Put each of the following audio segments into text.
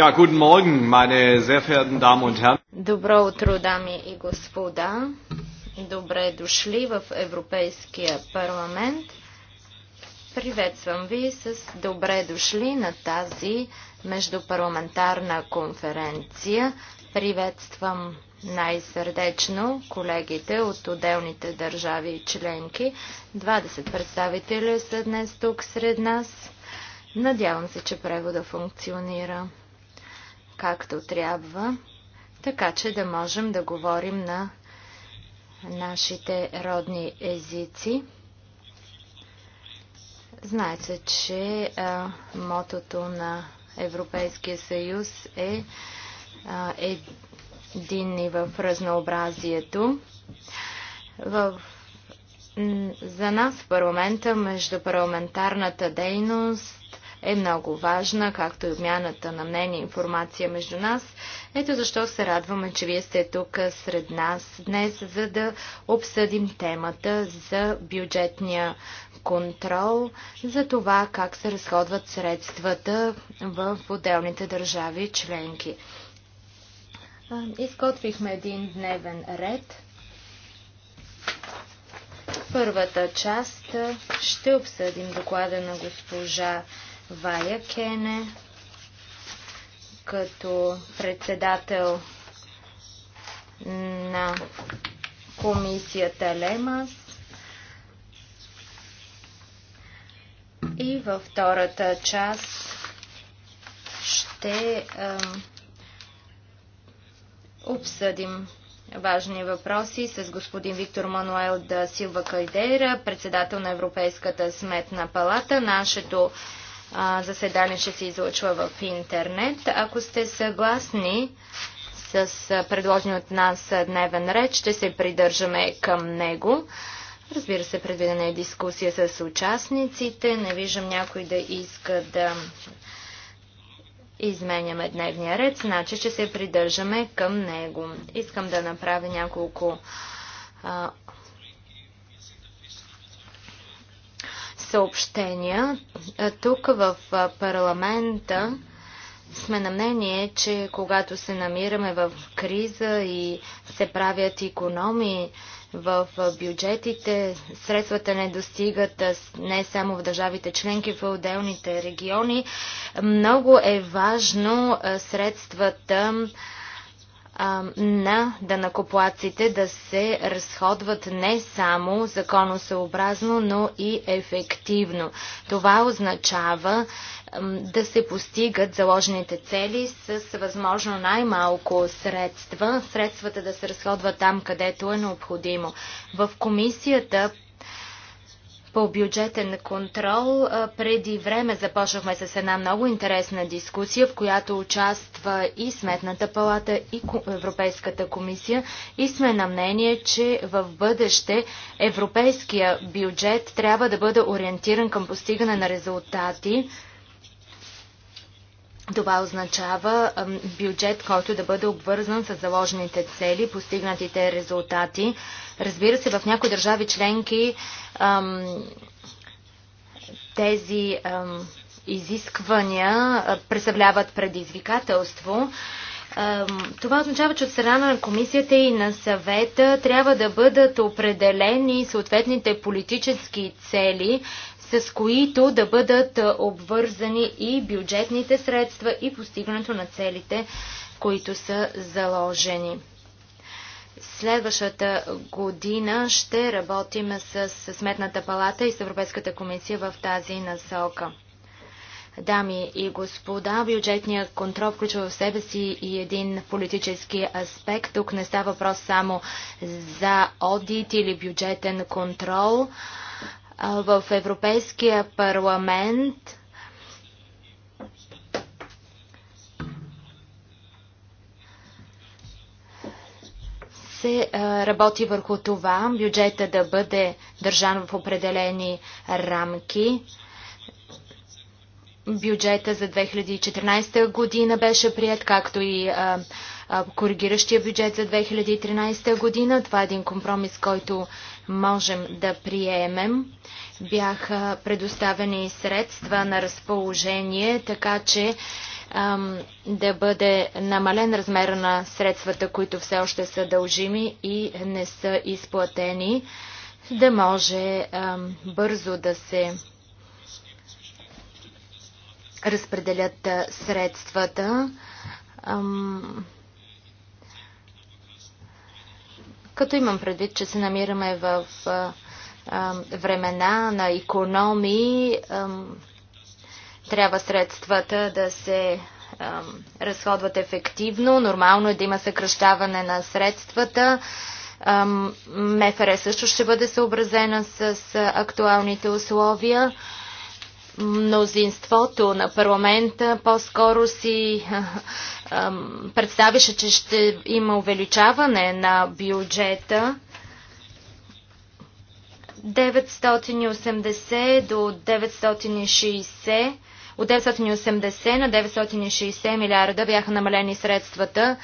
Ja, guten Morgen, meine sehr verehrten Damen und Herren. Добро утро, дами и господа. Добре дошли в Европейския парламент. Приветствам ви с добре дошли на тази междупарламентарна конференция. Приветствам най-сърдечно колегите от отделните държави и членки. 20 представители са днес тук сред нас. Надявам се, че превода функционира както трябва, така че да можем да говорим на нашите родни езици. Знаете, че а, мотото на Европейския съюз е а, единни в разнообразието. В, за нас в парламента между парламентарната дейност е много важна, както и обмяната на мнение и информация между нас. Ето защо се радваме, че вие сте тук сред нас днес, за да обсъдим темата за бюджетния контрол, за това как се разходват средствата в отделните държави членки. Изготвихме един дневен ред. първата част ще обсъдим доклада на госпожа Вая Кене като председател на комисията Лемас и във втората част ще е, обсъдим важни въпроси с господин Виктор Мануел да Силва Кайдера, председател на Европейската сметна палата. Нашето заседание ще се излъчва в интернет. Ако сте съгласни с предложени от нас дневен ред, ще се придържаме към него. Разбира се, предвидена е дискусия с участниците. Не виждам някой да иска да изменяме дневния ред, значи ще се придържаме към него. Искам да направя няколко а, съобщения. Тук в парламента сме на мнение, че когато се намираме в криза и се правят економии в бюджетите, средствата не достигат не само в държавите членки, в отделните региони. Много е важно средствата на данакоплаците да се разходват не само законосъобразно, но и ефективно. Това означава да се постигат заложените цели с възможно най-малко средства, средствата да се разходват там, където е необходимо. В комисията по бюджетен контрол преди време започнахме с една много интересна дискусия, в която участва и Сметната палата, и Европейската комисия и сме на мнение, че в бъдеще европейския бюджет трябва да бъде ориентиран към постигане на резултати, това означава бюджет, който да бъде обвързан с заложените цели, постигнатите резултати. Разбира се, в някои държави членки тези изисквания представляват предизвикателство. Това означава, че от страна на комисията и на съвета трябва да бъдат определени съответните политически цели, с които да бъдат обвързани и бюджетните средства и постигането на целите, които са заложени. Следващата година ще работим с Сметната палата и с Европейската комисия в тази насока. Дами и господа, бюджетният контрол включва в себе си и един политически аспект. Тук не става въпрос само за одит или бюджетен контрол в Европейския парламент се работи върху това бюджета да бъде държан в определени рамки бюджета за 2014 година беше прият, както и а, а, коригиращия бюджет за 2013 година. Това е един компромис, който можем да приемем. Бяха предоставени средства на разположение, така че ам, да бъде намален размер на средствата, които все още са дължими и не са изплатени, да може ам, бързо да се разпределят средствата. Като имам предвид, че се намираме в времена на економии, трябва средствата да се разходват ефективно. Нормално е да има съкръщаване на средствата. МФР също ще бъде съобразена с актуалните условия мнозинството на парламента по-скоро си представише, че ще има увеличаване на бюджета. 980 до 960 от 980 на 960 милиарда бяха намалени средствата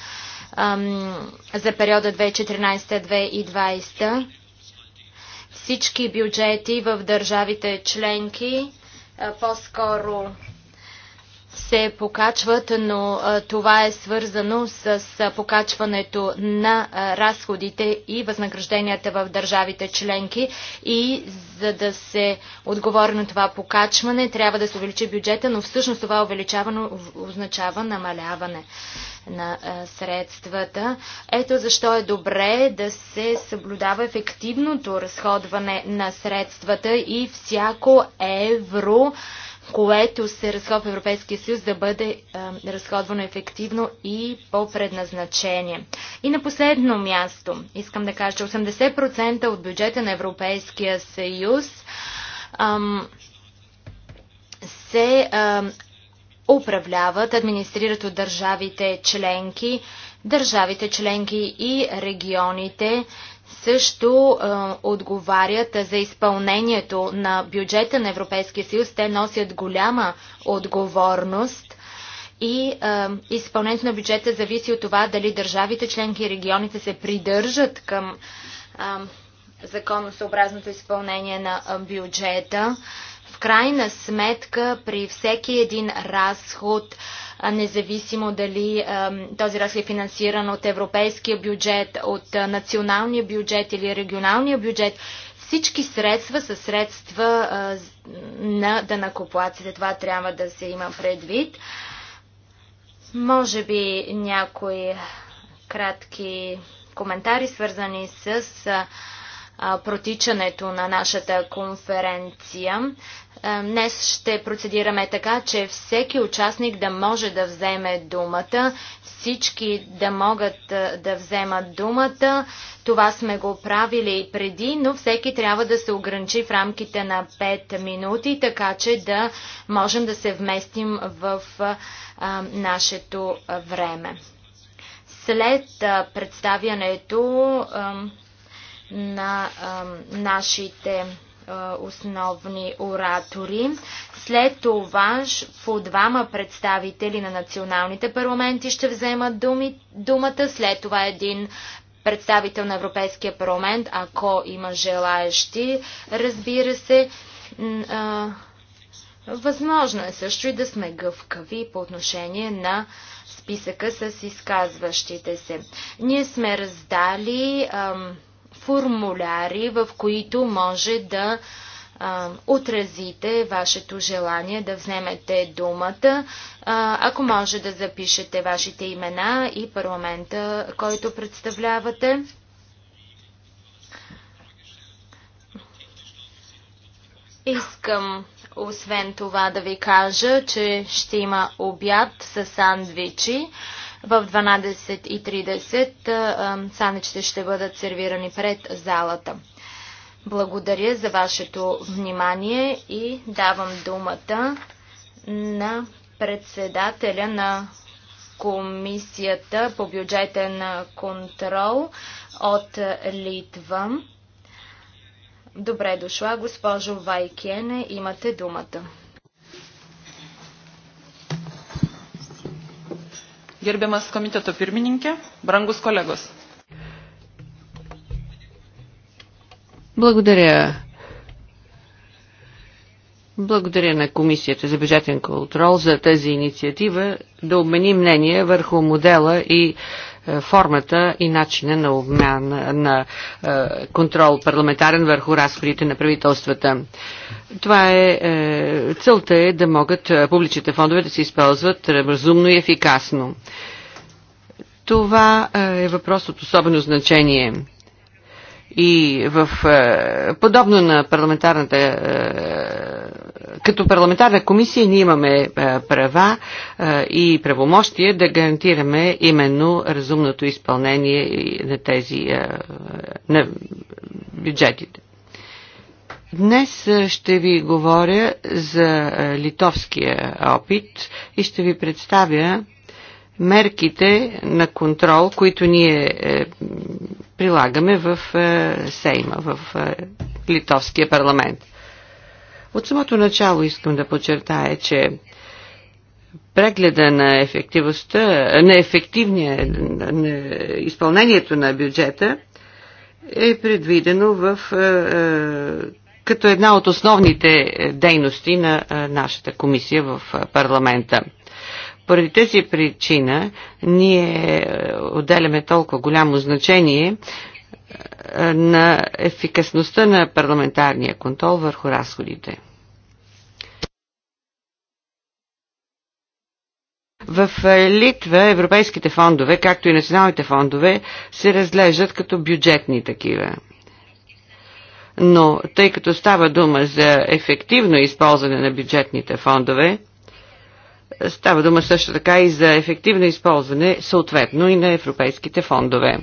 ам, за периода 2014-2020. Всички бюджети в държавите членки по-скоро се покачват, но това е свързано с покачването на разходите и възнагражденията в държавите членки и за да се отговори на това покачване, трябва да се увеличи бюджета, но всъщност това увеличаване означава намаляване на средствата. Ето защо е добре да се съблюдава ефективното разходване на средствата и всяко евро което се разходва в Европейския съюз да бъде а, разходвано ефективно и по предназначение. И на последно място искам да кажа, че 80% от бюджета на Европейския съюз ам, се ам, управляват, администрират от държавите членки, държавите членки и регионите също а, отговарят за изпълнението на бюджета на Европейския съюз. Те носят голяма отговорност и а, изпълнението на бюджета зависи от това дали държавите, членки и регионите се придържат към а, законосъобразното изпълнение на бюджета. В крайна сметка при всеки един разход а, независимо дали този разход е финансиран от европейския бюджет, от националния бюджет или регионалния бюджет. Всички средства са средства на данакоплаците. Това трябва да се има предвид. Може би някои кратки коментари, свързани с протичането на нашата конференция. Е, днес ще процедираме така, че всеки участник да може да вземе думата, всички да могат е, да вземат думата. Това сме го правили и преди, но всеки трябва да се ограничи в рамките на 5 минути, така че да можем да се вместим в а, е, нашето време. След а, представянето а, на а, нашите основни оратори. След това по двама представители на националните парламенти ще вземат думи, думата. След това един представител на Европейския парламент, ако има желаещи, разбира се. възможно е също и да сме гъвкави по отношение на списъка с изказващите се. Ние сме раздали ам, формуляри, в които може да а, отразите вашето желание да вземете думата, а, ако може да запишете вашите имена и парламента, който представлявате. Искам освен това да ви кажа, че ще има обяд с сандвичи. В 12.30 санечите ще бъдат сервирани пред залата. Благодаря за вашето внимание и давам думата на председателя на Комисията по бюджетен контрол от Литва. Добре дошла, госпожо Вайкене, имате думата. gerbiamas komiteto pirmininkė, brangus kolegos. Благодаря. Благодаря на Комисията за бюджетен контрол за тази инициатива да обменим мнение върху модела и е, формата и начина на обмян на е, контрол парламентарен върху разходите на правителствата. Това е, е целта е да могат публичните фондове да се използват разумно и ефикасно. Това е въпрос от особено значение и в, е, подобно на парламентарната, е, като парламентарна комисия ние имаме е, права и правомощия да гарантираме именно разумното изпълнение на тези на бюджетите. Днес ще ви говоря за литовския опит и ще ви представя мерките на контрол, които ние е, прилагаме в е, Сейма, в е, Литовския парламент. От самото начало искам да подчертая, че прегледа на ефективността, на ефективния на изпълнението на бюджета е предвидено в, е, е, като една от основните дейности на е, нашата комисия в парламента. Поради тази причина ние е, отделяме толкова голямо значение е, на ефикасността на парламентарния контрол върху разходите. В е, Литва европейските фондове, както и националните фондове, се разглеждат като бюджетни такива. Но тъй като става дума за ефективно използване на бюджетните фондове, Става дума също така и за ефективно използване, съответно и на европейските фондове.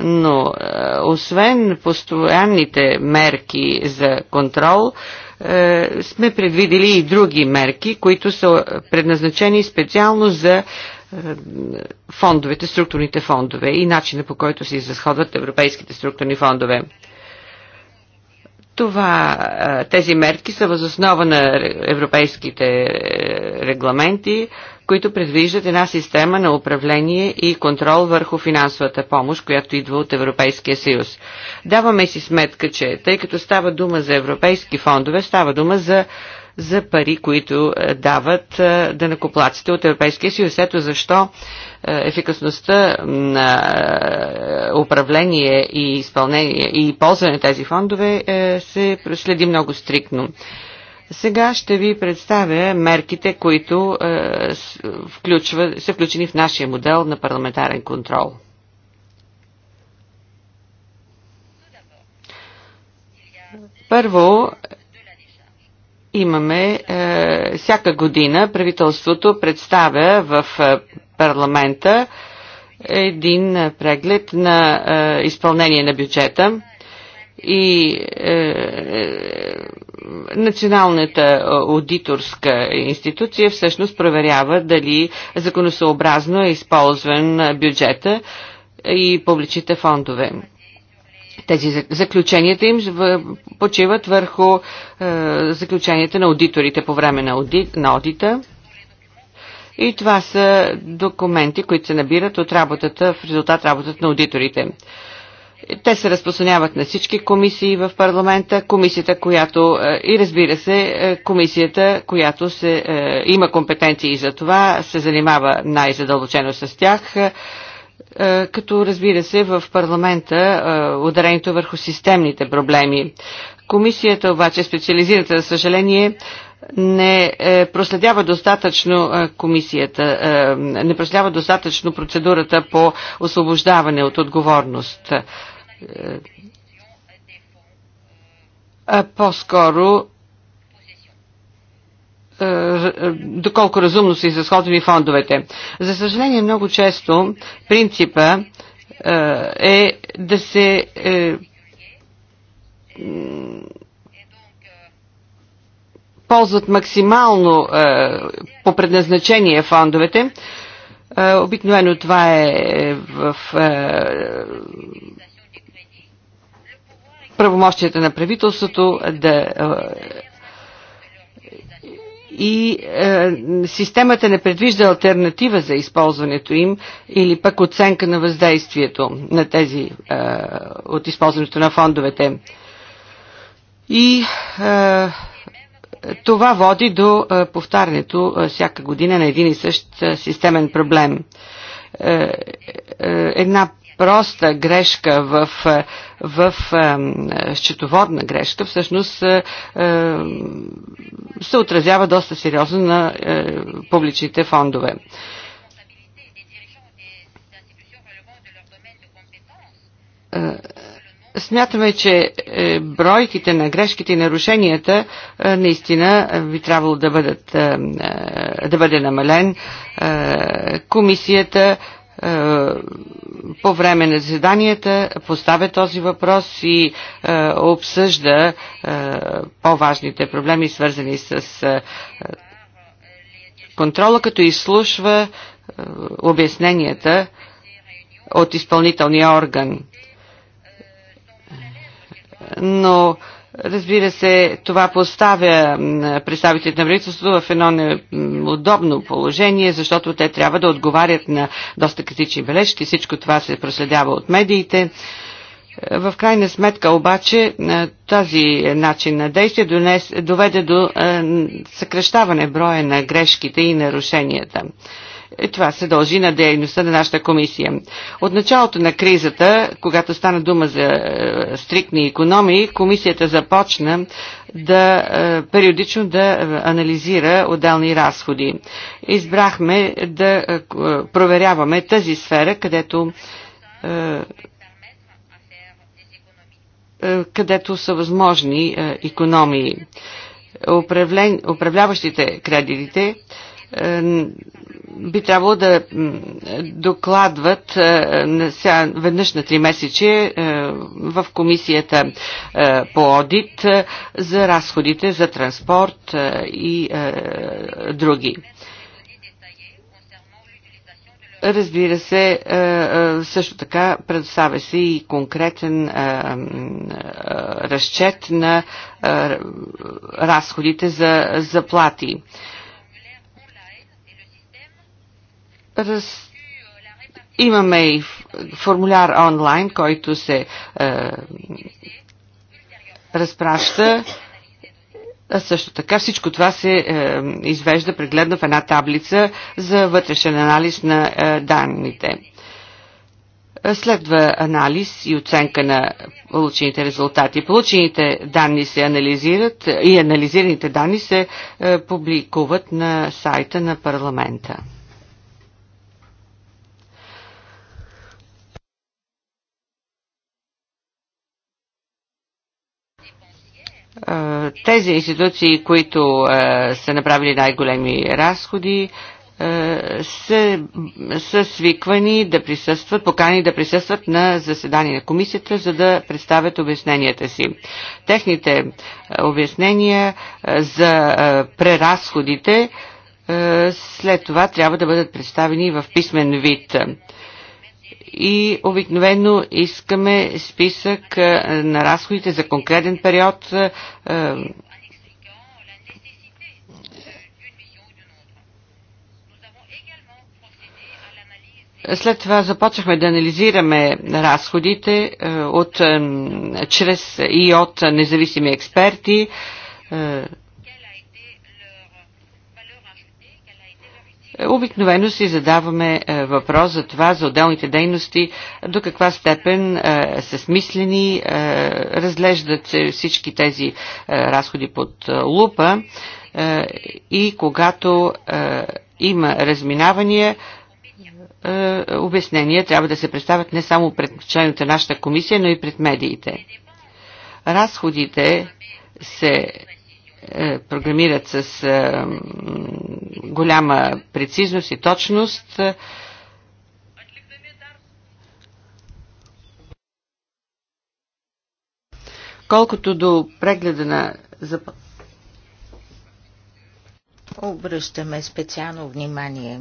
Но е, освен постоянните мерки за контрол, е, сме предвидели и други мерки, които са предназначени специално за е, фондовете, структурните фондове и начина по който се изразходват европейските структурни фондове. Това, тези мерки са възоснова на европейските е, регламенти, които предвиждат една система на управление и контрол върху финансовата помощ, която идва от Европейския съюз. Даваме си сметка, че тъй като става дума за европейски фондове, става дума за за пари, които е, дават е, да накоплаците от Европейския съюз. Ето защо е, ефикасността на е, управление и изпълнение и ползване на тези фондове е, се следи много стриктно. Сега ще ви представя мерките, които включва, са включени в нашия модел на парламентарен контрол. Първо, имаме е, всяка година правителството представя в е, парламента един преглед на е, изпълнение на бюджета и е, е, националната аудиторска институция всъщност проверява дали законосъобразно е използван бюджета и публичните фондове. Тези заключенията им почиват върху е, заключенията на аудиторите по време на, аудит, на аудита. И това са документи, които се набират от работата, в резултат работата на аудиторите. Те се разпространяват на всички комисии в парламента, комисията, която е, и разбира се, е, комисията, която се, има компетенции за това, се занимава най-задълбочено с тях. Е, като разбира се в парламента е, ударението върху системните проблеми. Комисията обаче, специализирата, за съжаление, не е, проследява достатъчно комисията, не проследява достатъчно процедурата по освобождаване от отговорност. По-скоро е, доколко разумно са изразходвани фондовете. За съжаление, много често принципа е, е да се е, ползват максимално по предназначение фондовете. обикновено това е в правомощията на правителството да и е, системата не предвижда альтернатива за използването им или пък оценка на въздействието на тези е, от използването на фондовете. И е, това води до е, повтарянето е, всяка година на един и същ е, системен проблем. Е, е, една проста грешка в, е, в е, счетоводна грешка всъщност е, се отразява доста сериозно на публичните фондове. Смятаме, че бройките на грешките и нарушенията наистина би трябвало да, бъдат, да бъде намален. Комисията е, по време на заседанията поставя този въпрос и е, обсъжда е, по-важните проблеми, свързани с контрола, като изслушва обясненията от изпълнителния орган. Но Разбира се, това поставя представителите на правителството в едно неудобно положение, защото те трябва да отговарят на доста критични бележки. Всичко това се проследява от медиите. В крайна сметка обаче тази е начин на действие донес, доведе до е, съкръщаване броя на грешките и нарушенията. Е, това се дължи на дейността на нашата комисия. От началото на кризата, когато стана дума за е, стриктни економии, комисията започна да е, периодично да анализира отделни разходи. Избрахме да проверяваме тази сфера, където където са възможни економии. Управляващите кредитите е, би трябвало да докладват сега, веднъж на три месече е, в комисията е, по одит за разходите за транспорт и други. Разбира се, също така предоставя се и конкретен разчет на разходите за заплати. Раз... Имаме и формуляр онлайн, който се е, разпраща. А също така всичко това се е, извежда прегледно в една таблица за вътрешен анализ на е, данните. Следва анализ и оценка на получените резултати. Получените данни се анализират и анализираните данни се е, публикуват на сайта на парламента. тези институции, които са направили най-големи разходи, са, са свиквани да присъстват, покани да присъстват на заседание на комисията, за да представят обясненията си. Техните обяснения за преразходите след това трябва да бъдат представени в писмен вид и обикновено искаме списък на разходите за конкретен период. След това започнахме да анализираме разходите от, чрез и от независими експерти Обикновено си задаваме е, въпрос за това, за отделните дейности, до каква степен е, са смислени, е, разглеждат се всички тези разходи под лупа и когато има разминавания, обяснения трябва да се представят не само пред членовете на нашата комисия, но и пред медиите. Разходите се е, програмират с е, голяма прецизност и точност. Колкото до прегледа на Обръщаме специално внимание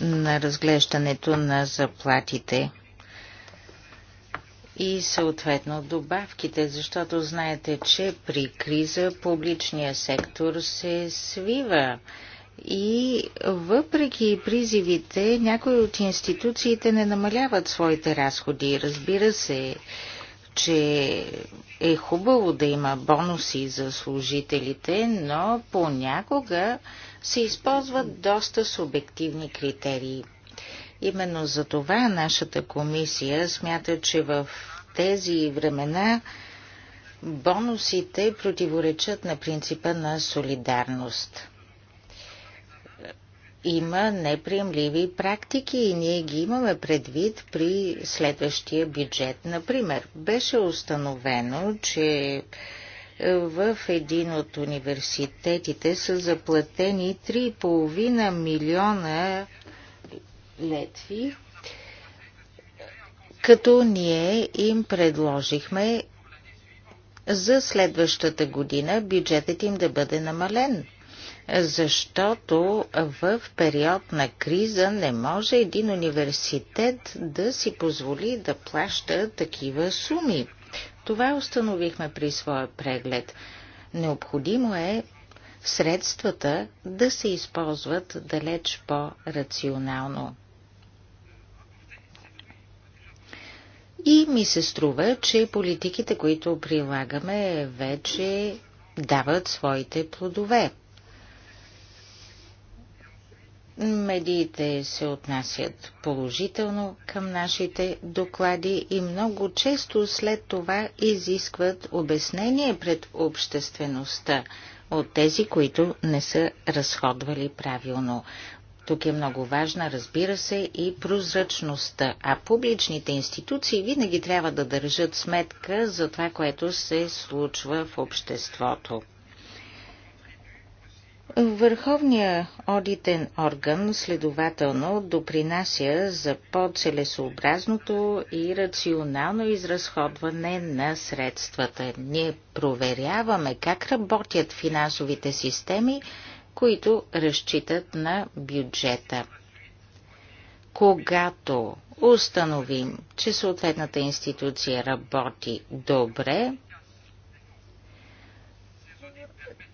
на разглеждането на заплатите и съответно добавките, защото знаете, че при криза публичния сектор се свива. И въпреки призивите, някои от институциите не намаляват своите разходи. Разбира се, че е хубаво да има бонуси за служителите, но понякога се използват доста субективни критерии. Именно за това нашата комисия смята, че в тези времена бонусите противоречат на принципа на солидарност. Има неприемливи практики и ние ги имаме предвид при следващия бюджет. Например, беше установено, че в един от университетите са заплатени 3,5 милиона Летви, като ние им предложихме за следващата година бюджетът им да бъде намален защото в период на криза не може един университет да си позволи да плаща такива суми. Това установихме при своя преглед. Необходимо е средствата да се използват далеч по-рационално. И ми се струва, че политиките, които прилагаме, вече дават своите плодове. Медиите се отнасят положително към нашите доклади и много често след това изискват обяснение пред обществеността от тези, които не са разходвали правилно. Тук е много важна, разбира се, и прозрачността, а публичните институции винаги трябва да държат сметка за това, което се случва в обществото. Върховният одитен орган следователно допринася за по-целесообразното и рационално изразходване на средствата. Ние проверяваме как работят финансовите системи, които разчитат на бюджета. Когато установим, че съответната институция работи добре,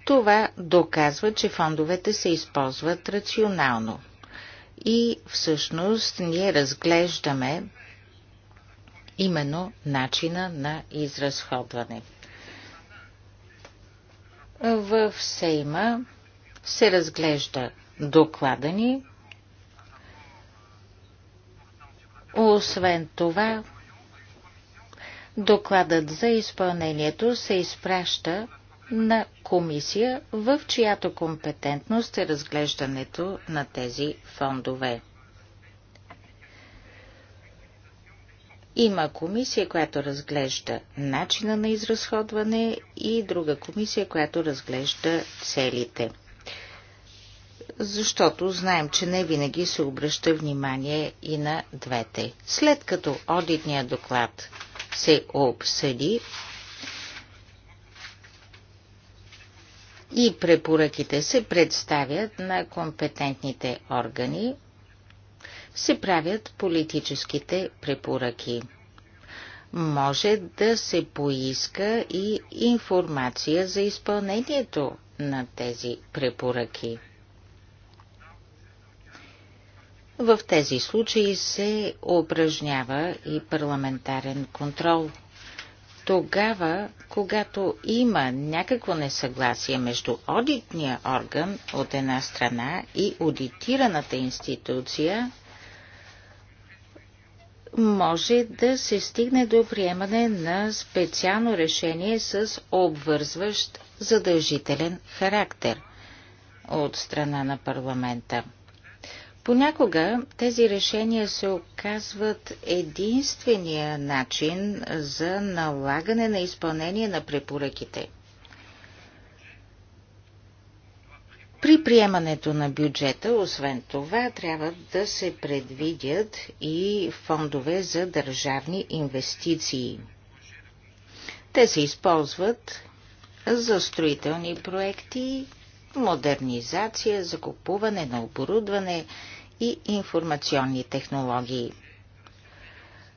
това доказва, че фондовете се използват рационално. И всъщност ние разглеждаме именно начина на изразходване. В Сейма се разглежда доклада ни. Освен това, докладът за изпълнението се изпраща на комисия, в чиято компетентност е разглеждането на тези фондове. Има комисия, която разглежда начина на изразходване и друга комисия, която разглежда целите защото знаем, че не винаги се обръща внимание и на двете. След като одитният доклад се обсъди и препоръките се представят на компетентните органи, се правят политическите препоръки. Може да се поиска и информация за изпълнението на тези препоръки. В тези случаи се упражнява и парламентарен контрол. Тогава, когато има някакво несъгласие между одитния орган от една страна и аудитираната институция, може да се стигне до приемане на специално решение с обвързващ задължителен характер от страна на парламента. Понякога тези решения се оказват единствения начин за налагане на изпълнение на препоръките. При приемането на бюджета, освен това, трябва да се предвидят и фондове за държавни инвестиции. Те се използват за строителни проекти, модернизация, закупуване на оборудване, и информационни технологии.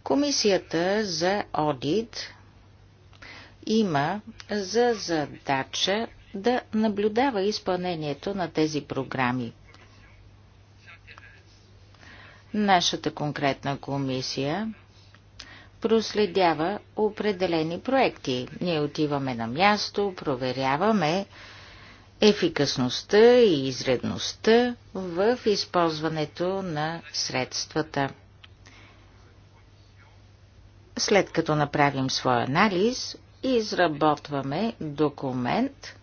Комисията за одит има за задача да наблюдава изпълнението на тези програми. Нашата конкретна комисия проследява определени проекти. Ние отиваме на място, проверяваме ефикасността и изредността в използването на средствата. След като направим своя анализ, изработваме документ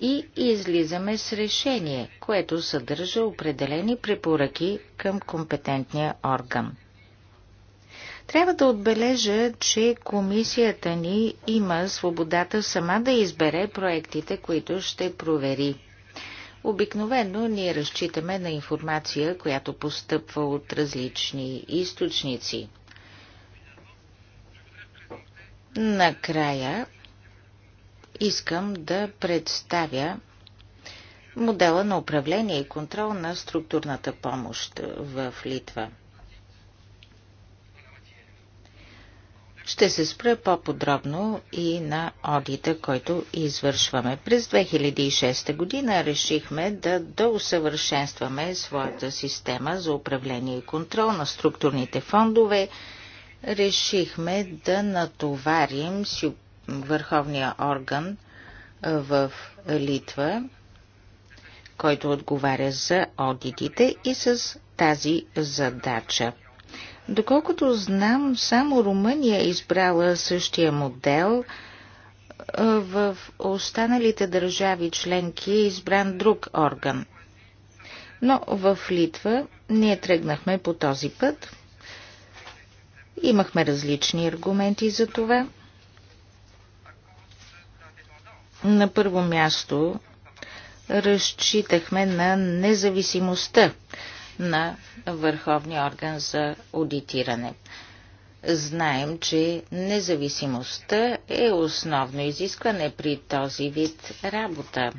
и излизаме с решение, което съдържа определени препоръки към компетентния орган. Трябва да отбележа, че комисията ни има свободата сама да избере проектите, които ще провери. Обикновено ние разчитаме на информация, която постъпва от различни източници. Накрая искам да представя модела на управление и контрол на структурната помощ в Литва – Ще се спра по-подробно и на одита, който извършваме. През 2006 година решихме да доусъвършенстваме своята система за управление и контрол на структурните фондове. Решихме да натоварим върховния орган в Литва, който отговаря за одитите и с тази задача Доколкото знам, само Румъния е избрала същия модел. В останалите държави членки е избран друг орган. Но в Литва ние тръгнахме по този път. Имахме различни аргументи за това. На първо място разчитахме на независимостта на Върховния орган за аудитиране. Знаем, че независимостта е основно изискване при този вид работа.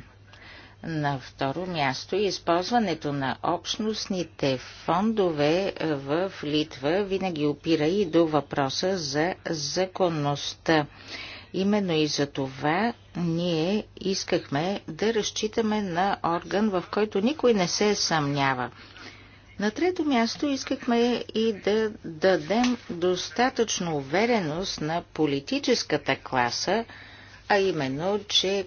На второ място използването на общностните фондове в Литва винаги опира и до въпроса за законността. Именно и за това ние искахме да разчитаме на орган, в който никой не се съмнява – на трето място искахме и да дадем достатъчно увереност на политическата класа, а именно, че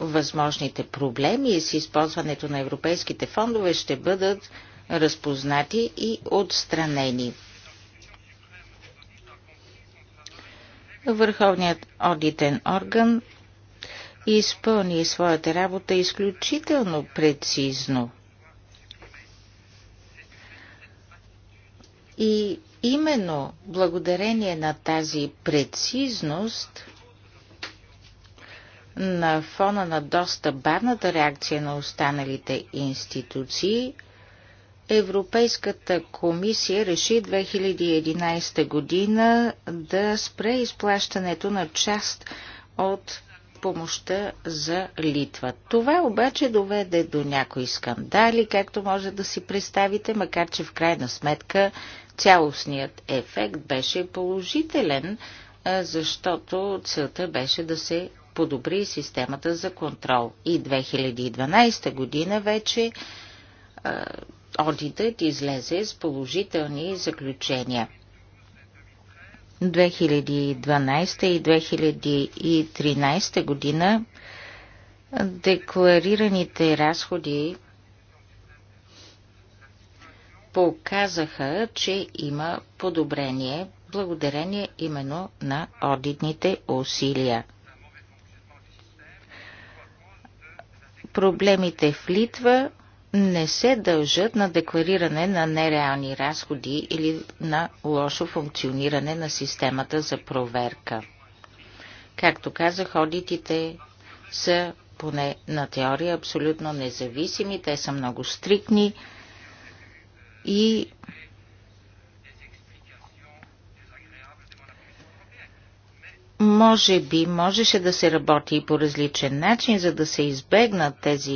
възможните проблеми с използването на европейските фондове ще бъдат разпознати и отстранени. Върховният одитен орган изпълни своята работа изключително прецизно – И именно благодарение на тази прецизност на фона на доста бавната реакция на останалите институции, Европейската комисия реши 2011 година да спре изплащането на част от помощта за Литва. Това обаче доведе до някои скандали, както може да си представите, макар че в крайна сметка цялостният ефект беше положителен, защото целта беше да се подобри системата за контрол. И 2012 година вече одитът излезе с положителни заключения. 2012 и 2013 година декларираните разходи показаха, че има подобрение благодарение именно на одитните усилия. Проблемите в Литва не се дължат на деклариране на нереални разходи или на лошо функциониране на системата за проверка. Както казах, одитите са поне на теория абсолютно независими, те са много стрикни, и може би можеше да се работи и по различен начин, за да се избегнат тези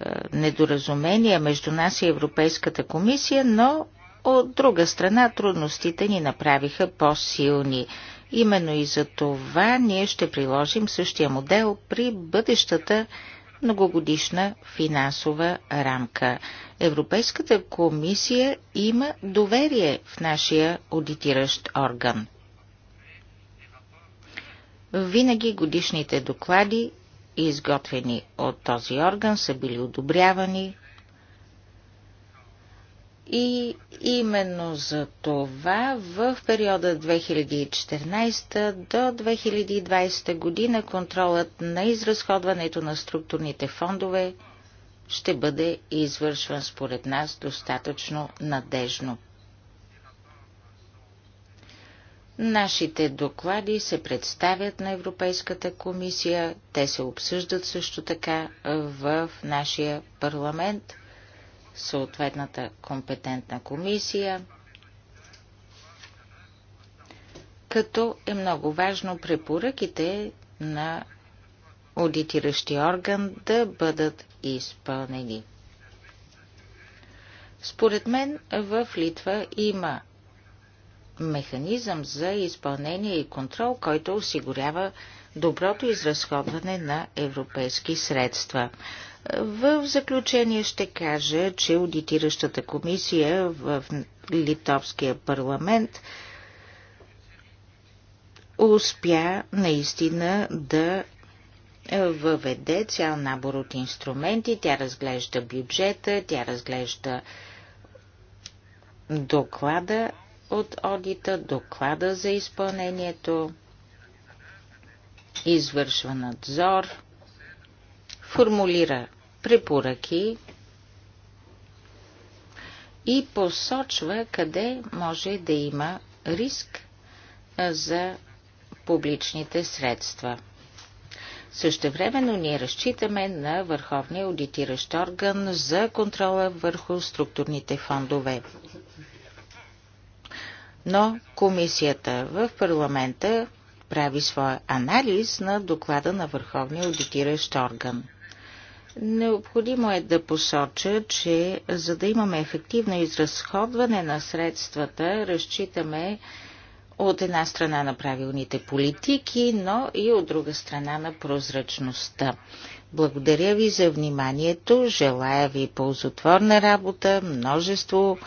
е, недоразумения между нас и Европейската комисия, но от друга страна трудностите ни направиха по-силни. Именно и за това ние ще приложим същия модел при бъдещата многогодишна финансова рамка. Европейската комисия има доверие в нашия аудитиращ орган. Винаги годишните доклади, изготвени от този орган, са били одобрявани и именно за това в периода 2014 до 2020 година контролът на изразходването на структурните фондове ще бъде извършван според нас достатъчно надежно. Нашите доклади се представят на Европейската комисия, те се обсъждат също така в нашия парламент – съответната компетентна комисия, като е много важно препоръките на аудитиращи орган да бъдат изпълнени. Според мен в Литва има механизъм за изпълнение и контрол, който осигурява доброто изразходване на европейски средства. В заключение ще кажа, че аудитиращата комисия в Литовския парламент успя наистина да въведе цял набор от инструменти. Тя разглежда бюджета, тя разглежда доклада от одита, доклада за изпълнението, извършва надзор – формулира препоръки и посочва къде може да има риск за публичните средства. Същевременно ние разчитаме на Върховния аудитиращ орган за контрола върху структурните фондове. Но комисията в парламента прави своя анализ на доклада на Върховния аудитиращ орган. Необходимо е да посоча, че за да имаме ефективно изразходване на средствата, разчитаме от една страна на правилните политики, но и от друга страна на прозрачността. Благодаря ви за вниманието, желая ви ползотворна работа, множество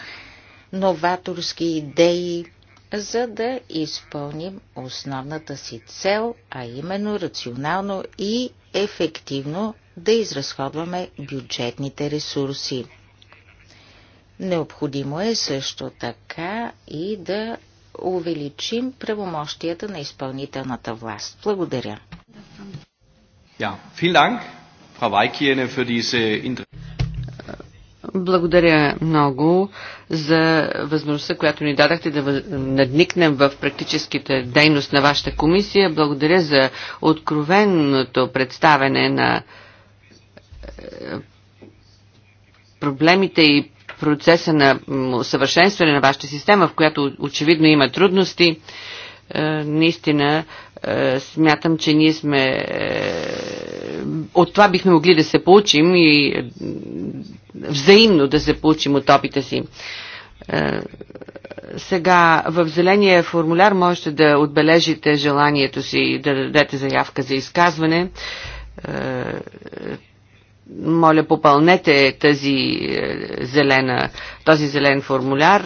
новаторски идеи, за да изпълним основната си цел, а именно рационално и ефективно да изразходваме бюджетните ресурси. Необходимо е също така и да увеличим правомощията на изпълнителната власт. Благодаря. Ja, vielen Dank, Frau Weikiene, für diese благодаря много за възможността, която ни дадахте да надникнем в практическите дейност на вашата комисия. Благодаря за откровеното представене на е, проблемите и процеса на усъвършенстване на вашата система, в която очевидно има трудности. Е, наистина е, смятам, че ние сме... Е, от това бихме могли да се получим и взаимно да се получим от опита си. Сега в зеления формуляр можете да отбележите желанието си да дадете заявка за изказване. Моля, попълнете тази зелена, този зелен формуляр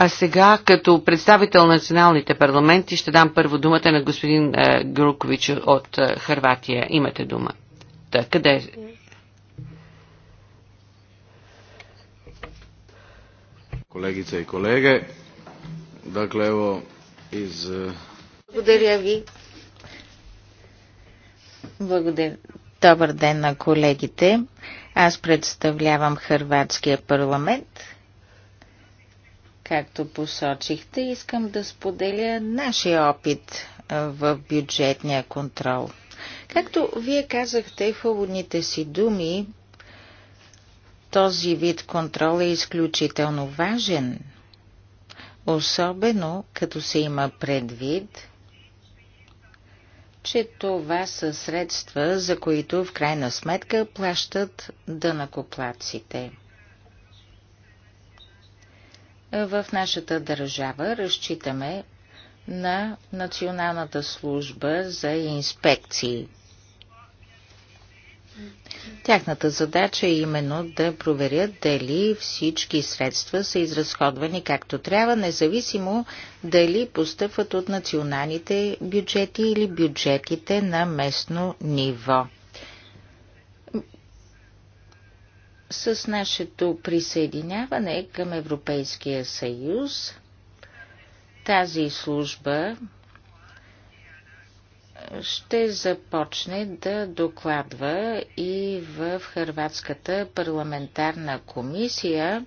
А сега, като представител на националните парламенти, ще дам първо думата на господин е, Грукович от е, Харватия. Имате дума. Та, къде? Колегица и колеге, dakle ево, из... Благодаря ви. Благодаря. Добър ден на колегите. Аз представлявам Харватския парламент. Както посочихте, искам да споделя нашия опит в бюджетния контрол. Както вие казахте в уводните си думи, този вид контрол е изключително важен, особено като се има предвид, че това са средства, за които в крайна сметка плащат дънакоплаците. В нашата държава разчитаме на Националната служба за инспекции. Тяхната задача е именно да проверят дали всички средства са изразходвани както трябва, независимо дали постъпват от националните бюджети или бюджетите на местно ниво. С нашето присъединяване към Европейския съюз тази служба ще започне да докладва и в Хрватската парламентарна комисия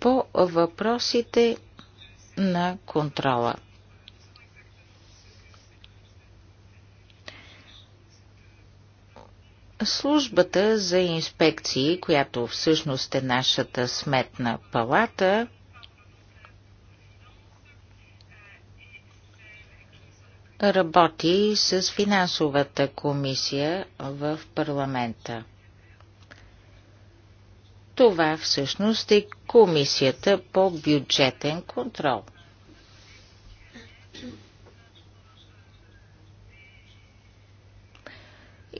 по въпросите на контрола. Службата за инспекции, която всъщност е нашата сметна палата, работи с финансовата комисия в парламента. Това всъщност е комисията по бюджетен контрол.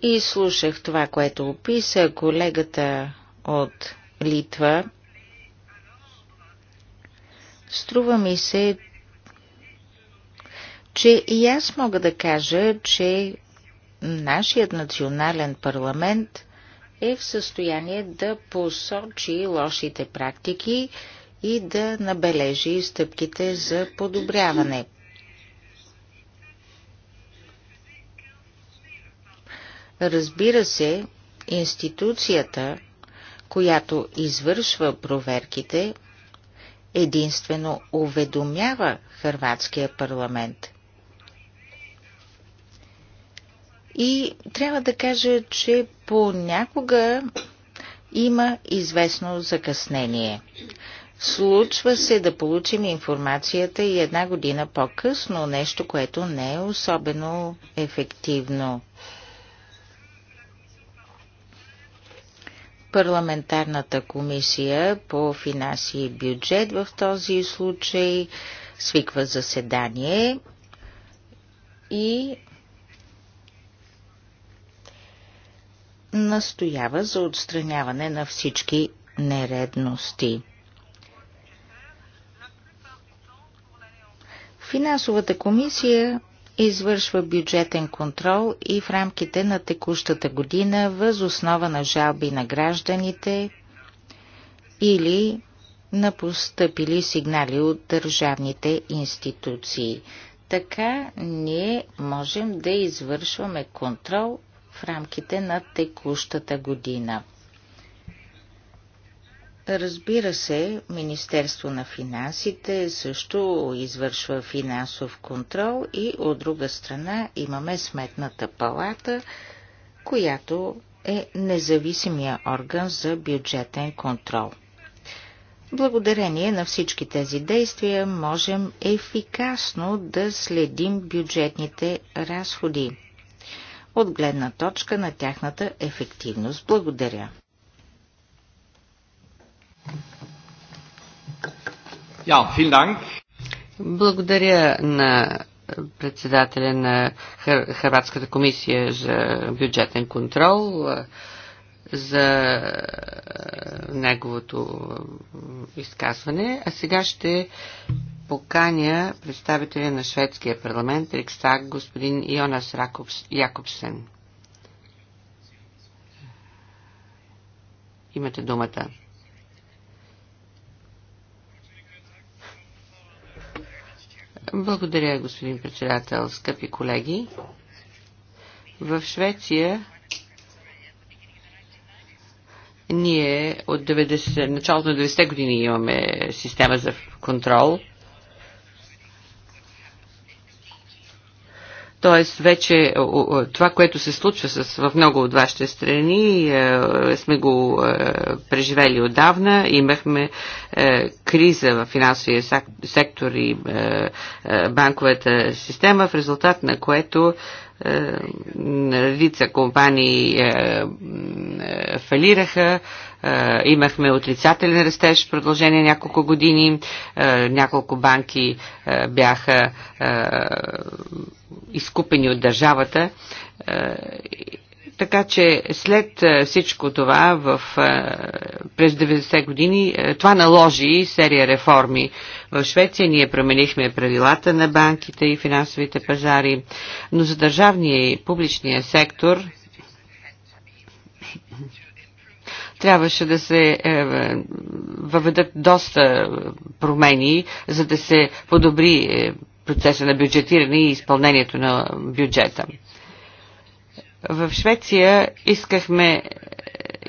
И слушах това, което описа колегата от Литва. Струва ми се, че и аз мога да кажа, че нашият национален парламент е в състояние да посочи лошите практики и да набележи стъпките за подобряване. Разбира се, институцията, която извършва проверките, единствено уведомява хърватския парламент. И трябва да кажа, че понякога има известно закъснение. Случва се да получим информацията и една година по-късно, нещо, което не е особено ефективно. Парламентарната комисия по финанси и бюджет в този случай свиква заседание и настоява за отстраняване на всички нередности. Финансовата комисия извършва бюджетен контрол и в рамките на текущата година въз основа на жалби на гражданите или на постъпили сигнали от държавните институции. Така ние можем да извършваме контрол в рамките на текущата година. Разбира се, Министерство на финансите също извършва финансов контрол и от друга страна имаме Сметната палата, която е независимия орган за бюджетен контрол. Благодарение на всички тези действия можем ефикасно да следим бюджетните разходи от гледна точка на тяхната ефективност. Благодаря. Ja, vielen Dank. Благодаря на председателя на Харватската комисия за бюджетен контрол за неговото изказване. А сега ще поканя представителя на шведския парламент Рикстаг господин Йонас Ракобс, Якобсен. Имате думата. Благодаря, господин председател, скъпи колеги. В Швеция ние от 90, началото на 90-те години имаме система за контрол – Т.е. вече е, това, което се случва с, в много от вашите страни, е, сме го е, преживели отдавна. Имахме е, криза в финансовия сектор и е, е, банковата система, в резултат на което е, редица компании е, е, фалираха, имахме отрицателен растеж в продължение няколко години, няколко банки бяха изкупени от държавата така че след всичко това в, през 90 те години това наложи серия реформи в Швеция. Ние променихме правилата на банките и финансовите пазари, но за държавния и публичния сектор трябваше да се е, въведат доста промени, за да се подобри е, процеса на бюджетиране и изпълнението на бюджета. В Швеция искахме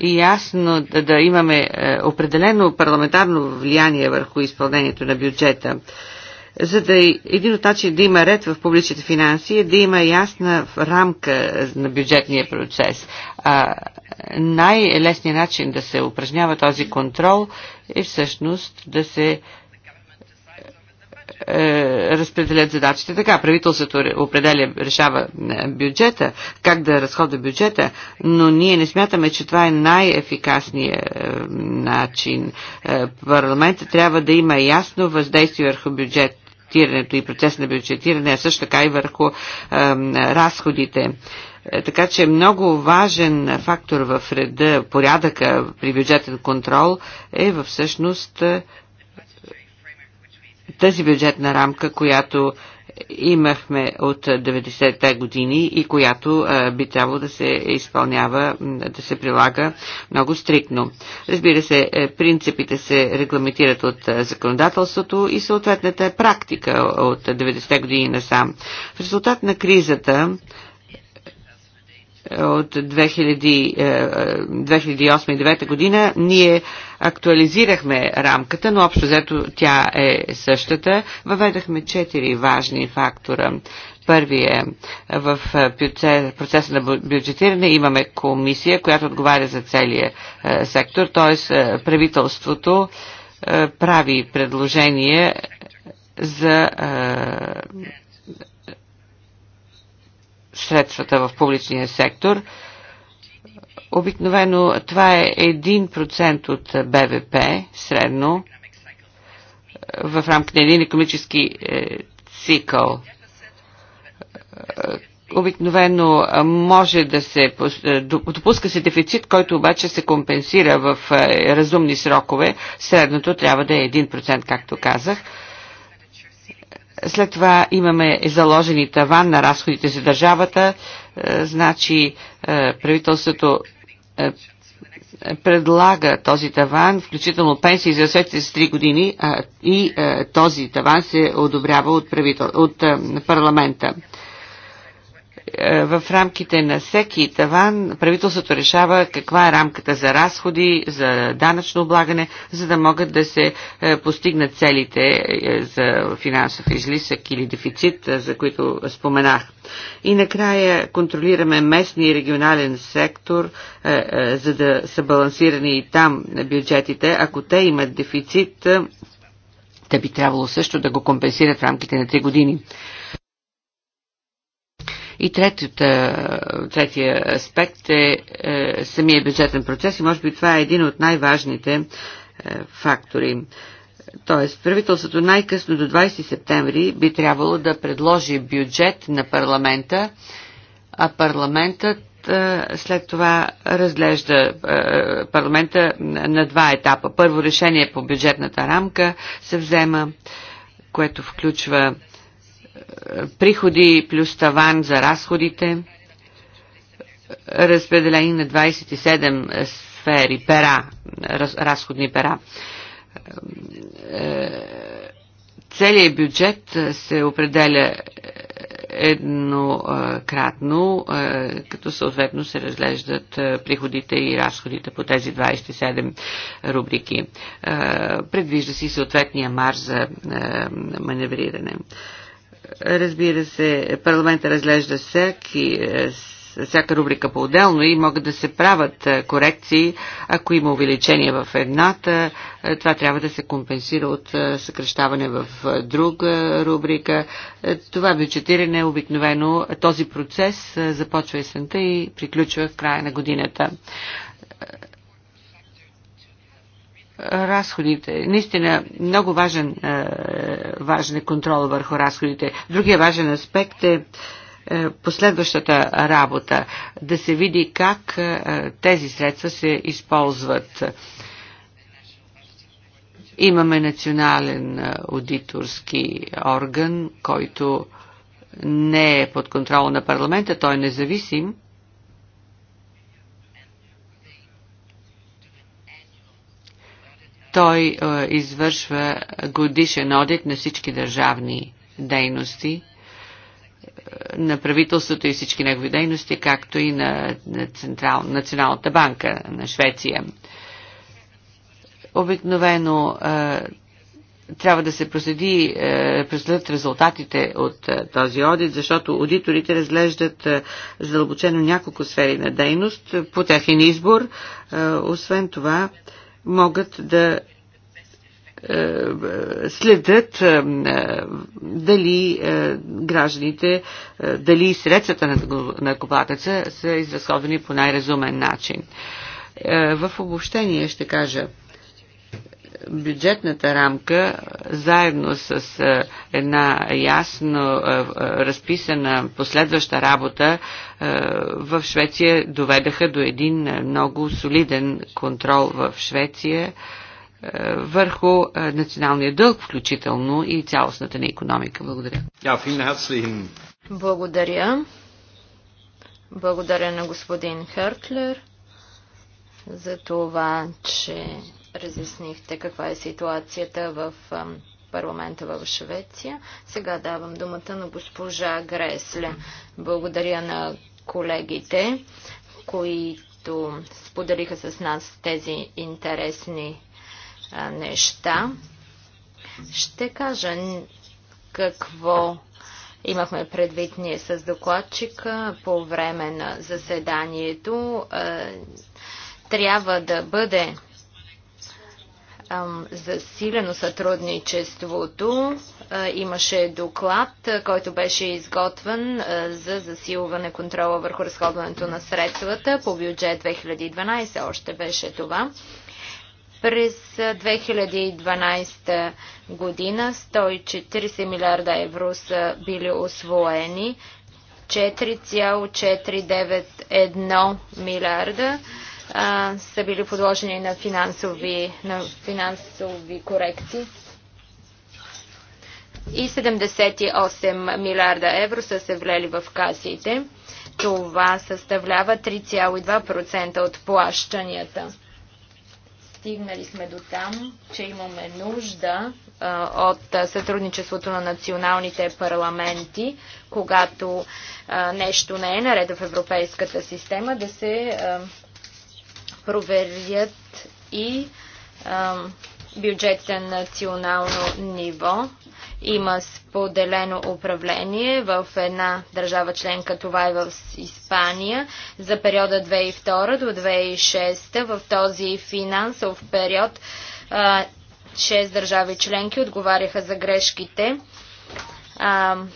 ясно да, да имаме е, определено парламентарно влияние върху изпълнението на бюджета. За да един от начин да има ред в публичните финанси е да има ясна рамка на бюджетния процес. най-лесният начин да се упражнява този контрол е всъщност да се е, разпределят задачите така. Правителството определя, решава е, бюджета, как да разходва бюджета, но ние не смятаме, че това е най-ефикасният е, начин. Е, парламентът трябва да има ясно въздействие върху бюджет бюджетирането и процес на бюджетиране, а също така и върху е, разходите. Е, така че много важен фактор в реда, порядъка при бюджетен контрол е всъщност е, тази бюджетна рамка, която имахме от 90-те години и която би трябвало да се изпълнява, да се прилага много стриктно. Разбира се, е, принципите се регламентират от законодателството и съответната е практика от 90-те години насам. В резултат на кризата е, от 2008-2009 е, година ние Актуализирахме рамката, но общо взето тя е същата. Въведахме четири важни фактора. Първият е в е, процеса на бюджетиране имаме комисия, която отговаря за целия е, сектор, т.е. Е, правителството прави предложение за средствата в публичния сектор Обикновено това е 1% от БВП средно в рамките на един економически е, цикъл. Обикновено може да се е, допуска се дефицит, който обаче се компенсира в е, разумни срокове. Средното трябва да е 1%, както казах. След това имаме заложени таван на разходите за държавата, значи правителството е, предлага този таван, включително пенсии за следващите 3 години, и е, този таван се одобрява от, от е, парламента. Е, в рамките на всеки таван правителството решава каква е рамката за разходи, за данъчно облагане, за да могат да се е, постигнат целите е, за финансов излисък или дефицит, за които споменах. И накрая контролираме местния и регионален сектор, за да са балансирани и там бюджетите. Ако те имат дефицит, те би трябвало също да го компенсират в рамките на 3 години. И третата, третия аспект е, е самия бюджетен процес и може би това е един от най-важните е, фактори. Тоест, правителството най-късно до 20 септември би трябвало да предложи бюджет на парламента, а парламентът е, след това разглежда е, парламента на два етапа. Първо решение по бюджетната рамка се взема, което включва приходи плюс таван за разходите, разпределени на 27 сфери, пера, раз, разходни пера. Целият бюджет се определя еднократно, като съответно се разглеждат приходите и разходите по тези 27 рубрики. Предвижда си съответния марш за маневриране. Разбира се, парламента разглежда всеки е, всяка рубрика по-отделно и могат да се правят е, корекции. Ако има увеличение в едната, е, това трябва да се компенсира от съкрещаване в друга рубрика. Това бюджетиране обикновено, този процес започва есента и приключва в края на годината разходите. Наистина много важен, е, важен е контрол върху разходите. Другия важен аспект е, е последващата работа. Да се види как е, тези средства се използват. Имаме национален аудиторски орган, който не е под контрол на парламента, той е независим Той е, извършва годишен одит на всички държавни дейности е, на правителството и всички негови дейности, както и на, на Централ, Националната банка на Швеция. Обикновено е, трябва да се проследи, проследят резултатите от този одит, защото аудиторите разглеждат задълбочено няколко сфери на дейност по техен избор. Освен това, могат да е, следят е, дали е, гражданите, дали средствата на копатеца са изразходвани по най-разумен начин. В обобщение ще кажа, бюджетната рамка, заедно с е, една ясно е, е, разписана последваща работа в Швеция, доведаха до един много солиден контрол в Швеция върху националния дълг, включително и цялостната ни економика. Благодаря. Благодаря. Благодаря на господин Хертлер за това, че разяснихте каква е ситуацията в парламента в Швеция. Сега давам думата на госпожа Гресле. Благодаря на колегите, които споделиха с нас тези интересни неща. Ще кажа какво имахме предвид ние с докладчика по време на заседанието. трябва да бъде засилено сътрудничеството. Имаше доклад, който беше изготвен за засилване контрола върху разходването на средствата по бюджет 2012. Още беше това. През 2012 година 140 милиарда евро са били освоени, 4,491 милиарда са били подложени на финансови, на финансови корекции. И 78 милиарда евро са се влели в касите. Това съставлява 3,2% от плащанията. Стигнали сме до там, че имаме нужда а, от сътрудничеството на националните парламенти, когато а, нещо не е наред в европейската система, да се а, проверят и бюджетите на национално ниво. Има споделено управление в една държава членка, това е в Испания. За периода 2002 до 2006 в този финансов период 6 държави членки отговаряха за грешките в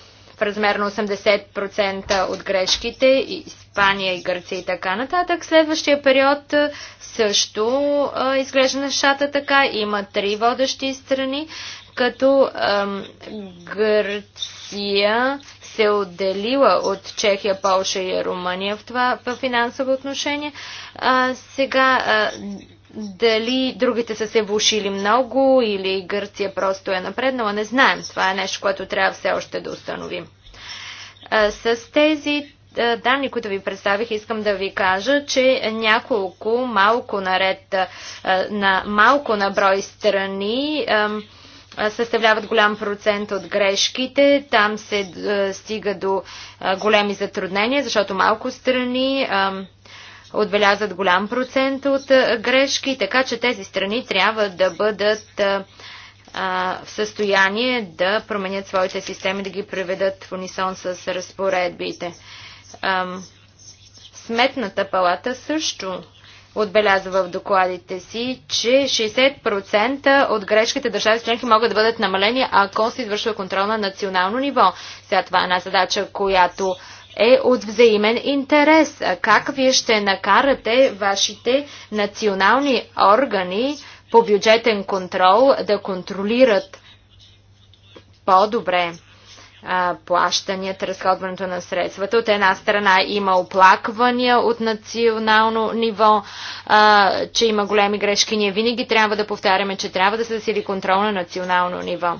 размер на 80% от грешките и Испания и Гърция и така нататък. Следващия период също а, изглежда нещата така. Има три водещи страни, като ам, Гърция се отделила от Чехия, Полша и Румъния в това в финансово отношение. А, сега а, дали другите са се влушили много или Гърция просто е напреднала, не знаем. Това е нещо, което трябва все още да установим. А, с тези е, данни, които ви представих, искам да ви кажа, че няколко малко наред е, на малко на брой страни е, съставляват голям процент от грешките. Там се стига до големи затруднения, защото малко страни отбелязат голям процент от грешки, така че тези страни трябва да бъдат в състояние да променят своите системи, да ги приведат в унисон с разпоредбите. Ам, Сметната палата също отбелязва в докладите си, че 60% от грешките държави членки могат да бъдат намалени, ако се извършва контрол на национално ниво. Сега това е една задача, която е от взаимен интерес. Как вие ще накарате вашите национални органи по бюджетен контрол да контролират по-добре? плащанията, разходването на средствата. От една страна има оплаквания от национално ниво, а, че има големи грешки. Ние винаги трябва да повтаряме, че трябва да се засили контрол на национално ниво.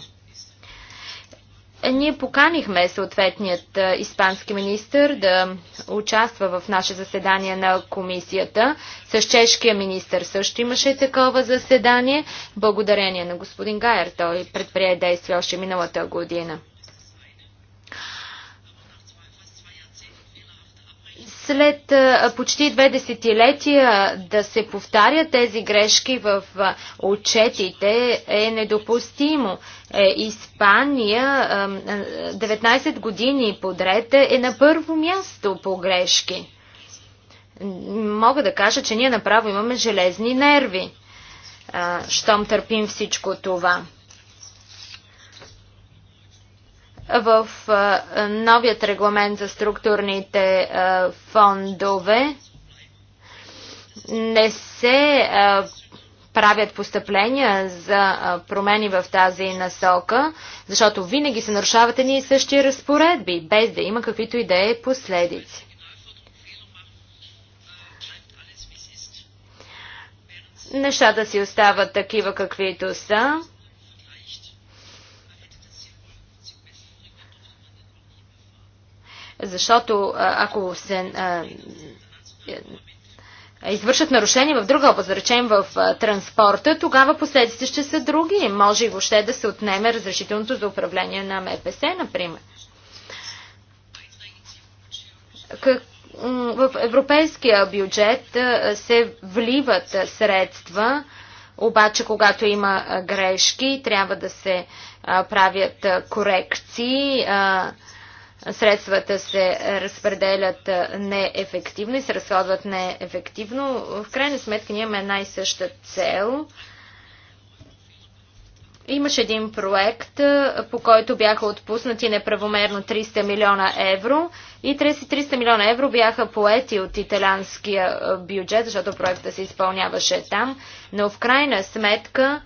Ние поканихме съответният испански министр да участва в наше заседание на комисията. С чешкия министр също имаше такова заседание. Благодарение на господин Гайер той предприе действия още миналата година. след почти две десетилетия да се повтарят тези грешки в отчетите е недопустимо. Е, Испания 19 години подред е на първо място по грешки. Мога да кажа, че ние направо имаме железни нерви, щом търпим всичко това. в новият регламент за структурните фондове не се правят постъпления за промени в тази насока, защото винаги се нарушават едни и същи разпоредби, без да има каквито идеи е последици. Нещата си остават такива каквито са. Защото ако се извършат нарушения в друга област, да речем в транспорта, тогава последствията ще са други. Може и въобще да се отнеме разрешителното за управление на МПС, например. Как, в европейския бюджет се вливат средства, обаче когато има грешки, трябва да се правят корекции, средствата се разпределят неефективно и се разходват неефективно. В крайна сметка ние имаме една и съща цел. Имаше един проект, по който бяха отпуснати неправомерно 300 милиона евро и 300 милиона евро бяха поети от италянския бюджет, защото проектът се изпълняваше там, но в крайна сметка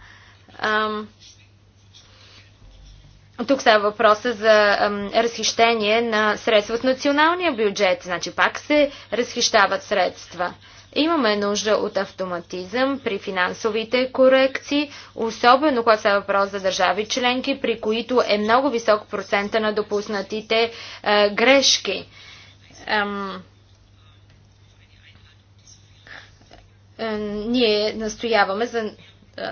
тук става въпроса за ам, разхищение на средства от националния бюджет. Значи пак се разхищават средства. Имаме нужда от автоматизъм при финансовите корекции, особено когато става въпрос за държави членки, при които е много висок процента на допуснатите а, е, грешки. Ам, е, ние настояваме за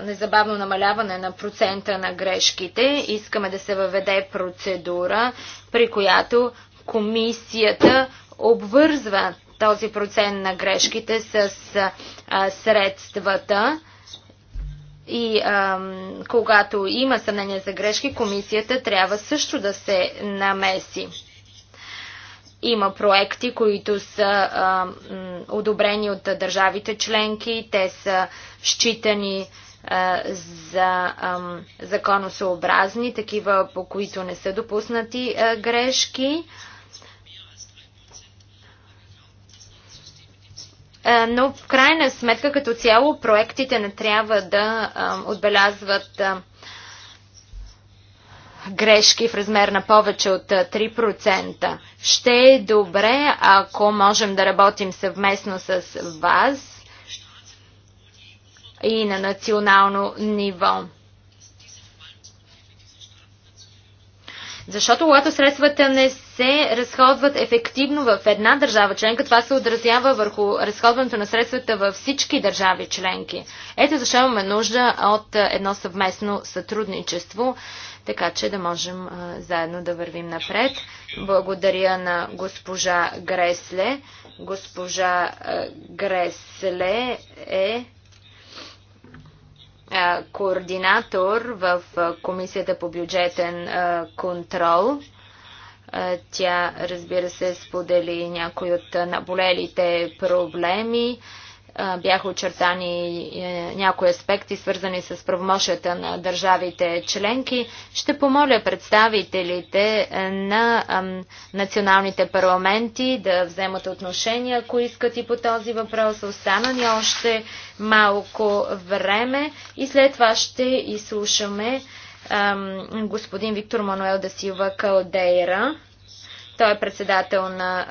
незабавно намаляване на процента на грешките. Искаме да се въведе процедура, при която комисията обвързва този процент на грешките с а, средствата. И а, когато има съмнение за грешки, комисията трябва също да се намеси. Има проекти, които са а, одобрени от държавите членки, те са считани за законосъобразни, такива по които не са допуснати грешки. Но в крайна сметка като цяло проектите не трябва да отбелязват грешки в размер на повече от 3%. Ще е добре, ако можем да работим съвместно с вас и на национално ниво. Защото когато средствата не се разходват ефективно в една държава членка, това се отразява върху разходването на средствата във всички държави членки. Ето защо имаме нужда от едно съвместно сътрудничество, така че да можем заедно да вървим напред. Благодаря на госпожа Гресле. Госпожа Гресле е координатор в Комисията по бюджетен контрол. Тя, разбира се, сподели някои от наболелите проблеми бяха очертани е, някои аспекти, свързани с правомощията на държавите членки. Ще помоля представителите е, на националните парламенти да вземат отношение, ако искат и по този въпрос. Остана ни още малко време и след това ще изслушаме господин Виктор Мануел Дасилва Калдейра. Той е председател на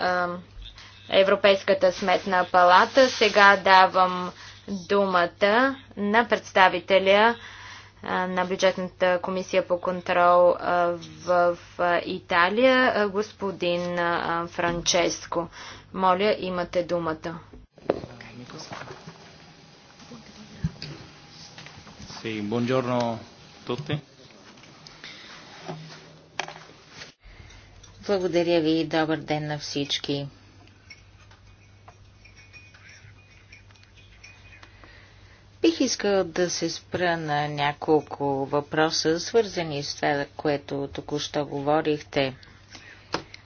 Европейската сметна палата. Сега давам думата на представителя на бюджетната комисия по контрол в Италия, господин Франческо. Моля, имате думата. Благодаря ви и добър ден на всички. Бих искал да се спра на няколко въпроса, свързани с това, което току-що говорихте.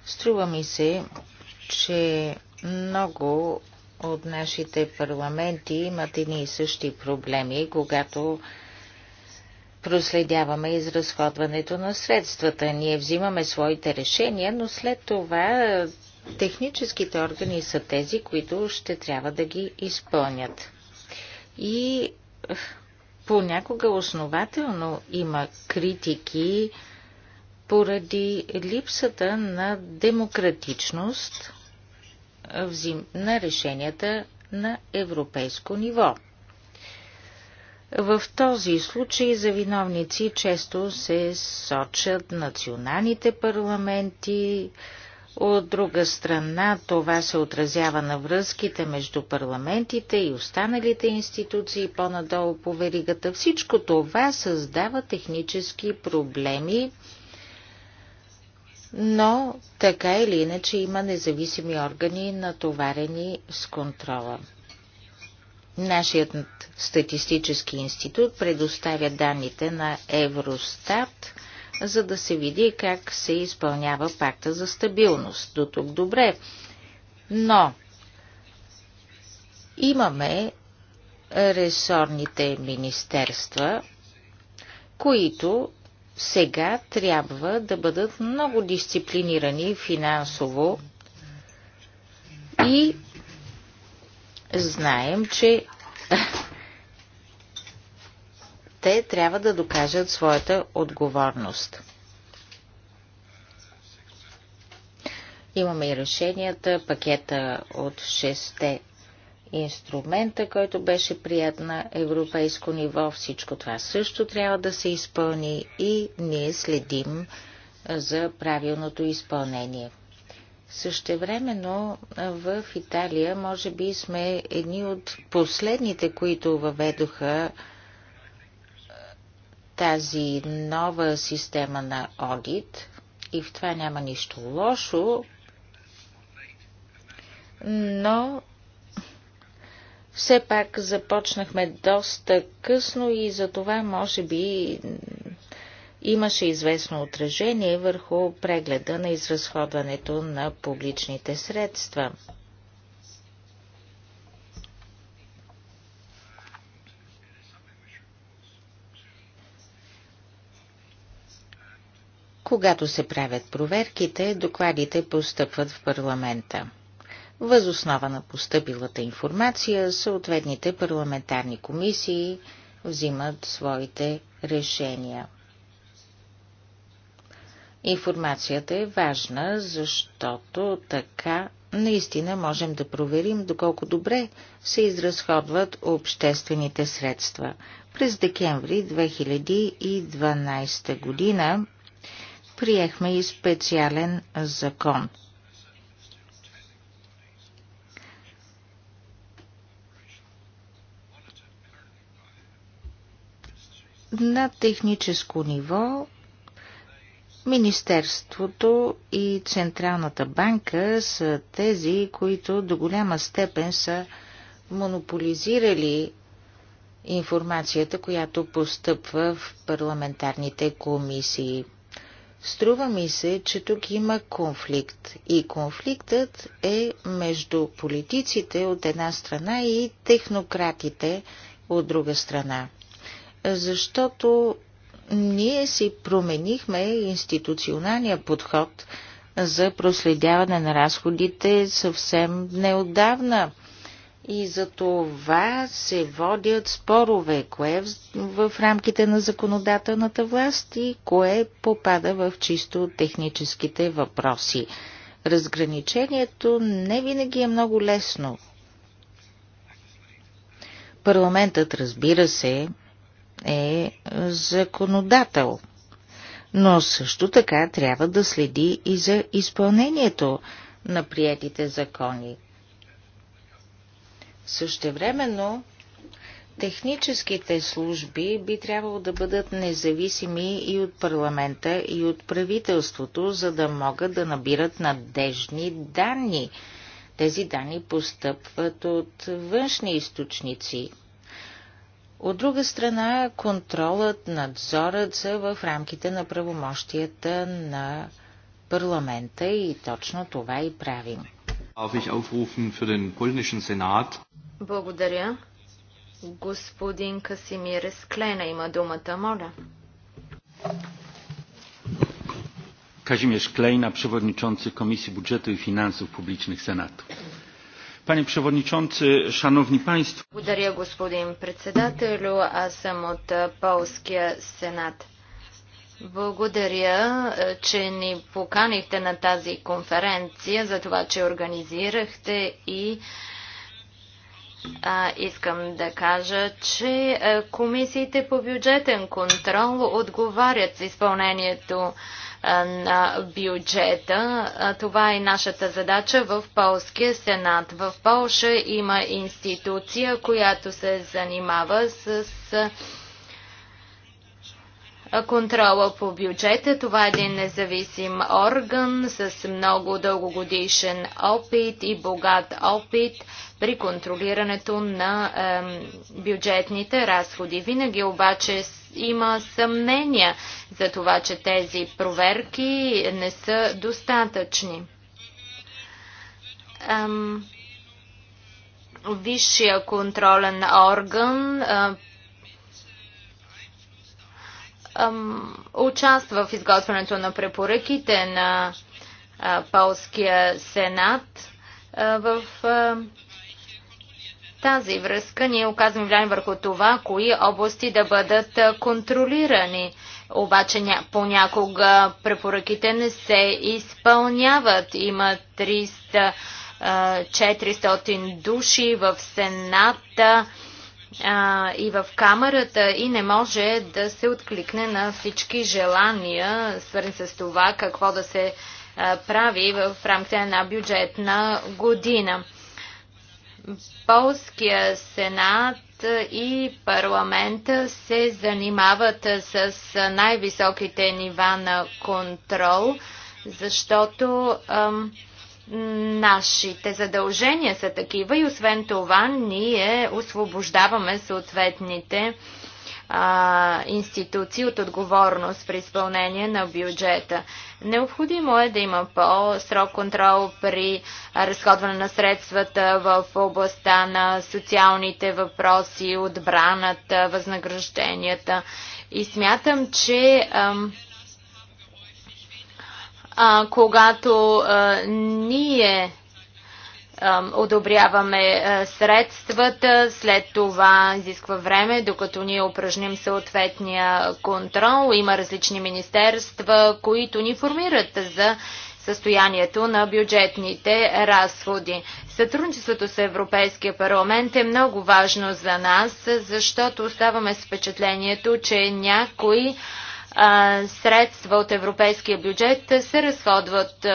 Струва ми се, че много от нашите парламенти имат едни и същи проблеми, когато проследяваме изразходването на средствата. Ние взимаме своите решения, но след това техническите органи са тези, които ще трябва да ги изпълнят. И понякога основателно има критики поради липсата на демократичност на решенията на европейско ниво. В този случай за виновници често се сочат националните парламенти, от друга страна, това се отразява на връзките между парламентите и останалите институции по-надолу по веригата. Всичко това създава технически проблеми, но така или иначе има независими органи, натоварени с контрола. Нашият статистически институт предоставя данните на Евростат – за да се види как се изпълнява пакта за стабилност. До тук добре. Но имаме ресорните министерства, които сега трябва да бъдат много дисциплинирани финансово и знаем, че те трябва да докажат своята отговорност. Имаме и решенията, пакета от 6 инструмента, който беше прият на европейско ниво. Всичко това също трябва да се изпълни и ние следим за правилното изпълнение. Същевременно в Италия може би сме едни от последните, които въведоха тази нова система на одит и в това няма нищо лошо, но все пак започнахме доста късно и за това може би имаше известно отражение върху прегледа на изразходването на публичните средства. Когато се правят проверките, докладите постъпват в парламента. Възоснова на постъпилата информация, съответните парламентарни комисии взимат своите решения. Информацията е важна, защото така наистина можем да проверим доколко добре се изразходват обществените средства. През декември 2012 година приехме и специален закон. На техническо ниво Министерството и Централната банка са тези, които до голяма степен са монополизирали информацията, която постъпва в парламентарните комисии. Струва ми се, че тук има конфликт. И конфликтът е между политиците от една страна и технократите от друга страна. Защото ние си променихме институционалния подход за проследяване на разходите съвсем неотдавна и за това се водят спорове, кое е в рамките на законодателната власт и кое попада в чисто техническите въпроси. Разграничението не винаги е много лесно. Парламентът, разбира се, е законодател, но също така трябва да следи и за изпълнението на приятите закони. Същевременно, техническите служби би трябвало да бъдат независими и от парламента, и от правителството, за да могат да набират надежни данни. Тези данни постъпват от външни източници. От друга страна, контролът, надзорът са в рамките на правомощията на парламента и точно това и правим. Darf ich aufrufen für den polnischen Senat, благодаря. Господин Касимир Склена има думата, моля. Kazimierz Klejna, przewodniczący Komisji Budżetu i Finansów Publicznych Senatu. Panie przewodniczący, szanowni państwo. Благодаря, господин председателю. Аз съм от Полския сенат. Благодаря, че ни поканихте на тази конференция, за това, че организирахте и а, а, искам да кажа, че е, комисиите по бюджетен контрол отговарят за изпълнението е, на бюджета. Това е нашата задача в Полския сенат. В Полша има институция, която се занимава с контрола по бюджета. Това е един независим орган с много дългогодишен опит и богат опит при контролирането на е, бюджетните разходи. Винаги обаче има съмнения за това, че тези проверки не са достатъчни. висшия контролен орган е, участва в изготвянето на препоръките на Полския сенат в тази връзка ние оказваме влияние върху това, кои области да бъдат контролирани. Обаче понякога препоръките не се изпълняват. Има 300-400 души в Сената, и в камерата и не може да се откликне на всички желания, свързани с това какво да се прави в рамките на една бюджетна година. Полския сенат и парламента се занимават с най-високите нива на контрол, защото ам, Нашите задължения са такива и освен това ние освобождаваме съответните а, институции от отговорност при изпълнение на бюджета. Необходимо е да има по-строг контрол при разходване на средствата в областта на социалните въпроси, отбраната, възнагражденията. И смятам, че а, а, когато а, ние а, одобряваме а, средствата, след това изисква време, докато ние упражним съответния контрол. Има различни министерства, които ни формират за състоянието на бюджетните разходи. Сътрудничеството с Европейския парламент е много важно за нас, защото оставаме с впечатлението, че някои средства от европейския бюджет се разходват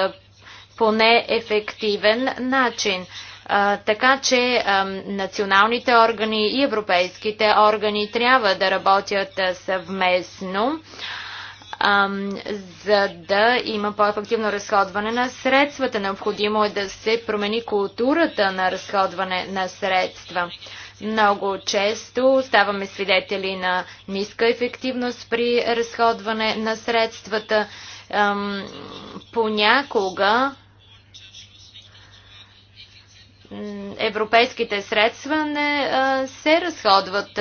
по неефективен начин. Така че националните органи и европейските органи трябва да работят съвместно за да има по-ефективно разходване на средствата. Необходимо е да се промени културата на разходване на средства. Много често ставаме свидетели на ниска ефективност при разходване на средствата. Понякога европейските средства не се разходват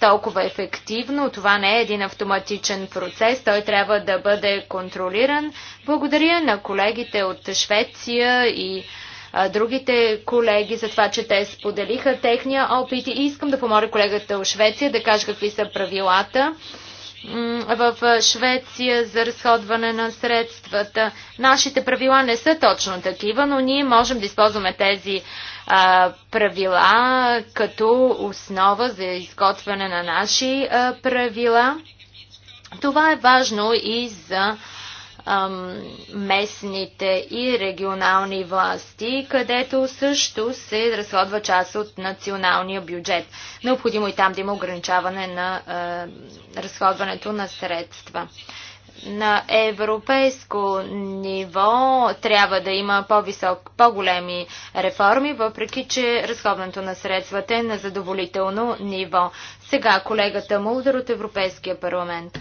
толкова ефективно. Това не е един автоматичен процес, той трябва да бъде контролиран. Благодаря на колегите от Швеция и Швеция другите колеги за това, че те споделиха техния опит и искам да помоля колегата от Швеция да каже какви са правилата в Швеция за разходване на средствата. Нашите правила не са точно такива, но ние можем да използваме тези а, правила като основа за изготвяне на наши а, правила. Това е важно и за местните и регионални власти, където също се разходва част от националния бюджет. Необходимо и там да има ограничаване на разходването на средства. На европейско ниво трябва да има по-висок, по-големи реформи, въпреки че разходването на средствата е на задоволително ниво. Сега колегата Мулдър от Европейския парламент.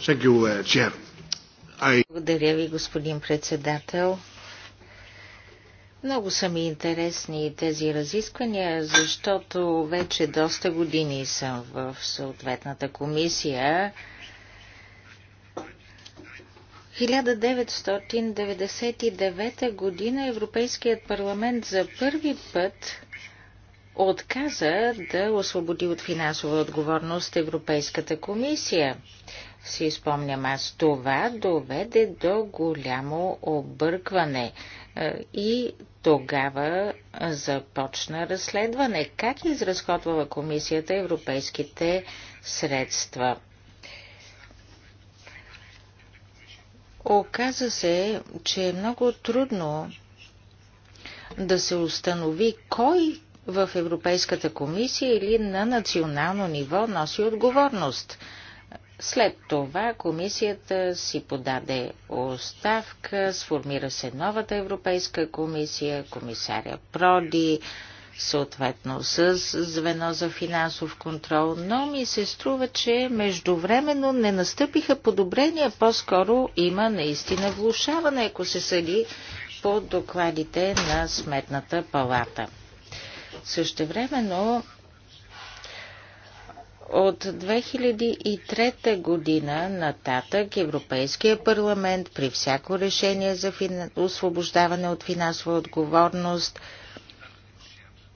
Thank you, uh, благодаря ви, господин председател. Много са ми интересни тези разисквания, защото вече доста години съм в съответната комисия. 1999 година Европейският парламент за първи път отказа да освободи от финансова отговорност Европейската комисия си спомням аз. Това доведе до голямо объркване е, и тогава започна разследване. Как изразходвала комисията европейските средства? Оказа се, че е много трудно да се установи кой в Европейската комисия или на национално ниво носи отговорност – след това комисията си подаде оставка, сформира се новата Европейска комисия, комисаря Проди, съответно с звено за финансов контрол, но ми се струва, че междувременно не настъпиха подобрения, по-скоро има наистина влушаване, ако се съди по докладите на Сметната палата. Същевременно от 2003 година нататък Европейския парламент при всяко решение за освобождаване от финансова отговорност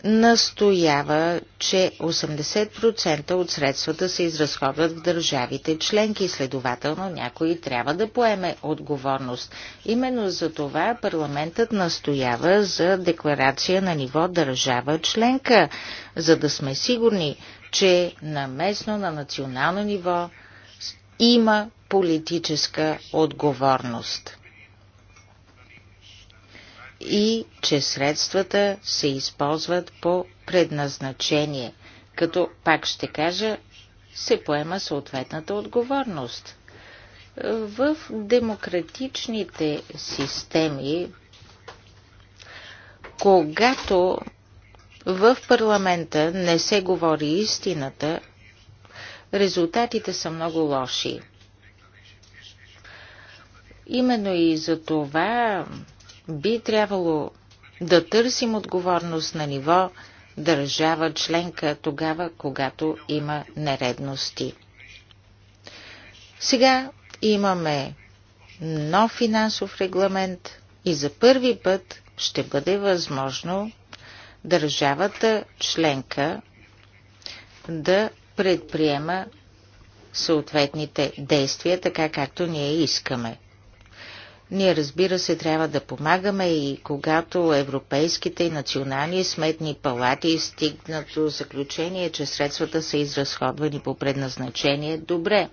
настоява, че 80% от средствата се изразходват в държавите членки, следователно някой трябва да поеме отговорност. Именно за това парламентът настоява за декларация на ниво държава членка, за да сме сигурни, че на местно, на национално ниво има политическа отговорност и че средствата се използват по предназначение, като пак ще кажа, се поема съответната отговорност. В демократичните системи, когато в парламента не се говори истината. Резултатите са много лоши. Именно и за това би трябвало да търсим отговорност на ниво държава членка тогава, когато има нередности. Сега имаме нов финансов регламент и за първи път ще бъде възможно държавата членка да предприема съответните действия, така както ние искаме. Ние, разбира се, трябва да помагаме и когато европейските и национални сметни палати стигнат до заключение, че средствата са изразходвани по предназначение, добре.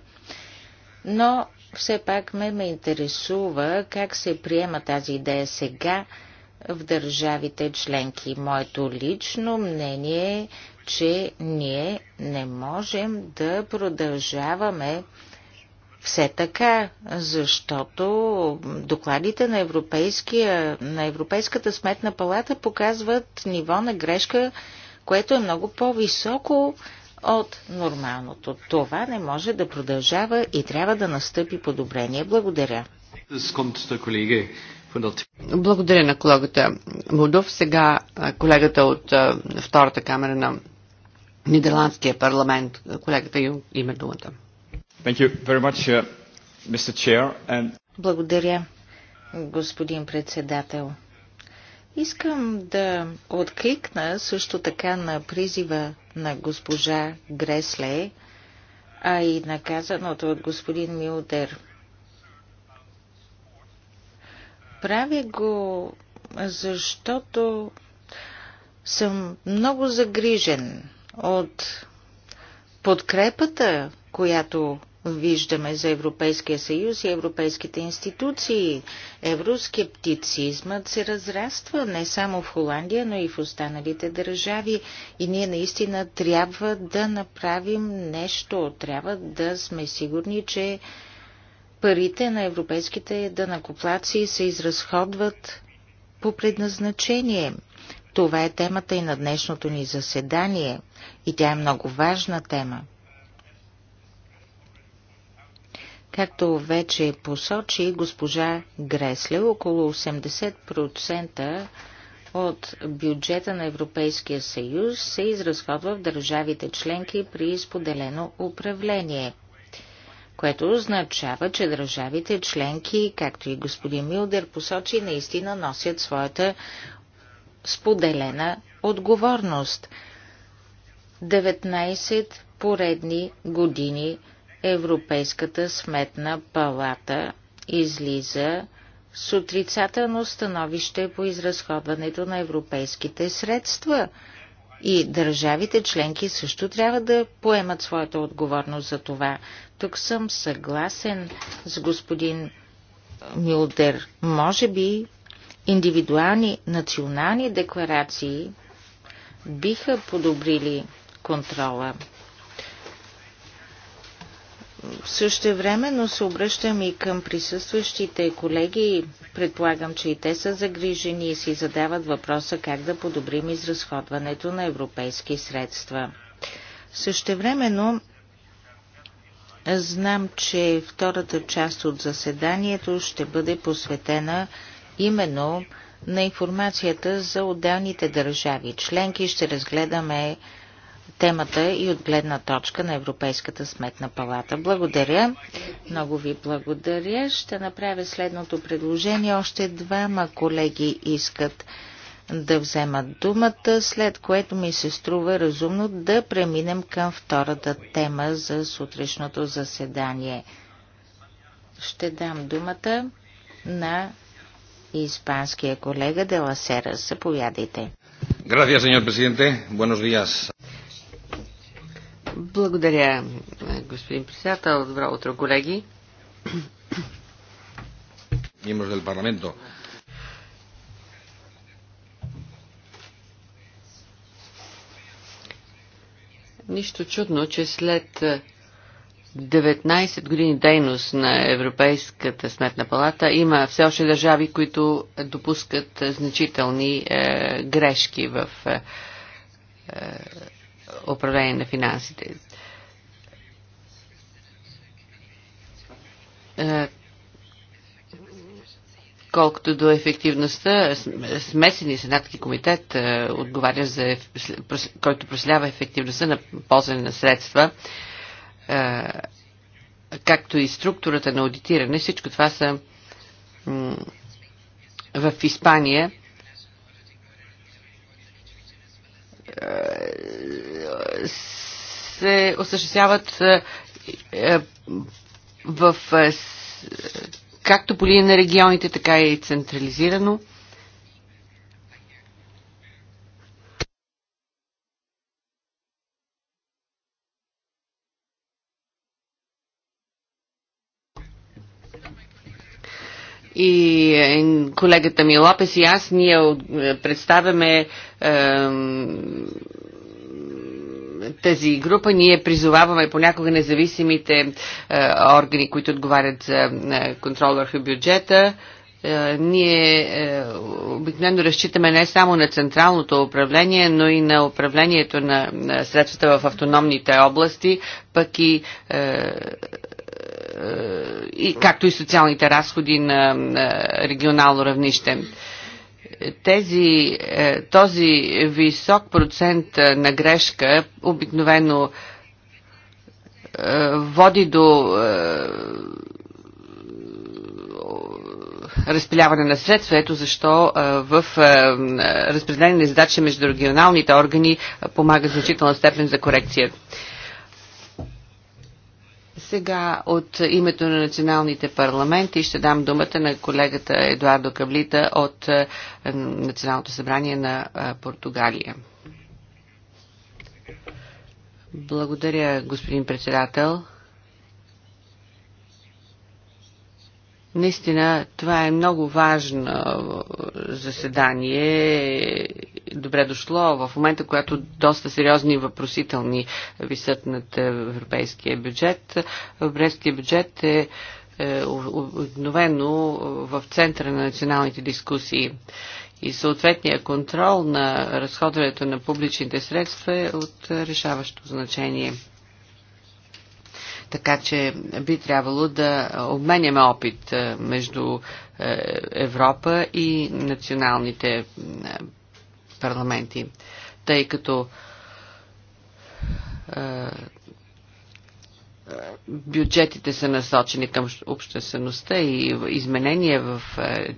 Но все пак ме ме интересува как се приема тази идея сега, в държавите членки. Моето лично мнение е, че ние не можем да продължаваме все така, защото докладите на, Европейския, на Европейската сметна палата показват ниво на грешка, което е много по-високо от нормалното. Това не може да продължава и трябва да настъпи подобрение. Благодаря. Благодаря на колегата Мудов. Сега колегата от втората камера на Нидерландския парламент, колегата Ю, има думата. Much, uh, Chair, and... Благодаря, господин председател. Искам да откликна също така на призива на госпожа Гресле, а и наказаното от господин Милдер – Правя го, защото съм много загрижен от подкрепата, която виждаме за Европейския съюз и европейските институции. Евроскептицизмът се разраства не само в Холандия, но и в останалите държави. И ние наистина трябва да направим нещо. Трябва да сме сигурни, че парите на европейските данакоплаци се изразходват по предназначение. Това е темата и на днешното ни заседание и тя е много важна тема. Както вече посочи госпожа Гресле, около 80% от бюджета на Европейския съюз се изразходва в държавите членки при споделено управление – което означава, че държавите членки, както и господин Милдер посочи, наистина носят своята споделена отговорност. 19 поредни години Европейската сметна палата излиза с отрицателно становище по изразходването на европейските средства – и държавите членки също трябва да поемат своята отговорност за това. Тук съм съгласен с господин Милдер. Може би индивидуални национални декларации биха подобрили контрола. Също време, но се обръщам и към присъстващите колеги. Предполагам, че и те са загрижени и си задават въпроса как да подобрим изразходването на европейски средства. Същевременно знам, че втората част от заседанието ще бъде посветена именно на информацията за отделните държави. Членки ще разгледаме темата и от гледна точка на Европейската сметна палата. Благодаря. Много ви благодаря. Ще направя следното предложение. Още двама колеги искат да вземат думата, след което ми се струва разумно да преминем към втората тема за сутрешното заседание. Ще дам думата на испанския колега Деласера. Заповядайте. Gracias, señor presidente. Buenos días. Благодаря, господин председател. Добро утро, колеги. Нищо чудно, че след 19 години дейност на Европейската сметна палата има все още държави, които допускат значителни е, грешки в е, е управление на финансите. Е, колкото до ефективността, смесени сенатски комитет е, отговаря за, който проследява ефективността на ползване на средства, е, както и структурата на аудитиране. Всичко това са в Испания се осъществяват е, е, в, е, както по линия на регионите, така и централизирано. и колегата ми Лопес и аз ние представяме тази група ние призоваваме понякога независимите е, органи, които отговарят за е, контрол върху бюджета. Е, ние е, обикновено разчитаме не само на централното управление, но и на управлението на, на средствата в автономните области, пък и е, е, и както и социалните разходи на регионално равнище. Тези, е, този висок процент е, на грешка обикновено е, води до разпиляване на средства. Ето защо в разпределение на задачи между регионалните органи помага значителна степен за корекция. Сега от името на националните парламенти ще дам думата на колегата Едуардо Каблита от е, Националното събрание на е, Португалия. Благодаря, господин председател. Наистина, това е много важно заседание добре дошло в момента, когато доста сериозни въпросителни висят над европейския бюджет. Европейския бюджет е, е обикновено в центъра на националните дискусии и съответния контрол на разходването на публичните средства е от решаващо значение. Така че би трябвало да обменяме опит е, между е, Европа и националните парламенти, тъй като е, бюджетите са насочени към обществеността и изменения в е,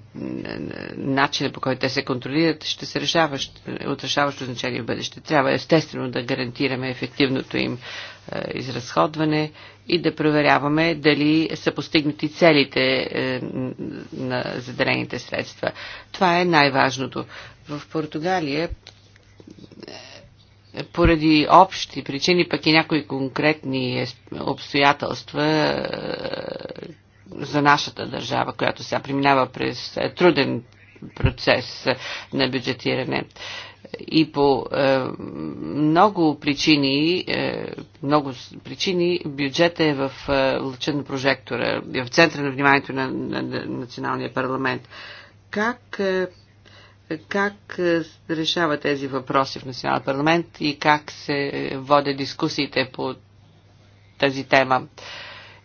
начина по който те се контролират ще се решаващ, от решаващо значение в бъдеще. Трябва естествено да гарантираме ефективното им е, изразходване и да проверяваме дали са постигнати целите на заделените средства. Това е най-важното. В Португалия е, поради общи причини, пък и някои конкретни обстоятелства е, за нашата държава, която сега преминава през е, труден процес на бюджетиране. И по е, много причини, е, много причини бюджета е в е, лъча на прожектора, в центъра на вниманието на, на, на националния парламент. Как е, как е, решава тези въпроси в националния парламент и как се водят дискусиите по тази тема?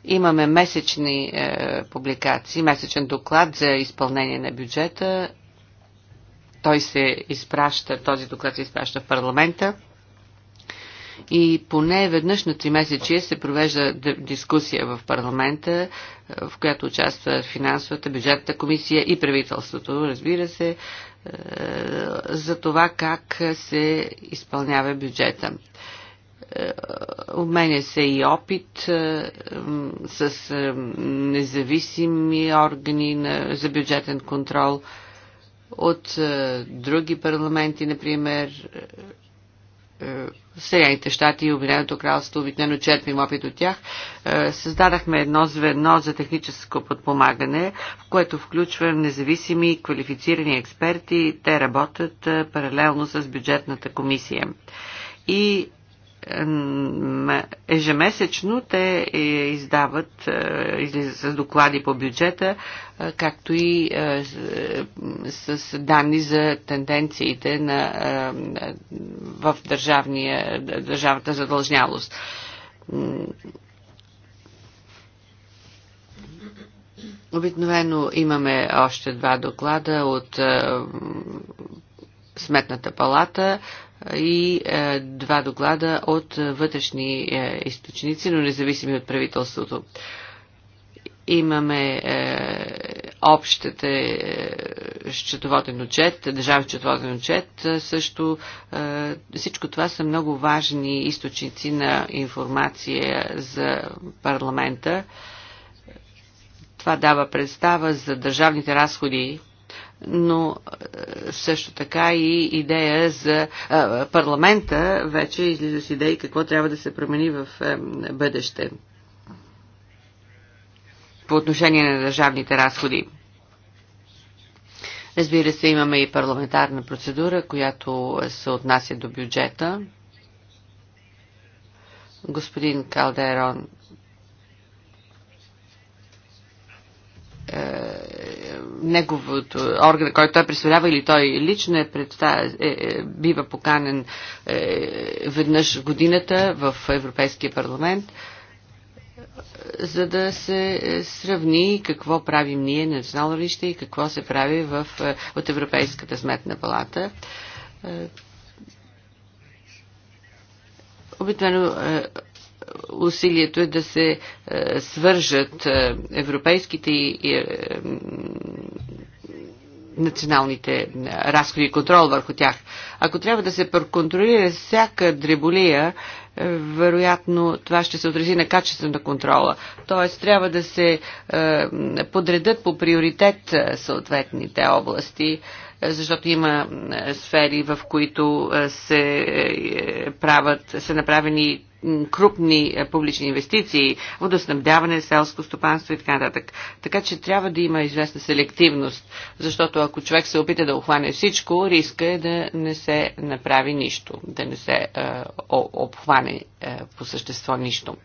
Имаме месечни е, публикации, месечен доклад за изпълнение на бюджета. Той се изпраща, този доклад се изпраща в парламента и поне веднъж на три месечи се провежда дискусия в парламента, е, в която участва финансовата, бюджетната комисия и правителството, разбира се, е, за това как се изпълнява бюджета. Е, обменя се и опит е, с независими органи за бюджетен контрол от други парламенти, например, е, Съединените щати и Обединеното кралство, обикновено черпим опит от тях, е, създадахме едно звено за техническо подпомагане, в което включва независими квалифицирани експерти. Те работят е, паралелно с бюджетната комисия. И ежемесечно те е, издават, е, с доклади по бюджета, е, както и с данни за тенденциите на, в държавния, държавната задължнялост. Обикновено имаме още два доклада от Сметната палата и е, два доклада от вътрешни е, източници, но независими от правителството. Имаме общите общата е, счетоводен отчет, държавен счетоводен отчет, е, също всичко това са много важни източници на информация за парламента. Това дава представа за държавните разходи но е, също така и идея за е, парламента вече излиза с идеи какво трябва да се промени в е, бъдеще по отношение на държавните разходи. Разбира се, имаме и парламентарна процедура, която се отнася до бюджета. Господин Калдерон неговото орган, който той представлява или той лично е, е, е бива поканен е, веднъж в годината в Европейския парламент, за да се е, сравни какво правим ние на национално и какво се прави в, е, от Европейската сметна палата. Е, обикновено усилието е да се свържат европейските и националните е, разходи и контрол върху тях. Ако трябва да се проконтролира всяка дреболия, е, вероятно това ще се отрази на качество на контрола. Тоест трябва да се е, подредат по приоритет съответните области, защото има сфери, в които се, правят, са направени крупни е, публични инвестиции, водоснабдяване, селско стопанство и така нататък. Така че трябва да има известна селективност, защото ако човек се опита да охване всичко, риска е да не се направи нищо, да не се е, обхване е, по същество нищо.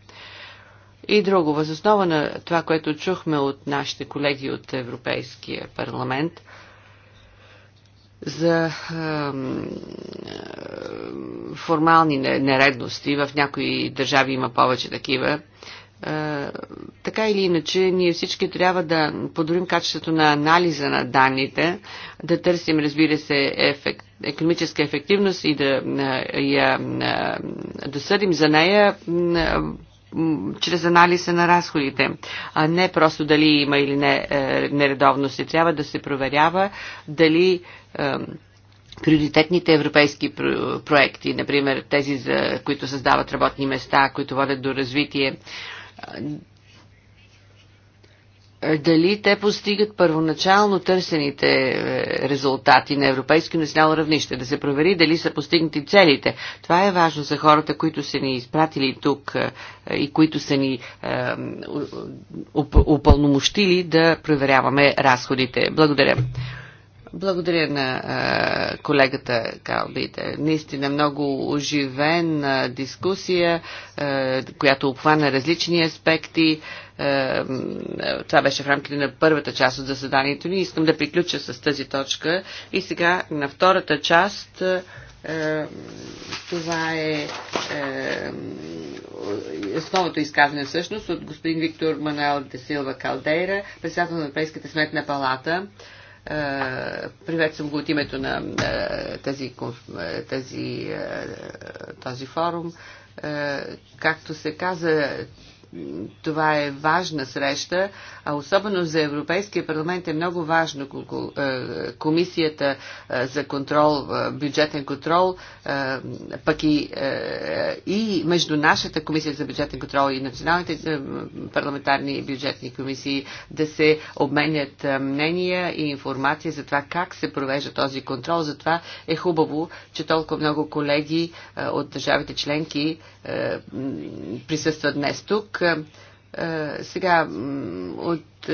И друго, възоснова на това, което чухме от нашите колеги от Европейския парламент – за е, формални нередности. В някои държави има повече такива. Е, така или иначе, ние всички трябва да подобрим качеството на анализа на данните, да търсим, разбира се, ефект, економическа ефективност и да я съдим за нея чрез анализа на разходите, а не просто дали има или не е, нередовности. Трябва да се проверява дали е, приоритетните европейски проекти, например тези, за които създават работни места, които водят до развитие, е, дали те постигат първоначално търсените е, резултати на европейско национално равнище, да се провери дали са постигнати целите. Това е важно за хората, които са ни изпратили тук е, и които са ни упълномощили да проверяваме разходите. Благодаря. Благодаря на а, колегата Калбите. Наистина много оживен дискусия, а, която обхвана различни аспекти. Това беше в рамките на първата част от заседанието ни. Искам да приключа с тази точка. И сега на втората част е, това е, е, основното изказване всъщност от господин Виктор Мануел Десилва Калдейра, председател на Европейската сметна палата. Е, приветствам го от името на тези, тези, този форум. Както се каза, това е важна среща, а особено за Европейския парламент е много важно е, комисията е, за контрол, е, бюджетен контрол, пък и, и между нашата комисия за бюджетен контрол и националните парламентарни и бюджетни комисии да се обменят мнения и информация за това как се провежда този контрол. Затова е хубаво, че толкова много колеги от държавите членки присъстват днес тук тук сега от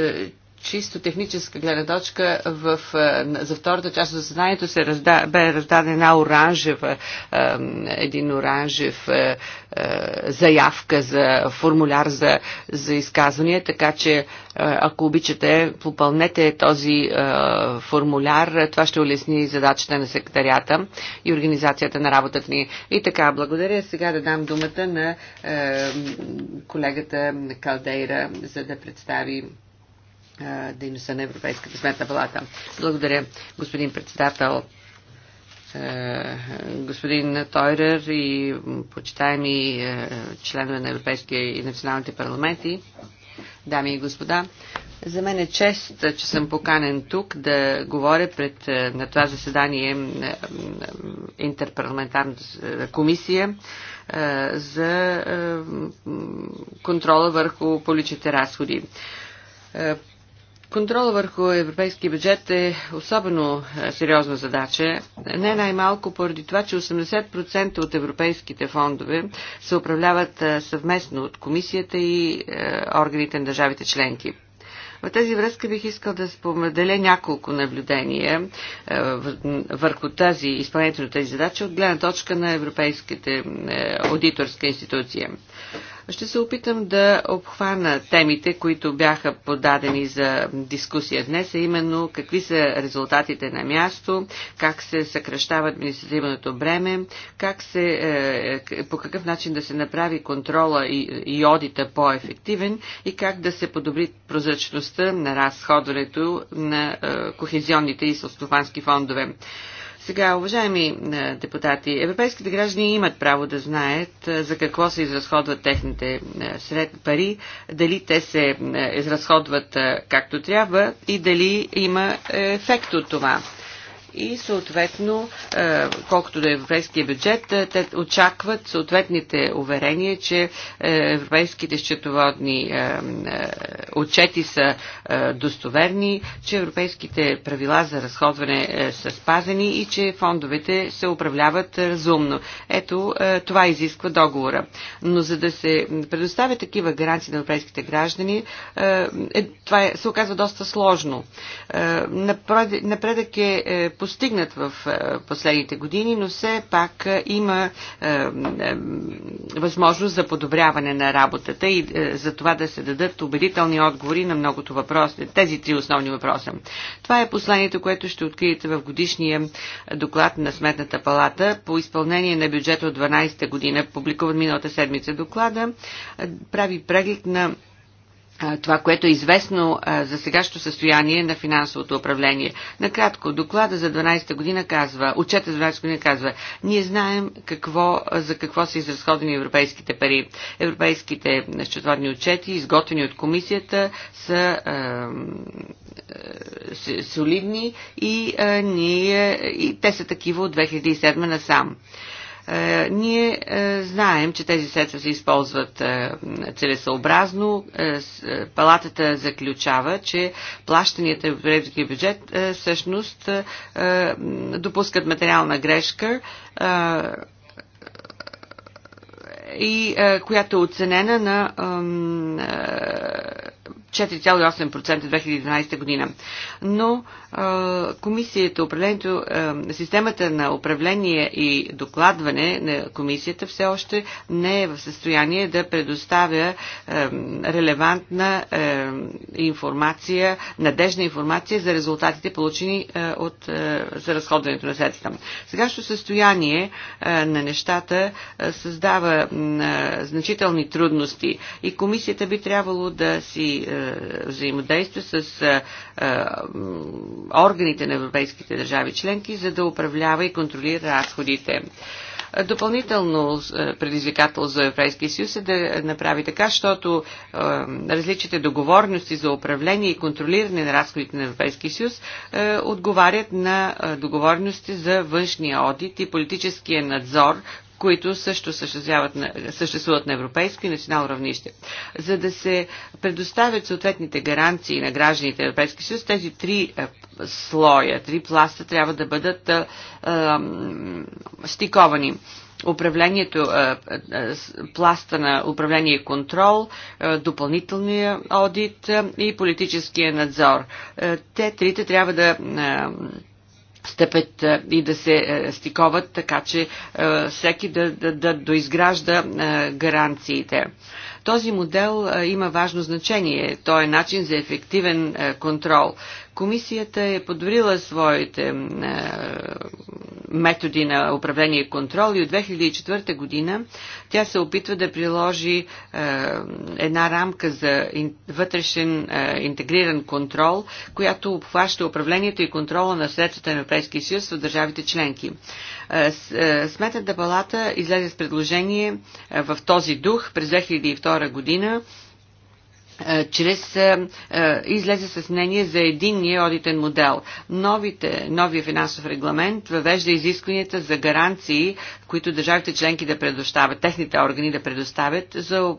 чисто техническа гледна точка в, е, за втората част от заседанието се разда, бе раздаден една оранжева, е, един оранжев е, заявка за формуляр за, за изказвания, така че ако обичате, попълнете този формуляр. Това ще улесни задачата на секретарията и организацията на работата ни. И така, благодаря. Сега да дам думата на колегата Калдейра, за да представи дейността на Европейската сметна палата. Благодаря, господин председател господин Тойрер и почитаеми членове на Европейския и националните парламенти, дами и господа. За мен е чест, че съм поканен тук да говоря пред, на това заседание Интерпарламентарната комисия за контрола върху публичните разходи Контрол върху европейски бюджет е особено е, сериозна задача. Не най-малко поради това, че 80% от европейските фондове се управляват е, съвместно от комисията и е, органите на държавите членки. В тази връзка бих искал да споделя няколко наблюдения върху тази изпълнението на тази задача от гледна точка на Европейската аудиторска институция. Ще се опитам да обхвана темите, които бяха подадени за дискусия днес, а именно какви са резултатите на място, как се съкръщава административното бреме, как се, е, е, по какъв начин да се направи контрола и, и одита по-ефективен и как да се подобри прозрачността на разходването на е, кохезионните и селстопански фондове. Сега, уважаеми е, депутати, европейските граждани имат право да знаят е, за какво се изразходват техните е, сред пари, дали те се изразходват както трябва и дали има ефект от това и съответно, е, колкото до европейския бюджет, е, те очакват съответните уверения, че е, европейските счетоводни отчети са достоверни, че европейските правила за разходване са спазени и че фондовете се управляват разумно. Ето, това изисква договора. Но за да се предоставят такива гаранции на европейските граждани, това се оказва доста сложно. Напредък е по постигнат в е, последните години, но все пак е, има е, възможност за подобряване на работата и за това да се дадат убедителни отговори на многото въпроси, тези три основни въпроса. Това е посланието, което ще откриете в годишния доклад на Сметната палата по изпълнение на бюджета от 12 та година, публикуван миналата седмица доклада, прави преглед на това, което е известно за сегашното състояние на финансовото управление. Накратко, доклада за 12-та година казва, отчета за 12-та година казва, ние знаем какво, за какво са изразходени европейските пари. Европейските счетоводни отчети, изготвени от комисията, са е, е, солидни и, е, ние, и те са такива от 2007 насам. сам. Е, ние е, знаем, че тези средства се използват е, целесообразно. Палатата заключава, че плащанията в европейския бюджет всъщност допускат материална грешка и която е оценена на 4,8% 2012 година. Но а, комисията, управлението, а, системата на управление и докладване на комисията все още не е в състояние да предоставя а, релевантна а, информация, надежна информация за резултатите получени а, от, а, за разходването на средства. Сегашното състояние а, на нещата а, създава а, значителни трудности и комисията би трябвало да си а, взаимодействие с органите на европейските държави членки, за да управлява и контролира разходите. Допълнително предизвикател за Европейския съюз е да направи така, защото е, различните договорности за управление и контролиране на разходите на Европейския съюз е, отговарят на договорности за външния одит и политическия надзор, които също съществуват на европейско и национално равнище. За да се предоставят съответните гаранции на гражданите на Европейския съюз, тези три е, слоя, три пласта трябва да бъдат а, е, а, е, стиковани управлението, пласта на управление и контрол, допълнителния одит и политическия надзор. Те трите трябва да стъпят и да се стиковат, така че всеки да, да, да доизгражда гаранциите. Този модел има важно значение. Той е начин за ефективен контрол. Комисията е подобрила своите е, методи на управление и контрол и от 2004 година тя се опитва да приложи е, една рамка за вътрешен е, интегриран контрол, която обхваща управлението и контрола на средствата на Европейския съюз в държавите членки. Е, е, Сметната палата излезе с предложение е, в този дух през 2002 година е, чрез е, е, излезе с мнение за единния одитен модел. Новите, новия финансов регламент въвежда изискванията за гаранции, които държавите членки да предоставят, техните органи да предоставят за,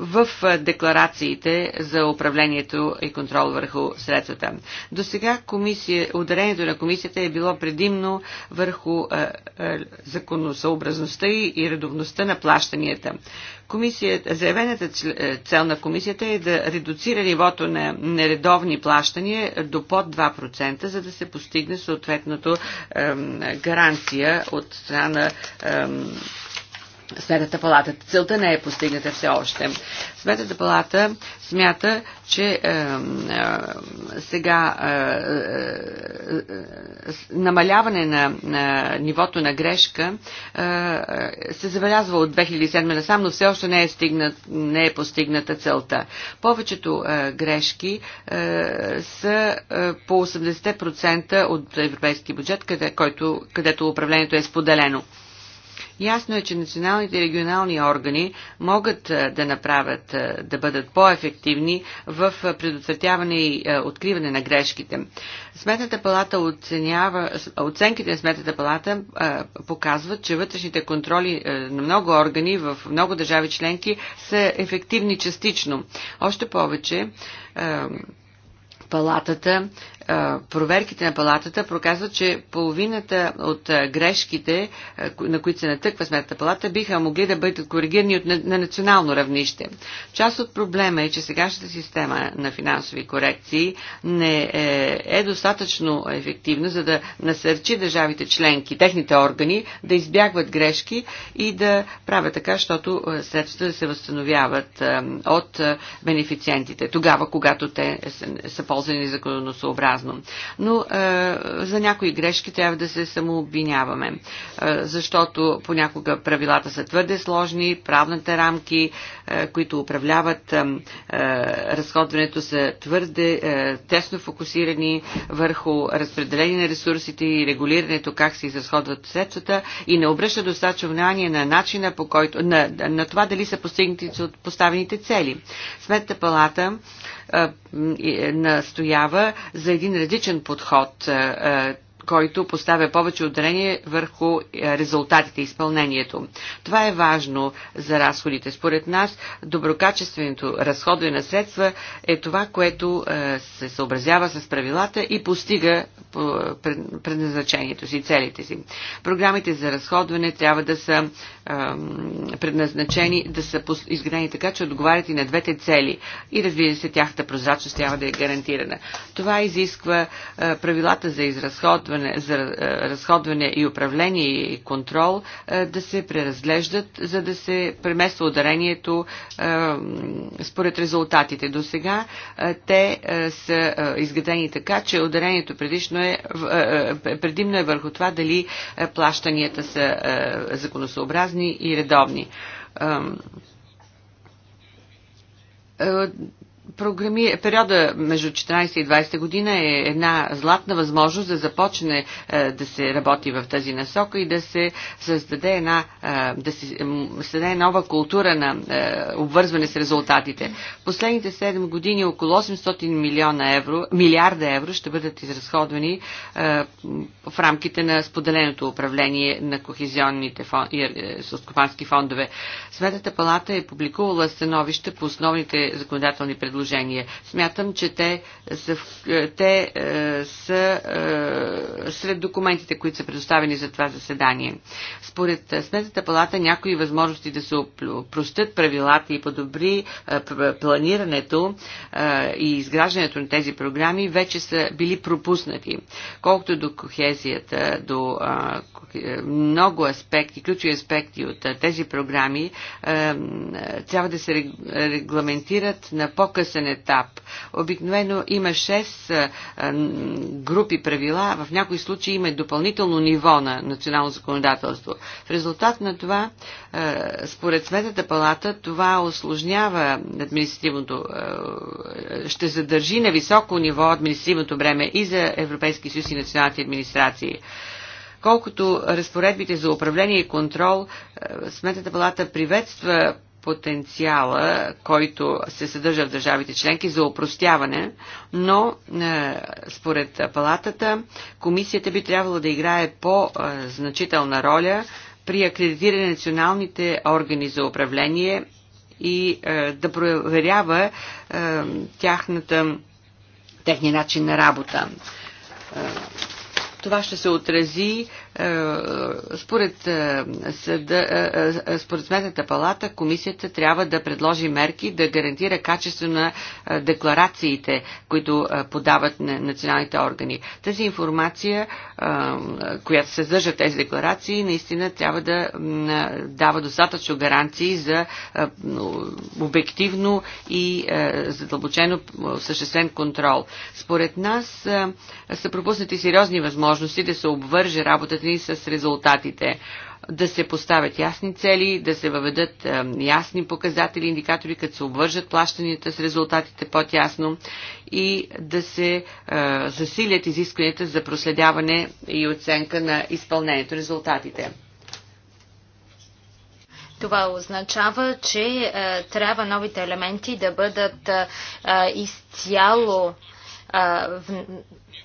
в декларациите за управлението и контрол върху средствата. До сега комисия, ударението на комисията е било предимно върху законосъобразността и редовността на плащанията. Комисията, заявената цел на комисията е да редуцира нивото на нередовни плащания до под 2%, за да се постигне съответното гаранция от страна Сметната палата. Целта не е постигната все още. Сметната палата смята, че е, е, сега е, е, намаляване на, на нивото на грешка е, е се забелязва от 2007 насам, но все още не е, стигнат, не е постигната целта. Повечето е, грешки е, са е, по 80% от европейски бюджет, къде, който, където управлението е споделено. Ясно е, че националните и регионални органи могат да направят, да бъдат по-ефективни в предотвратяване и откриване на грешките. Сметната палата оценява, оценките на Сметната палата показват, че вътрешните контроли на много органи в много държави членки са ефективни частично. Още повече, палатата проверките на палатата проказват, че половината от грешките, на които се натъква сметната палата, биха могли да бъдат коригирани от, на национално равнище. Част от проблема е, че сегашната система на финансови корекции не е, е достатъчно ефективна, за да насърчи държавите членки, техните органи, да избягват грешки и да правят така, защото средствата да се възстановяват от бенефициентите, тогава, когато те са ползвани законосъобразно целесообразно. Но е, за някои грешки трябва да се самообвиняваме, е, защото понякога правилата са твърде сложни, правните рамки, е, които управляват е, е, разходването са твърде е, тесно фокусирани върху разпределение на ресурсите и регулирането как се изразходват средствата и не обръща достатъчно внимание на начина по който, на, на това дали са постигнати от поставените цели. Сметната палата е, е, настоява за един различен подход който поставя повече ударение върху е, резултатите, изпълнението. Това е важно за разходите. Според нас, доброкачественото разходване на средства е това, което е, се съобразява с правилата и постига е, предназначението си, целите си. Програмите за разходване трябва да са предназначени, да са изградени така, че отговарят и на двете цели. И разбира се, тяхната прозрачност трябва да е гарантирана. Това изисква правилата за изразходване разходване, за е, разходване и управление и контрол е, да се преразглеждат, за да се премества ударението е, според резултатите. До сега те са изградени така, че ударението предишно е, предимно е върху това дали плащанията са законосообразни и редовни Програми... Периода между 14 и 20 година е една златна възможност да започне е, да се работи в тази насока и да се създаде една, е, да се, създаде нова култура на е, обвързване с резултатите. Последните 7 години около 800 милиона евро, милиарда евро ще бъдат изразходвани в рамките на споделеното управление на кохезионните фон... и фондове. Светата палата е публикувала становище по основните законодателни предложения предложения. Смятам, че те, са, те е, са е, сред документите, които са предоставени за това заседание. Според е, Сметната палата някои възможности да се простят правилата и подобри е, планирането е, и изграждането на тези програми вече са били пропуснати. Колкото до кохезията, до е, е много аспекти, ключови аспекти от е, тези програми, е, е трябва да се регламентират на по-късно по-късен етап. Обикновено има 6 групи правила, в някои случаи има допълнително ниво на национално законодателство. В резултат на това, според Светата палата, това осложнява административното, ще задържи на високо ниво административното бреме и за Европейски съюз и националните администрации. Колкото разпоредбите за управление и контрол, Сметната палата приветства потенциала, който се съдържа в държавите членки за опростяване, но е, според палатата комисията би трябвало да играе по-значителна роля при акредитиране на националните органи за управление и е, да проверява е, тяхната, техния начин на работа. Това ще се отрази е, според, е, съда, е, според сметната палата, комисията трябва да предложи мерки да гарантира качество на декларациите, които подават на националните органи. Тази информация, която се съдържа тези декларации, наистина трябва да дава достатъчно гаранции за обективно и задълбочено съществен контрол. Според нас са пропуснати сериозни възможности да се обвърже работата свързани с резултатите да се поставят ясни цели, да се въведат е, ясни показатели, индикатори, като се обвържат плащанията с резултатите по-тясно и да се е, засилят изискванията за проследяване и оценка на изпълнението резултатите. Това означава, че е, трябва новите елементи да бъдат е, изцяло е, в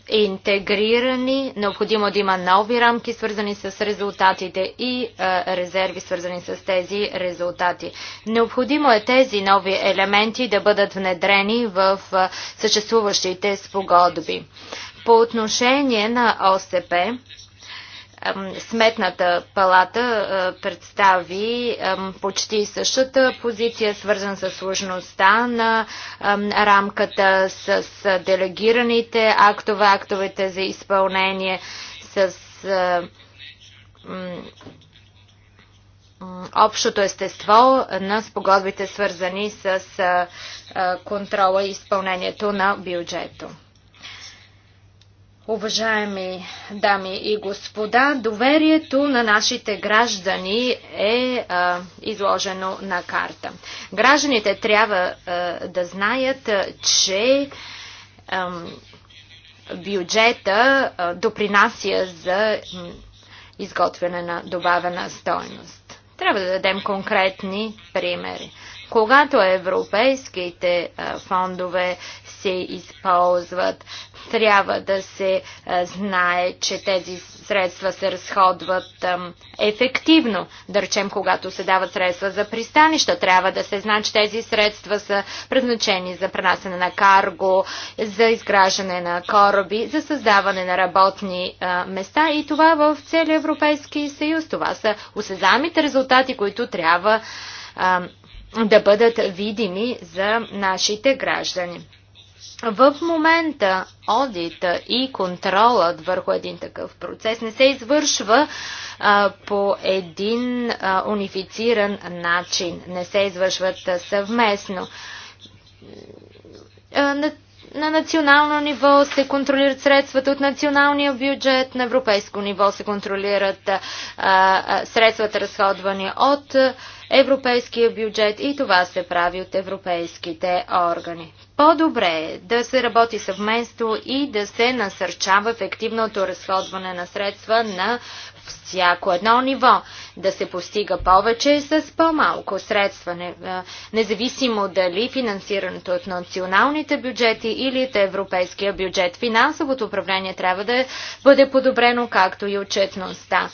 интегрирани, необходимо да има нови рамки, свързани с резултатите и а, е, резерви, свързани с тези резултати. Необходимо е тези нови елементи да бъдат внедрени в а, е, съществуващите спогодби. По отношение на ОСП, Сметната палата представи почти същата позиция, свързан с сложността на рамката, с делегираните актове, актовете за изпълнение, с общото естество на спогодбите, свързани с контрола и изпълнението на бюджето. Уважаеми дами и господа, доверието на нашите граждани е а, изложено на карта. Гражданите трябва а, да знаят, че а, бюджета а, допринася за изготвяне на добавена стойност. Трябва да дадем конкретни примери. Когато европейските а, фондове се използват трябва да се е, знае, че тези средства се разходват ефективно. Да речем, когато се дават средства за пристанища, трябва да се знае, че тези средства са предназначени за пренасене на карго, за изграждане на кораби, за създаване на работни е, места и това в целия Европейски съюз. Това са осезамите резултати, които трябва да бъдат видими за нашите граждани. В момента одита и контролът върху един такъв процес не се извършва а, по един а, унифициран начин, не се извършват а, съвместно. А, на национално ниво се контролират средствата от националния бюджет, на европейско ниво се контролират а, а, средствата разходвани от европейския бюджет и това се прави от европейските органи. По-добре е да се работи съвместно и да се насърчава ефективното разходване на средства на всяко едно ниво, да се постига повече с по-малко средства, независимо дали финансирането е от националните бюджети или от европейския бюджет. Финансовото управление трябва да бъде подобрено, както и отчетността.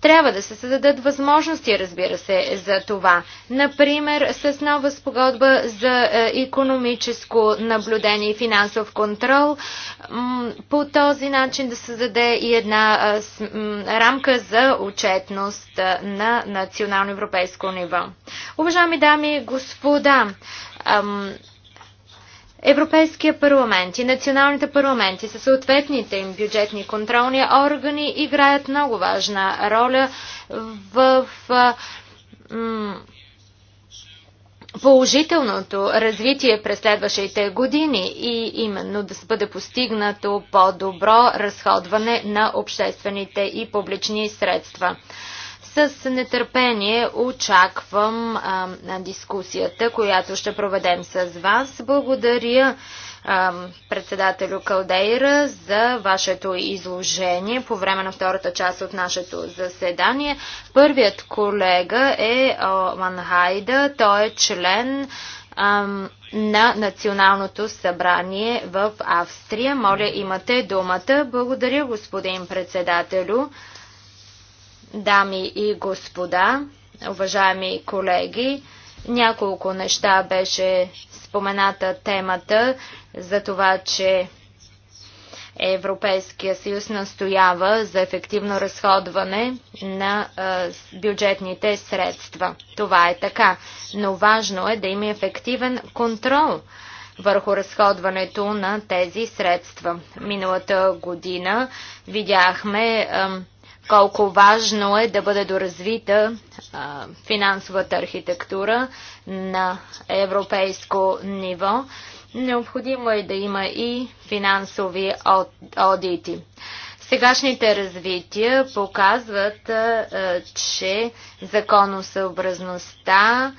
Трябва да се създадат възможности, разбира се, за това. Например, с нова спогодба за економическо наблюдение и финансов контрол. По този начин да се създаде и една е, рамка за отчетност е, на национално европейско ниво. Уважаеми дами и господа, Европейския парламент и националните парламенти със съответните им бюджетни контролни органи играят много важна роля в положителното развитие през следващите години и именно да бъде постигнато по-добро разходване на обществените и публични средства. С нетърпение очаквам а, дискусията, която ще проведем с вас. Благодаря а, председателю Калдейра за вашето изложение по време на втората част от нашето заседание. Първият колега е Манхайда. Той е член а, на Националното събрание в Австрия. Моля, имате думата. Благодаря, господин председателю дами и господа, уважаеми колеги, няколко неща беше спомената темата за това, че Европейския съюз настоява за ефективно разходване на бюджетните средства. Това е така, но важно е да има ефективен контрол върху разходването на тези средства. Миналата година видяхме колко важно е да бъде доразвита а, финансовата архитектура на европейско ниво. Необходимо е да има и финансови аудити. Сегашните развития показват, а, че законосъобразността,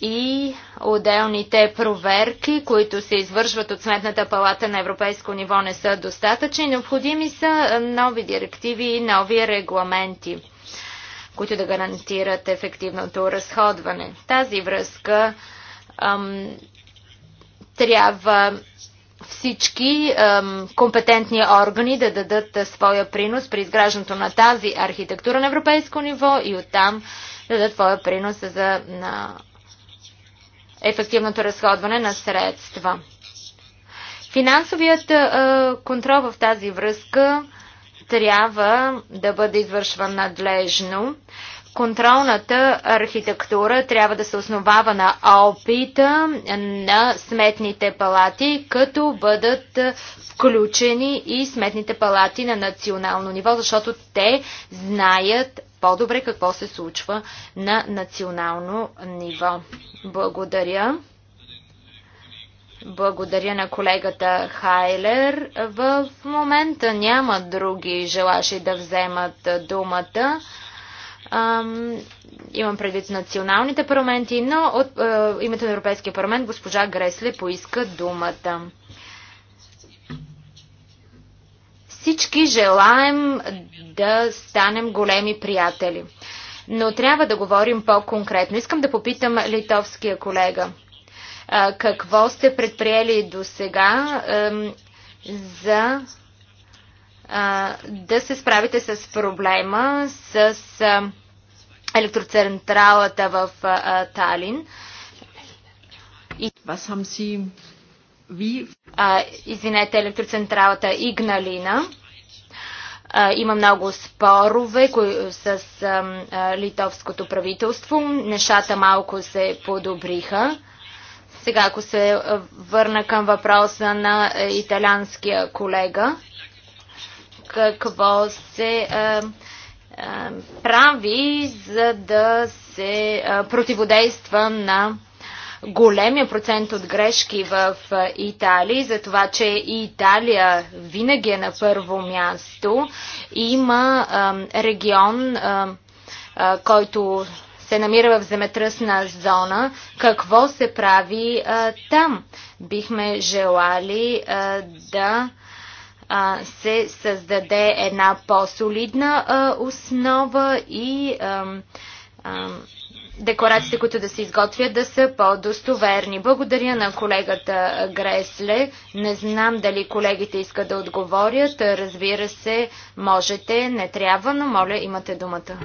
и отделните проверки, които се извършват от Сметната палата на европейско ниво не са достатъчни. Необходими са нови директиви и нови регламенти, които да гарантират ефективното разходване. В тази връзка ам, трябва всички ам, компетентни органи да дадат своя принос при изграждането на тази архитектура на европейско ниво и оттам дадат твоя принос за на ефективното разходване на средства. Финансовият контрол в тази връзка трябва да бъде извършван надлежно. Контролната архитектура трябва да се основава на опита на сметните палати, като бъдат включени и сметните палати на национално ниво, защото те знаят по-добре какво се случва на национално ниво. Благодаря. Благодаря на колегата Хайлер. В момента няма други желаши да вземат думата. имам предвид националните парламенти, но от е, името на Европейския парламент госпожа Гресле поиска думата. Всички желаем да станем големи приятели. Но трябва да говорим по-конкретно. Искам да попитам литовския колега. Какво сте предприели до сега за да се справите с проблема с електроцентралата в Талин? И ви... А, извинете, електроцентралата Игналина. А, има много спорове кои, с а, литовското правителство. Нещата малко се подобриха. Сега, ако се върна към въпроса на италянския колега, какво се а, а, прави, за да се а, противодейства на големия процент от грешки в Италия, за това, че и Италия винаги е на първо място. Има регион, който се намира в земетръсна зона, какво се прави там. Бихме желали да се създаде една по-солидна основа и а, а, декларациите, които да се изготвят, да са по-достоверни. Благодаря на колегата Гресле. Не знам дали колегите искат да отговорят. Разбира се, можете, не трябва, но моля, имате думата.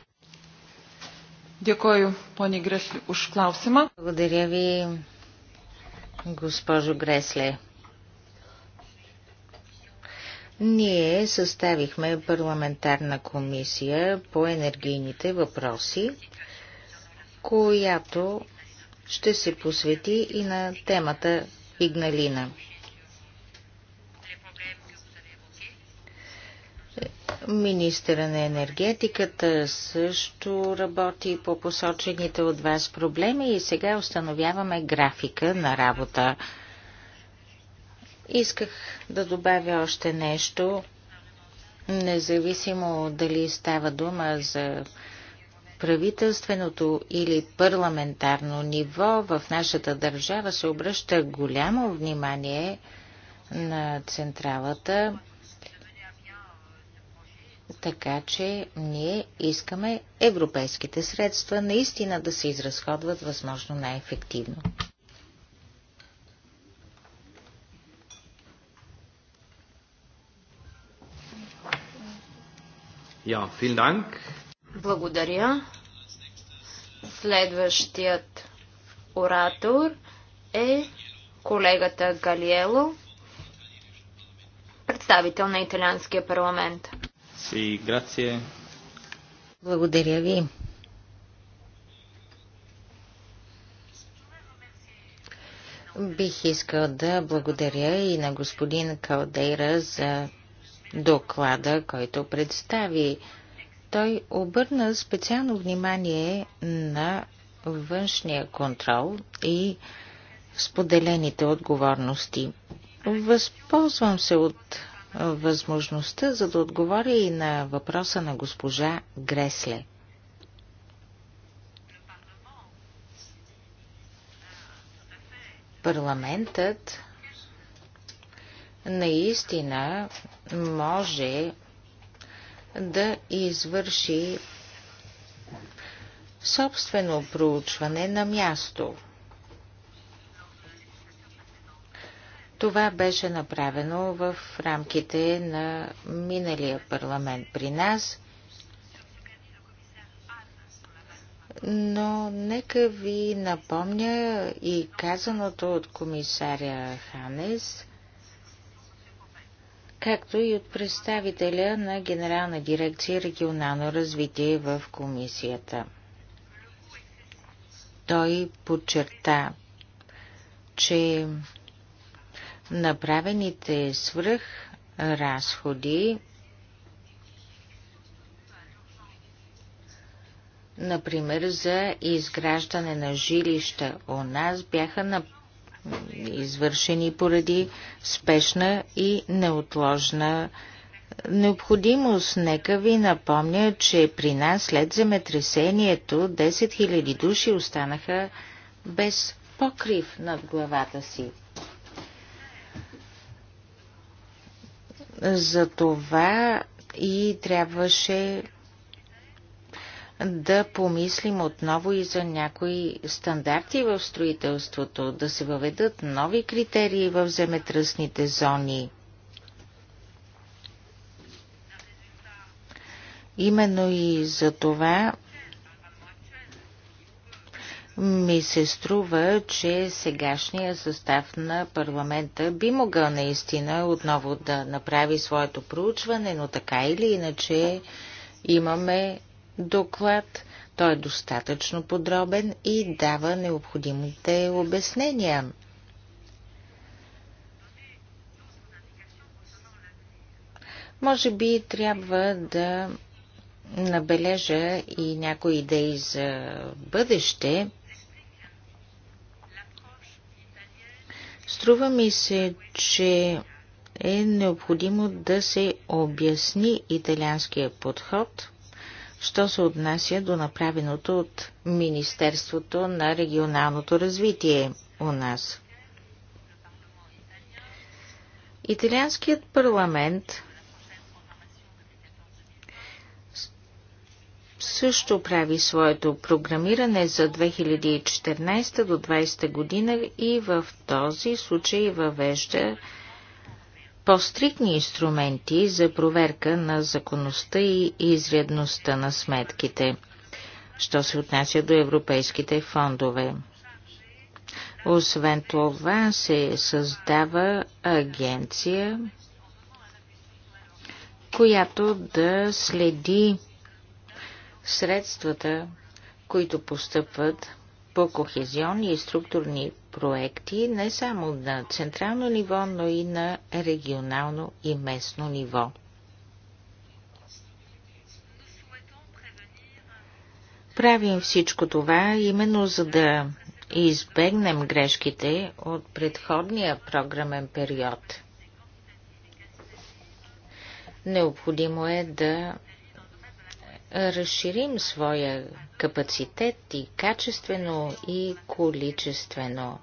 Дякую, пани Гресле, уж клаусима. Благодаря ви, госпожо Гресле. Ние съставихме парламентарна комисия по енергийните въпроси която ще се посвети и на темата Игналина. Министъра на енергетиката също работи по посочените от вас проблеми и сега установяваме графика на работа. Исках да добавя още нещо, независимо дали става дума за правителственото или парламентарно ниво в нашата държава се обръща голямо внимание на централата, така че ние искаме европейските средства наистина да се изразходват възможно най-ефективно. Ja, vielen Dank. Благодаря. Следващият оратор е колегата Галиело, представител на Италианския парламент. Си, грация. Благодаря ви. Бих искал да благодаря и на господин Калдейра за доклада, който представи. Той обърна специално внимание на външния контрол и споделените отговорности. Възползвам се от възможността, за да отговоря и на въпроса на госпожа Гресле. Парламентът наистина може да извърши собствено проучване на място. Това беше направено в рамките на миналия парламент при нас. Но нека ви напомня и казаното от комисаря Ханес – както и от представителя на Генерална дирекция регионално развитие в комисията. Той подчерта, че направените свръх разходи Например, за изграждане на жилища у нас бяха на извършени поради спешна и неотложна необходимост. Нека ви напомня, че при нас след земетресението 10 000 души останаха без покрив над главата си. За това и трябваше да помислим отново и за някои стандарти в строителството, да се въведат нови критерии в земетръсните зони. Именно и за това ми се струва, че сегашния състав на парламента би могъл наистина отново да направи своето проучване, но така или иначе имаме доклад. Той е достатъчно подробен и дава необходимите обяснения. Може би трябва да набележа и някои идеи за бъдеще. Струва ми се, че е необходимо да се обясни италианския подход – що се отнася до направеното от Министерството на регионалното развитие у нас. Италианският парламент също прави своето програмиране за 2014 до 2020 година и в този случай въвежда по-стрикни инструменти за проверка на законността и изредността на сметките, що се отнася до европейските фондове. Освен това се създава агенция, която да следи средствата, които постъпват по кохезионни и структурни проекти не само на централно ниво, но и на регионално и местно ниво. Правим всичко това именно за да избегнем грешките от предходния програмен период. Необходимо е да разширим своя капацитет и качествено, и количествено.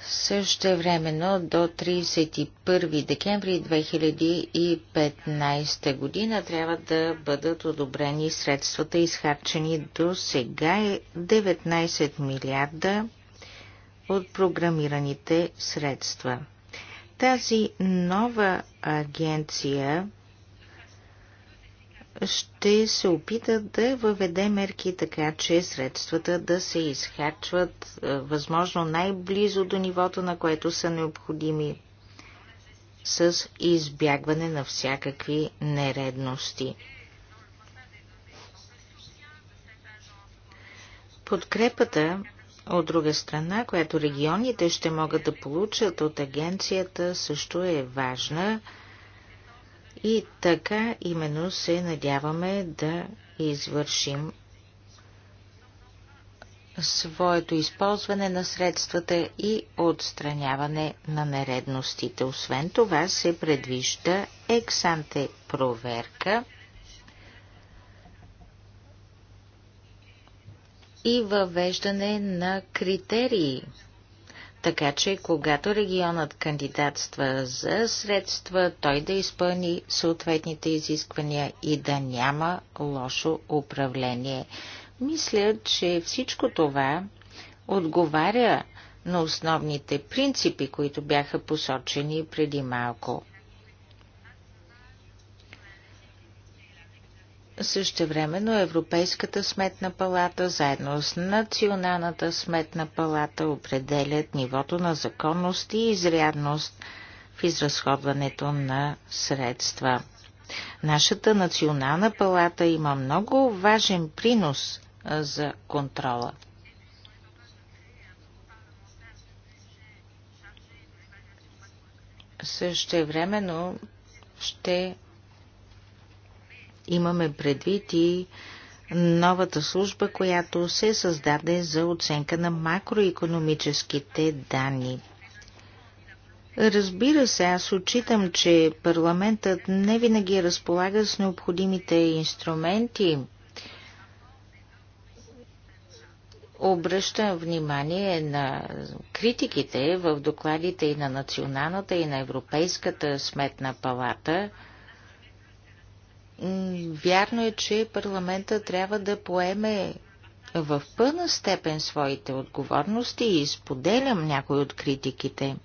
Също времено до 31 декември 2015 година трябва да бъдат одобрени средствата, изхарчени до сега е 19 милиарда от програмираните средства. Тази нова агенция ще се опита да въведе мерки така, че средствата да се изхарчват е, възможно най-близо до нивото, на което са необходими, с избягване на всякакви нередности. Подкрепата от друга страна, която регионите ще могат да получат от агенцията, също е важна. И така именно се надяваме да извършим своето използване на средствата и отстраняване на нередностите. Освен това се предвижда ексанте проверка – и въвеждане на критерии. Така че, когато регионът кандидатства за средства, той да изпълни съответните изисквания и да няма лошо управление. Мисля, че всичко това отговаря на основните принципи, които бяха посочени преди малко. Същевременно Европейската сметна палата заедно с Националната сметна палата определят нивото на законност и изрядност в изразходването на средства. Нашата национална палата има много важен принос за контрола. Същевременно ще Имаме предвид и новата служба, която се създаде за оценка на макроекономическите данни. Разбира се, аз отчитам, че парламентът не винаги разполага с необходимите инструменти. Обръщам внимание на критиките в докладите и на Националната и на Европейската сметна палата – Вярно е, че парламента трябва да поеме в пълна степен своите отговорности и споделям някои от критиките.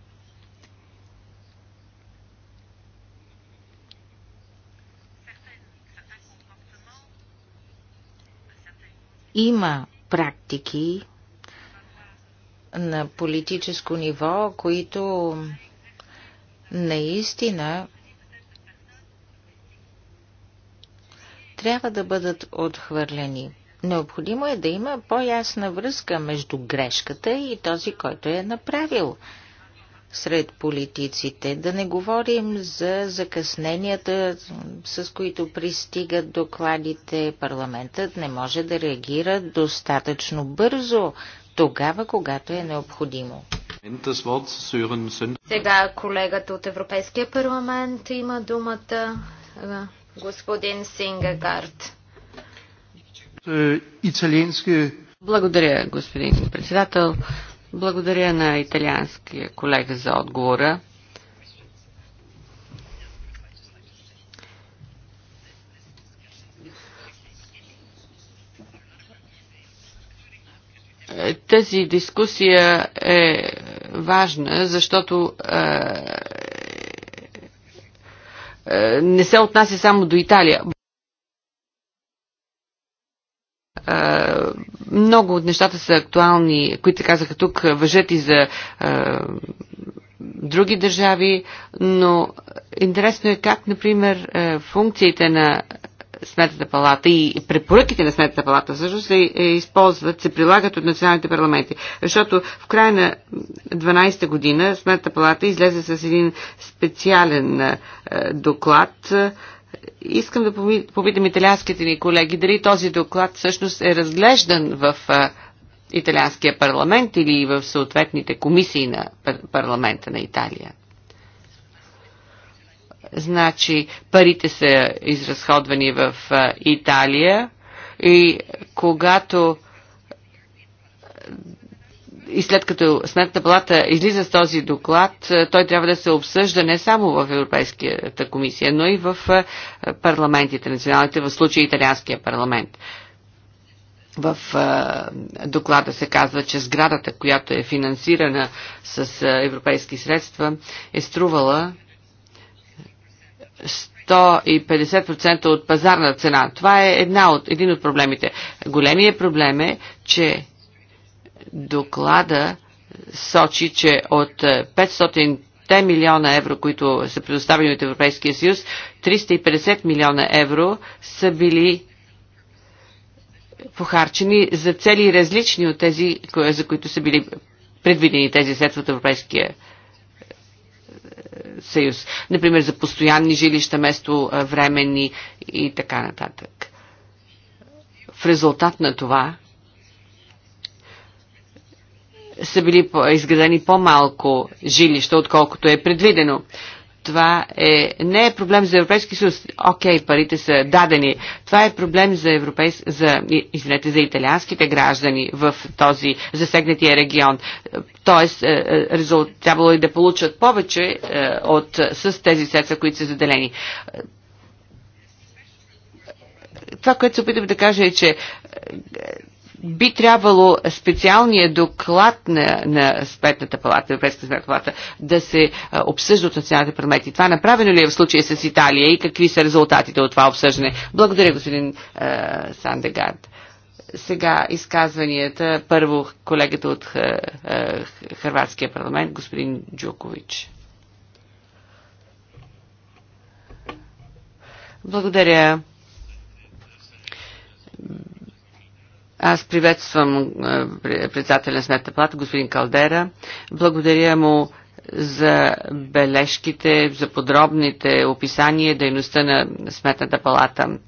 Има практики на политическо ниво, които наистина трябва да бъдат отхвърлени. Необходимо е да има по-ясна връзка между грешката и този, който е направил сред политиците. Да не говорим за закъсненията, с които пристигат докладите. Парламентът не може да реагира достатъчно бързо, тогава, когато е необходимо. Сега колегата от Европейския парламент има думата господин Сингагард. Е, италиенски... Благодаря, господин председател. Благодаря на италианския колега за отговора. Е, тази дискусия е важна, защото е, е, не се отнася само до Италия. Е, много от нещата са актуални, които казаха тук, въжат и за е, други държави, но интересно е как, например, функциите на Сметната палата и препоръките на Сметната палата всъщност се е, използват, се прилагат от националните парламенти. Защото в края на 12-та година Сметната палата излезе с един специален е, доклад, Искам да попитам италианските ни колеги дали този доклад всъщност е разглеждан в е, италианския парламент или в съответните комисии на парламента на Италия. Значи парите са изразходвани в Италия и когато и след като Сметната палата излиза с този доклад, той трябва да се обсъжда не само в Европейската комисия, но и в парламентите, националните, в случая Италианския парламент. В доклада се казва, че сградата, която е финансирана с европейски средства, е струвала 150% от пазарна цена. Това е една от, един от проблемите. Големият проблем е, че доклада сочи, че от 500 милиона евро, които са предоставени от Европейския съюз, 350 милиона евро са били похарчени за цели различни от тези, за които са били предвидени тези средства от Европейския съюз. Например, за постоянни жилища, место временни и така нататък. В резултат на това са били изградени по-малко жилища, отколкото е предвидено това е, не е проблем за Европейски съюз. Окей, парите са дадени. Това е проблем за, европейс, за, извинете, за италианските граждани в този засегнатия регион. Тоест, е, е, резулт, трябвало и е да получат повече от, с тези средства, които са заделени. Това, което се опитам да кажа е, че би трябвало специалният доклад на, на Спетната палата, Европейската сметна палата, да се обсъжда от националните парламенти. Това направено ли е в случая с Италия и какви са резултатите от това обсъждане? Благодаря, господин е, Сандегард. Сега изказванията. Първо колегата от Хрватския парламент, господин Джукович. Благодаря. Аз приветствам е, председателя на Сметната палата, господин Калдера. Благодаря му за бележките, за подробните описания дейността на Сметната палата.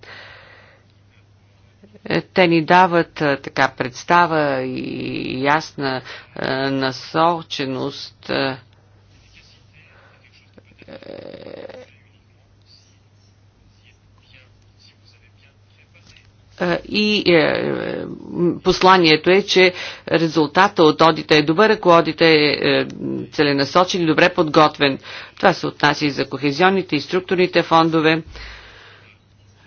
Е, те ни дават е, така представа и ясна насоченост и е, посланието е, че резултата от одита е добър, ако одита е, е целенасочен и добре подготвен. Това се отнася и за кохезионните и структурните фондове.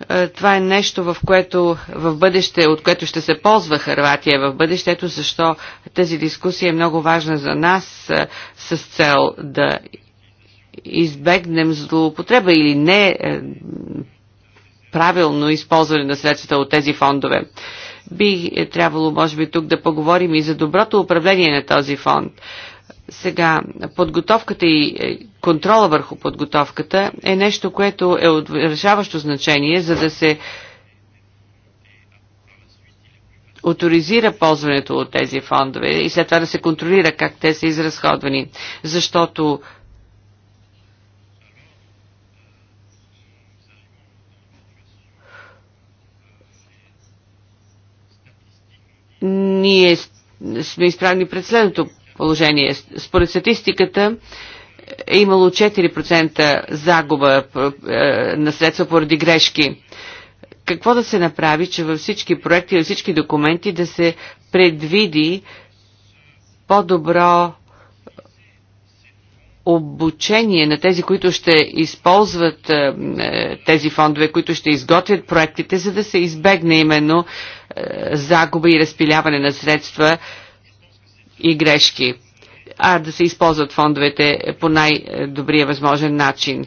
Е, това е нещо, в което в бъдеще, от което ще се ползва Харватия в бъдещето, защо тази дискусия е много важна за нас с цел да избегнем злоупотреба или не правилно използване на средствата от тези фондове. Би е трябвало, може би, тук да поговорим и за доброто управление на този фонд. Сега, подготовката и е, контрола върху подготовката е нещо, което е от решаващо значение, за да се авторизира ползването от тези фондове и след това да се контролира как те са изразходвани, защото ние сме изправени пред следното положение. Според статистиката е имало 4% загуба е, на средства поради грешки. Какво да се направи, че във всички проекти, във всички документи да се предвиди по-добро обучение на тези, които ще използват е, е, тези фондове, които ще изготвят проектите, за да се избегне именно е, загуба и разпиляване на средства и грешки, а да се използват фондовете по най-добрия възможен начин.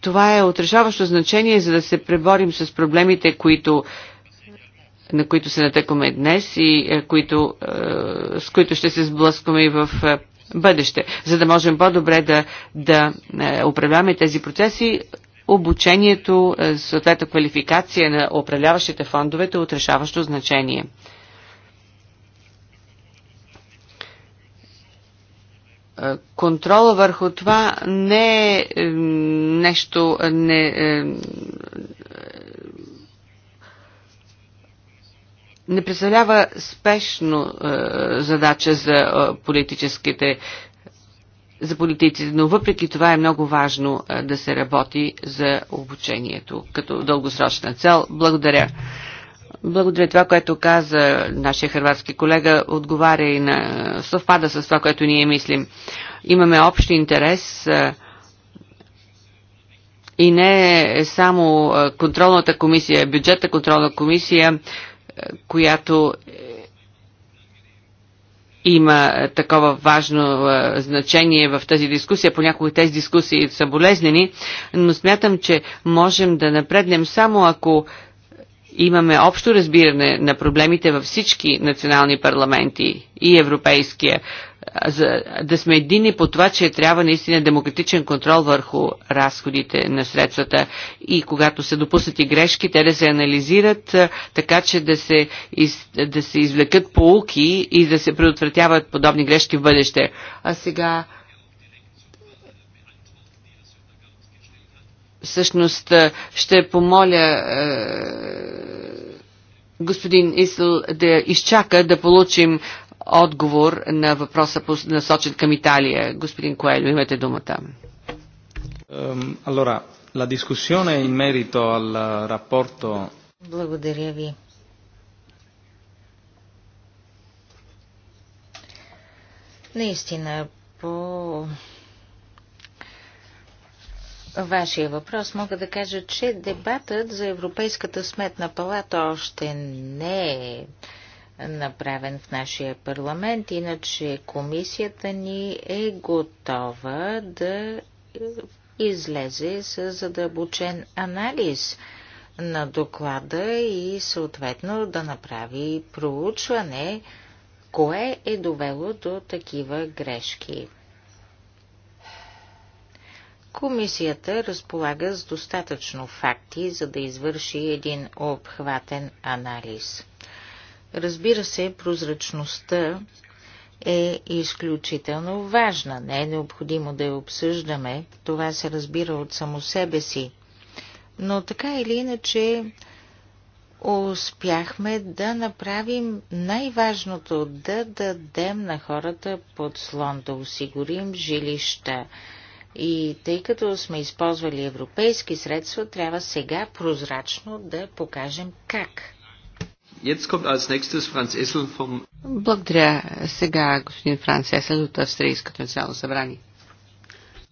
Това е отрешаващо значение, за да се преборим с проблемите, които, на които се натъкваме днес и е, които, е, с които ще се сблъскваме и в бъдеще, за да можем по-добре да, да управляваме тези процеси, обучението, е, съответно квалификация на управляващите фондовете е от решаващо значение. Е, контрола върху това не е нещо не, не представлява спешно задача за политическите за политиците, но въпреки това е много важно да се работи за обучението като дългосрочна цел. Благодаря. Благодаря това, което каза нашия хрватски колега, отговаря и на съвпада с това, което ние мислим. Имаме общ интерес и не само контролната комисия, бюджетна контролна комисия, която има е, такова важно е, значение в тази дискусия. Понякога тези дискусии са болезнени, но смятам, че можем да напреднем само ако имаме общо разбиране на проблемите във всички национални парламенти и Европейския за да сме едини по това, че трябва наистина демократичен контрол върху разходите на средствата и когато се допуснат и грешки, те да се анализират, така че да се, из, да се извлекат полуки и да се предотвратяват подобни грешки в бъдеще. А сега всъщност ще помоля господин Исъл да изчака да получим отговор на въпроса насочен към Италия. Господин Коелю, имате думата. Allora, la discussione in merito al rapporto... Благодаря ви. Наистина, по вашия въпрос мога да кажа, че дебатът за Европейската сметна палата още не е направен в нашия парламент. Иначе комисията ни е готова да излезе с задълбочен анализ на доклада и съответно да направи проучване, кое е довело до такива грешки. Комисията разполага с достатъчно факти, за да извърши един обхватен анализ. Разбира се, прозрачността е изключително важна. Не е необходимо да я обсъждаме. Това се разбира от само себе си. Но така или иначе, успяхме да направим най-важното да дадем на хората подслон, да осигурим жилища. И тъй като сме използвали европейски средства, трябва сега прозрачно да покажем как благодаря сега, господин Франц Есел от Австрийското национално събрание.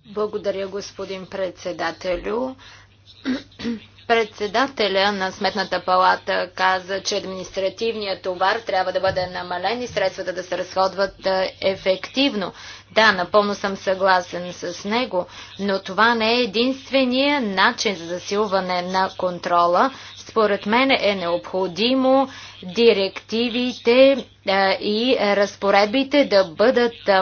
Благодаря, господин председателю. Председателя на Сметната палата каза, че административният товар трябва да бъде намален и средствата да се разходват е, ефективно. Да, напълно съм съгласен с него, но това не е единствения начин за засилване на контрола. Според мен е необходимо директивите е, и разпоредбите да бъдат е,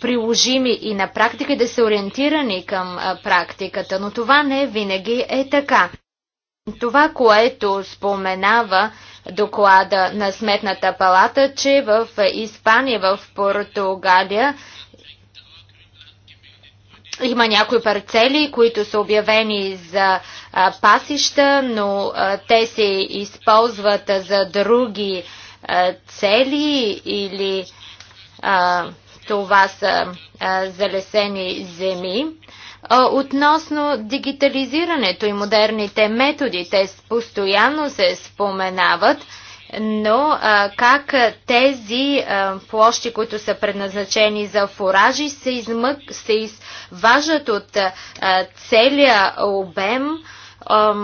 приложими и на практика да са ориентирани към е, практиката, но това не винаги е така. Това, което споменава доклада на Сметната палата, че в Испания, в Португалия има някои парцели, които са обявени за пасища, но те се използват за други цели или това са залесени земи. Относно дигитализирането и модерните методи, те постоянно се споменават – но а, как тези а, площи, които са предназначени за фуражи, се, измък, се изважат от а, целия обем а,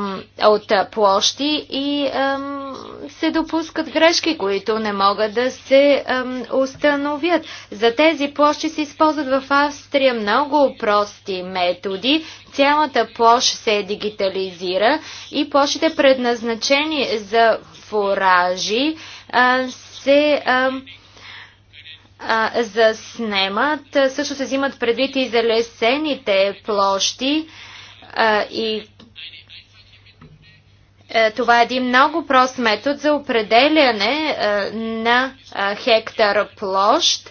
от площи и а, се допускат грешки, които не могат да се а, установят. За тези площи се използват в Австрия много прости методи, цялата площ се дигитализира и площите предназначени за фуражи се заснемат. Също се взимат предвид и залесените площи и това е един много прост метод за определяне на хектар площ.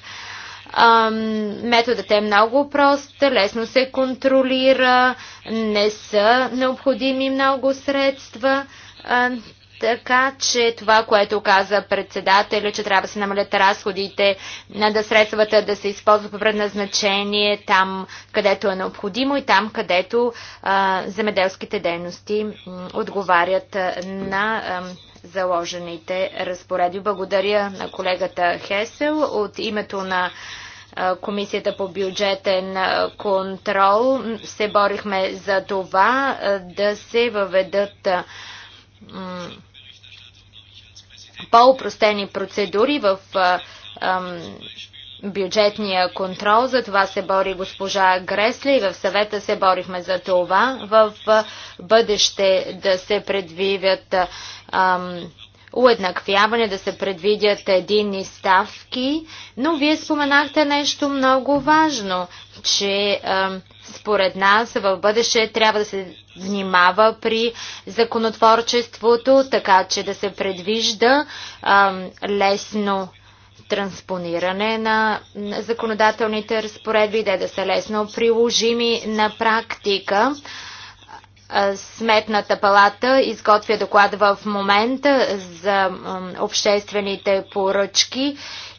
Методът е много прост, лесно се контролира, не са необходими много средства. Така че това, което каза председателя, че трябва да се намалят разходите, да средствата да се използват по предназначение там, където е необходимо и там, където а, земеделските дейности отговарят на а, заложените разпореди. Благодаря на колегата Хесел от името на Комисията по бюджетен контрол. Се борихме за това да се въведат по-упростени процедури в бюджетния контрол. За това се бори госпожа Гресле и в съвета се борихме за това в бъдеще да се предвидят уеднаквяване, да се предвидят единни ставки. Но вие споменахте нещо много важно, че ам, според нас в бъдеще трябва да се внимава при законотворчеството, така че да се предвижда а, лесно транспониране на законодателните разпоредби, да, да са лесно приложими на практика. Сметната палата изготвя доклад в момента за обществените поръчки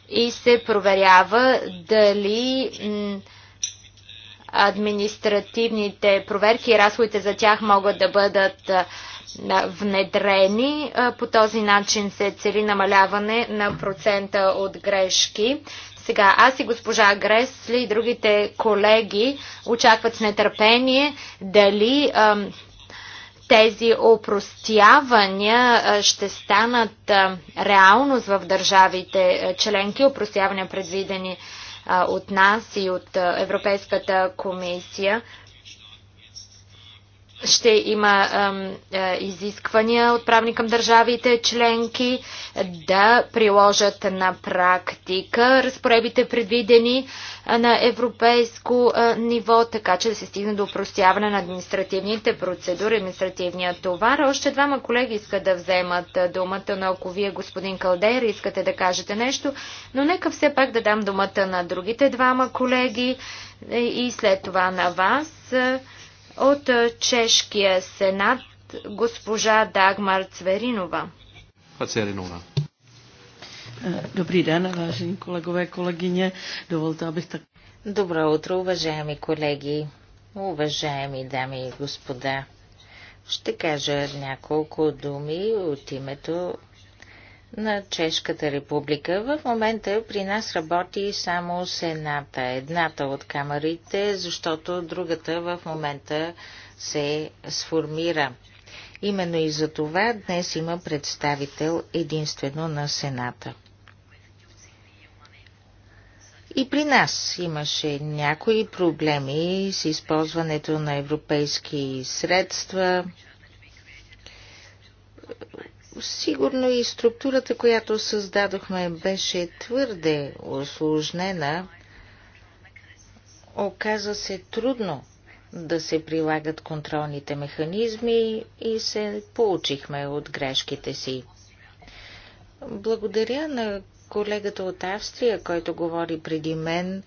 и се проверява дали административните проверки и разходите за тях могат да бъдат внедрени. По този начин се цели намаляване на процента от грешки. Сега аз и госпожа Гресли и другите колеги очакват с нетърпение дали тези опростявания ще станат реалност в държавите членки, опростявания предвидени от нас и от Европейската комисия ще има е, изисквания отправни към държавите членки да приложат на практика разпоредбите предвидени на европейско ниво, така че да се стигне до упростяване на административните процедури, административния товар. Още двама колеги искат да вземат думата, но ако вие, господин Калдейр, искате да кажете нещо, но нека все пак да дам думата на другите двама колеги е, и след това на вас. От Чешкия сенат госпожа Дагмар Цверинова. Цверинова. Dobrý den, vážení kolegové, колегиня. Dovolte, abych така. Добро утро, уважаеми колеги, уважаеми дами и господа. Ще кажа няколко думи от името на Чешката република. В момента при нас работи само Сената, едната от камерите, защото другата в момента се сформира. Именно и за това днес има представител единствено на Сената. И при нас имаше някои проблеми с използването на европейски средства, Сигурно и структурата, която създадохме, беше твърде осложнена. Оказа се трудно да се прилагат контролните механизми и се получихме от грешките си. Благодаря на колегата от Австрия, който говори преди мен.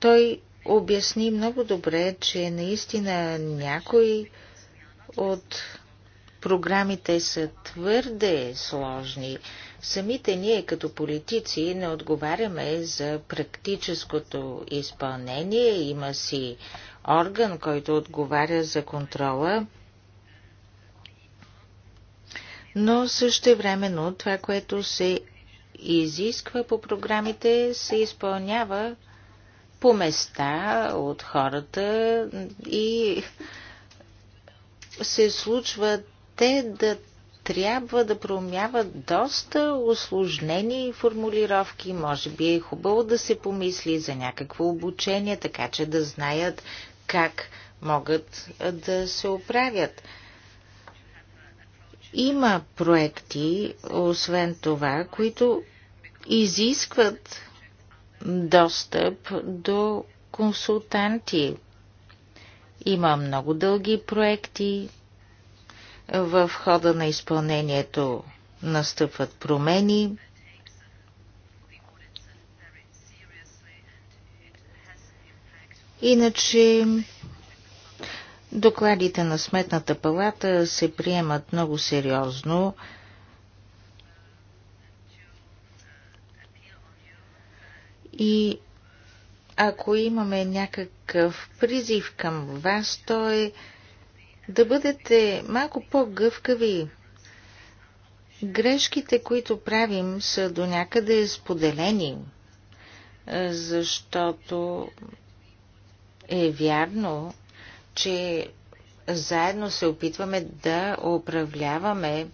Той обясни много добре, че наистина някой от Програмите са твърде сложни. Самите ние като политици не отговаряме за практическото изпълнение. Има си орган, който отговаря за контрола. Но също времено това, което се изисква по програмите, се изпълнява по места от хората и се случват те да трябва да проумяват доста осложнени формулировки. Може би е хубаво да се помисли за някакво обучение, така че да знаят как могат да се оправят. Има проекти, освен това, които изискват достъп до консултанти. Има много дълги проекти, в хода на изпълнението настъпват промени. Иначе докладите на Сметната палата се приемат много сериозно. И ако имаме някакъв призив към вас, то е да бъдете малко по-гъвкави. Грешките, които правим, са до някъде споделени, защото е вярно, че заедно се опитваме да управляваме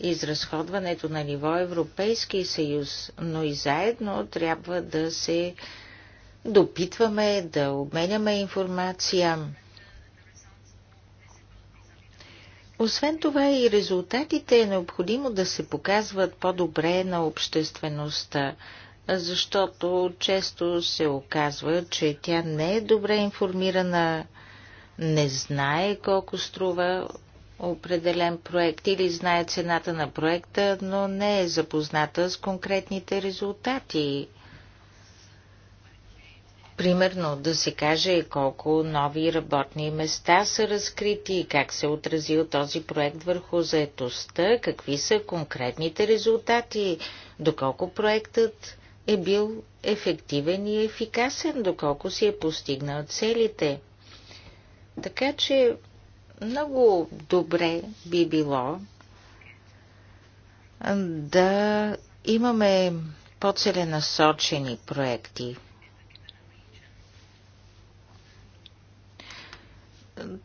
изразходването на ниво Европейски съюз, но и заедно трябва да се допитваме, да обменяме информация. Освен това и резултатите е необходимо да се показват по-добре на обществеността, защото често се оказва, че тя не е добре информирана, не знае колко струва определен проект или знае цената на проекта, но не е запозната с конкретните резултати. Примерно да се каже колко нови работни места са разкрити и как се е отразил този проект върху заетостта, какви са конкретните резултати, доколко проектът е бил ефективен и ефикасен, доколко си е постигнал целите. Така че много добре би било да имаме по-целенасочени проекти,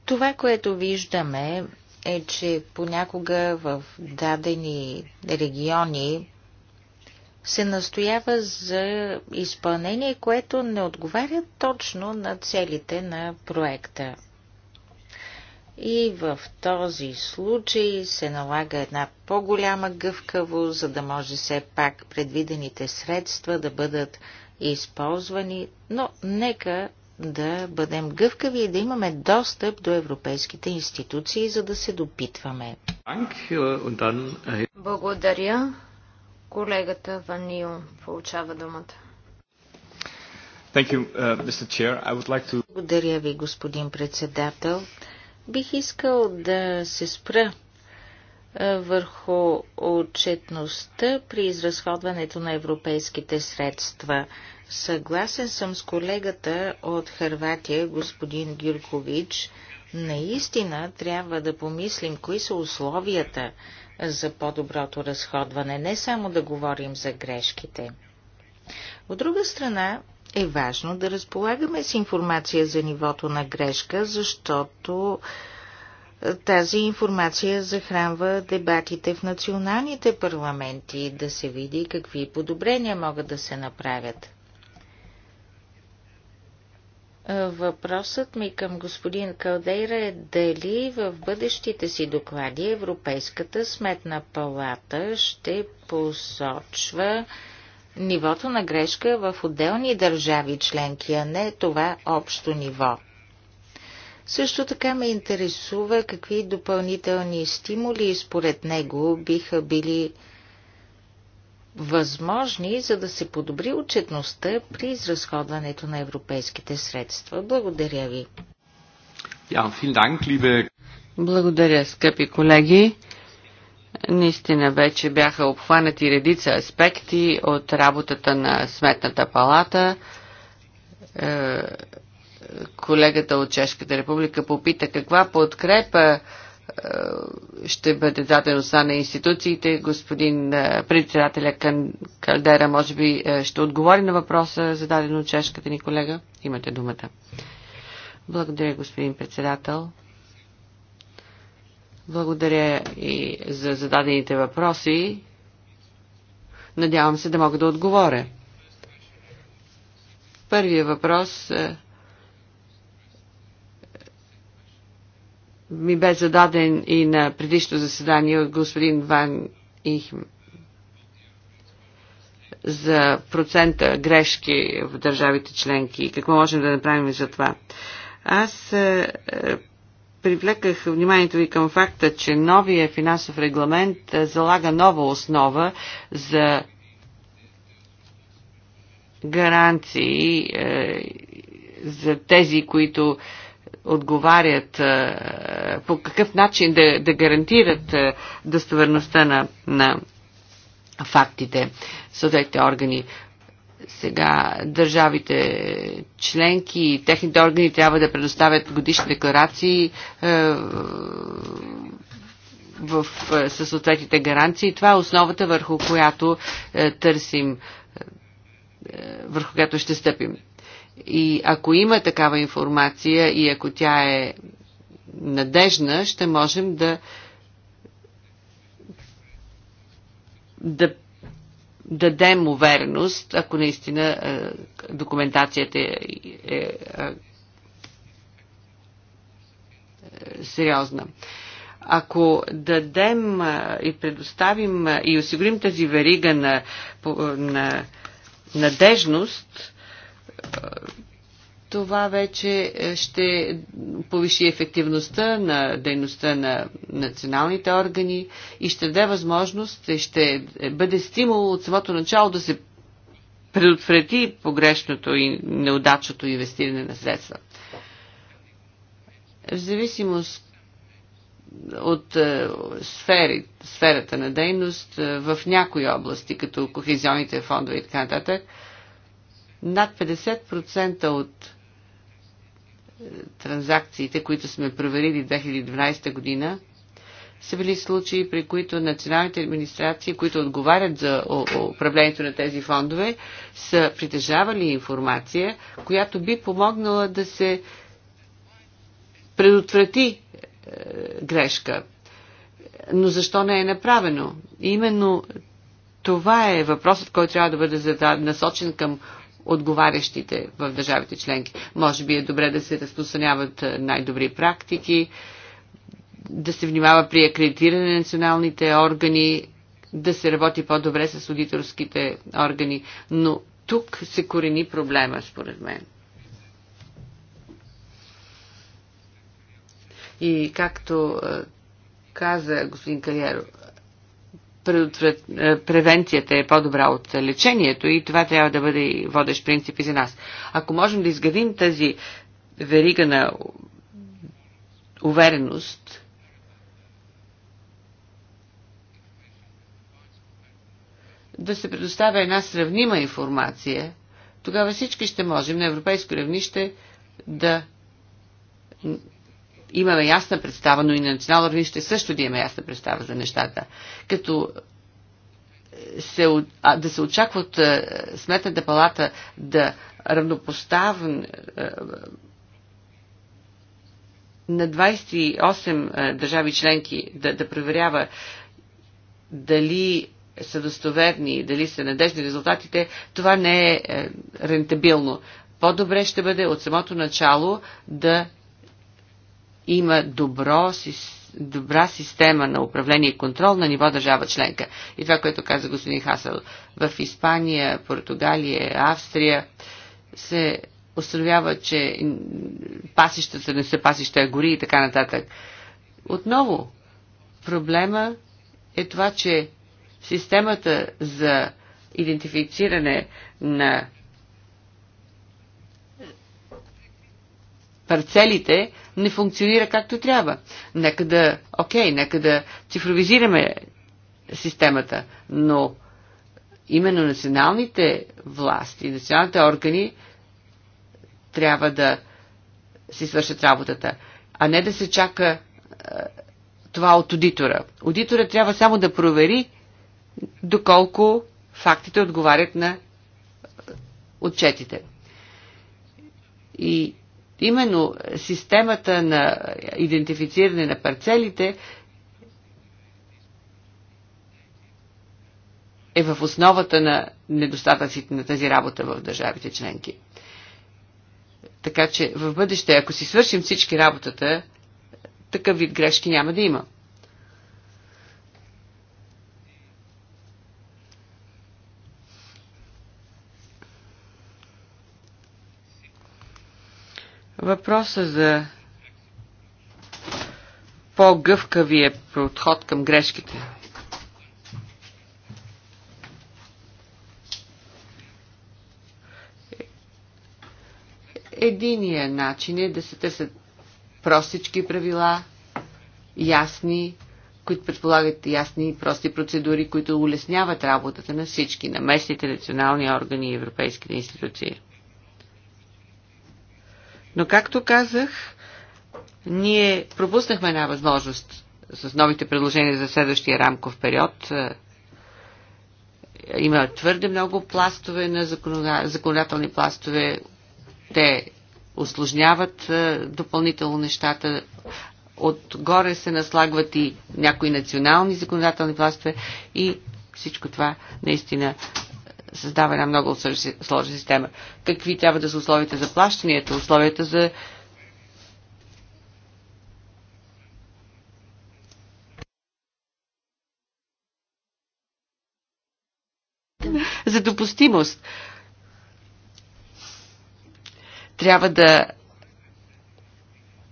Това, което виждаме е, че понякога в дадени региони се настоява за изпълнение, което не отговаря точно на целите на проекта. И в този случай се налага една по-голяма гъвкавост, за да може все пак предвидените средства да бъдат използвани, но нека да бъдем гъвкави и да имаме достъп до европейските институции, за да се допитваме. Äh, Благодаря. Колегата Ванил получава думата. You, uh, like to... Благодаря ви, господин председател. Бих искал да се спра върху отчетността при изразходването на европейските средства. Съгласен съм с колегата от Харватия, господин Гюркович. Наистина трябва да помислим кои са условията за по-доброто разходване, не само да говорим за грешките. От друга страна, е важно да разполагаме с информация за нивото на грешка, защото тази информация захранва дебатите в националните парламенти, да се види какви подобрения могат да се направят. Въпросът ми към господин Калдейра е дали в бъдещите си доклади Европейската сметна палата ще посочва нивото на грешка в отделни държави членки, а не това общо ниво. Също така ме интересува какви допълнителни стимули според него биха били възможни, за да се подобри отчетността при изразходването на европейските средства. Благодаря ви. Dank, liebe... Благодаря, скъпи колеги. Наистина вече бяха обхванати редица аспекти от работата на Сметната палата е, колегата от Чешката република попита каква подкрепа е, ще бъде дадено са на институциите. Господин е, председателя Калдера, може би, е, ще отговори на въпроса, зададен от чешката ни колега. Имате думата. Благодаря, господин председател. Благодаря и за зададените въпроси. Надявам се да мога да отговоря. Първият въпрос ми бе зададен и на предишното заседание от господин Ван Ихм за процента грешки в държавите членки и какво можем да направим за това. Аз е, е привлеках вниманието ви към факта, че новия финансов регламент е, залага нова основа за гаранции е, за тези, които е, отговарят, е, по какъв начин да, да гарантират е, достоверността на, на фактите, съответните органи. Сега държавите членки и техните органи трябва да предоставят годишни декларации е, в, е, със съответните гаранции. Това е основата върху която е, търсим, е, върху която ще стъпим. И ако има такава информация и ако тя е надежна, ще можем да да дадем увереност, ако наистина е, документацията е, е, е, е сериозна. Ако дадем е, и предоставим е, и осигурим тази верига на, на надежност, това вече е, ще повиши ефективността на дейността на националните органи и ще даде възможност, е, ще бъде стимул от самото начало да се предотврати погрешното и неудачното инвестиране на средства. В зависимост от е, сфери, сферата на дейност в някои области, като кохезионните фондове и така нататък, над 50% от е, транзакциите, които сме проверили 2012 година, са били случаи, при които националните администрации, които отговарят за управлението на тези фондове, са притежавали информация, която би помогнала да се предотврати е, грешка. Но защо не е направено? Именно това е въпросът, който трябва да бъде насочен към отговарящите в държавите членки. Може би е добре да се разпространяват е, най-добри практики, да се внимава при акредитиране на националните органи, да се работи по-добре с аудиторските органи, но тук се корени проблема, според мен. И както е, каза господин Кариеро, е, превенцията е по-добра от лечението и това трябва да бъде водещ принцип и за нас. Ако можем да изградим тази верига на увереност, да се предоставя една сравнима информация, тогава всички ще можем на европейско равнище да имаме ясна представа, но и на национално равнище също да имаме ясна представа за нещата. Като се, да се очаква от Сметната палата да равнопоставен на 28 държави членки да, да проверява дали са достоверни, дали са надежни резултатите, това не е, е рентабилно. По-добре ще бъде от самото начало да има добро, добра система на управление и контрол на ниво държава членка. И това, което каза господин Хасел, в Испания, Португалия, Австрия се установява, че пасищата не са пасища, а гори и така нататък. Отново, проблема е това, че системата за идентифициране на парцелите не функционира както трябва. Нека да, окей, нека да цифровизираме системата, но именно националните власти, националните органи трябва да си свършат работата, а не да се чака това от аудитора. Аудитора трябва само да провери доколко фактите отговарят на отчетите. И Именно системата на идентифициране на парцелите е в основата на недостатъците на тази работа в държавите членки. Така че в бъдеще, ако си свършим всички работата, такъв вид грешки няма да има. Въпроса за по-гъвкавия подход към грешките. Единият начин е да се търсят простички правила, ясни, които предполагат ясни и прости процедури, които улесняват работата на всички, на местните национални органи и европейските институции. Но, както казах, ние пропуснахме една възможност с новите предложения за следващия рамков период. Има твърде много пластове на законодателни пластове. Те осложняват е, допълнително нещата. Отгоре се наслагват и някои национални законодателни пластове и всичко това наистина създава една много сложна система. Какви трябва да са условията за плащанията, условията за за допустимост. Трябва да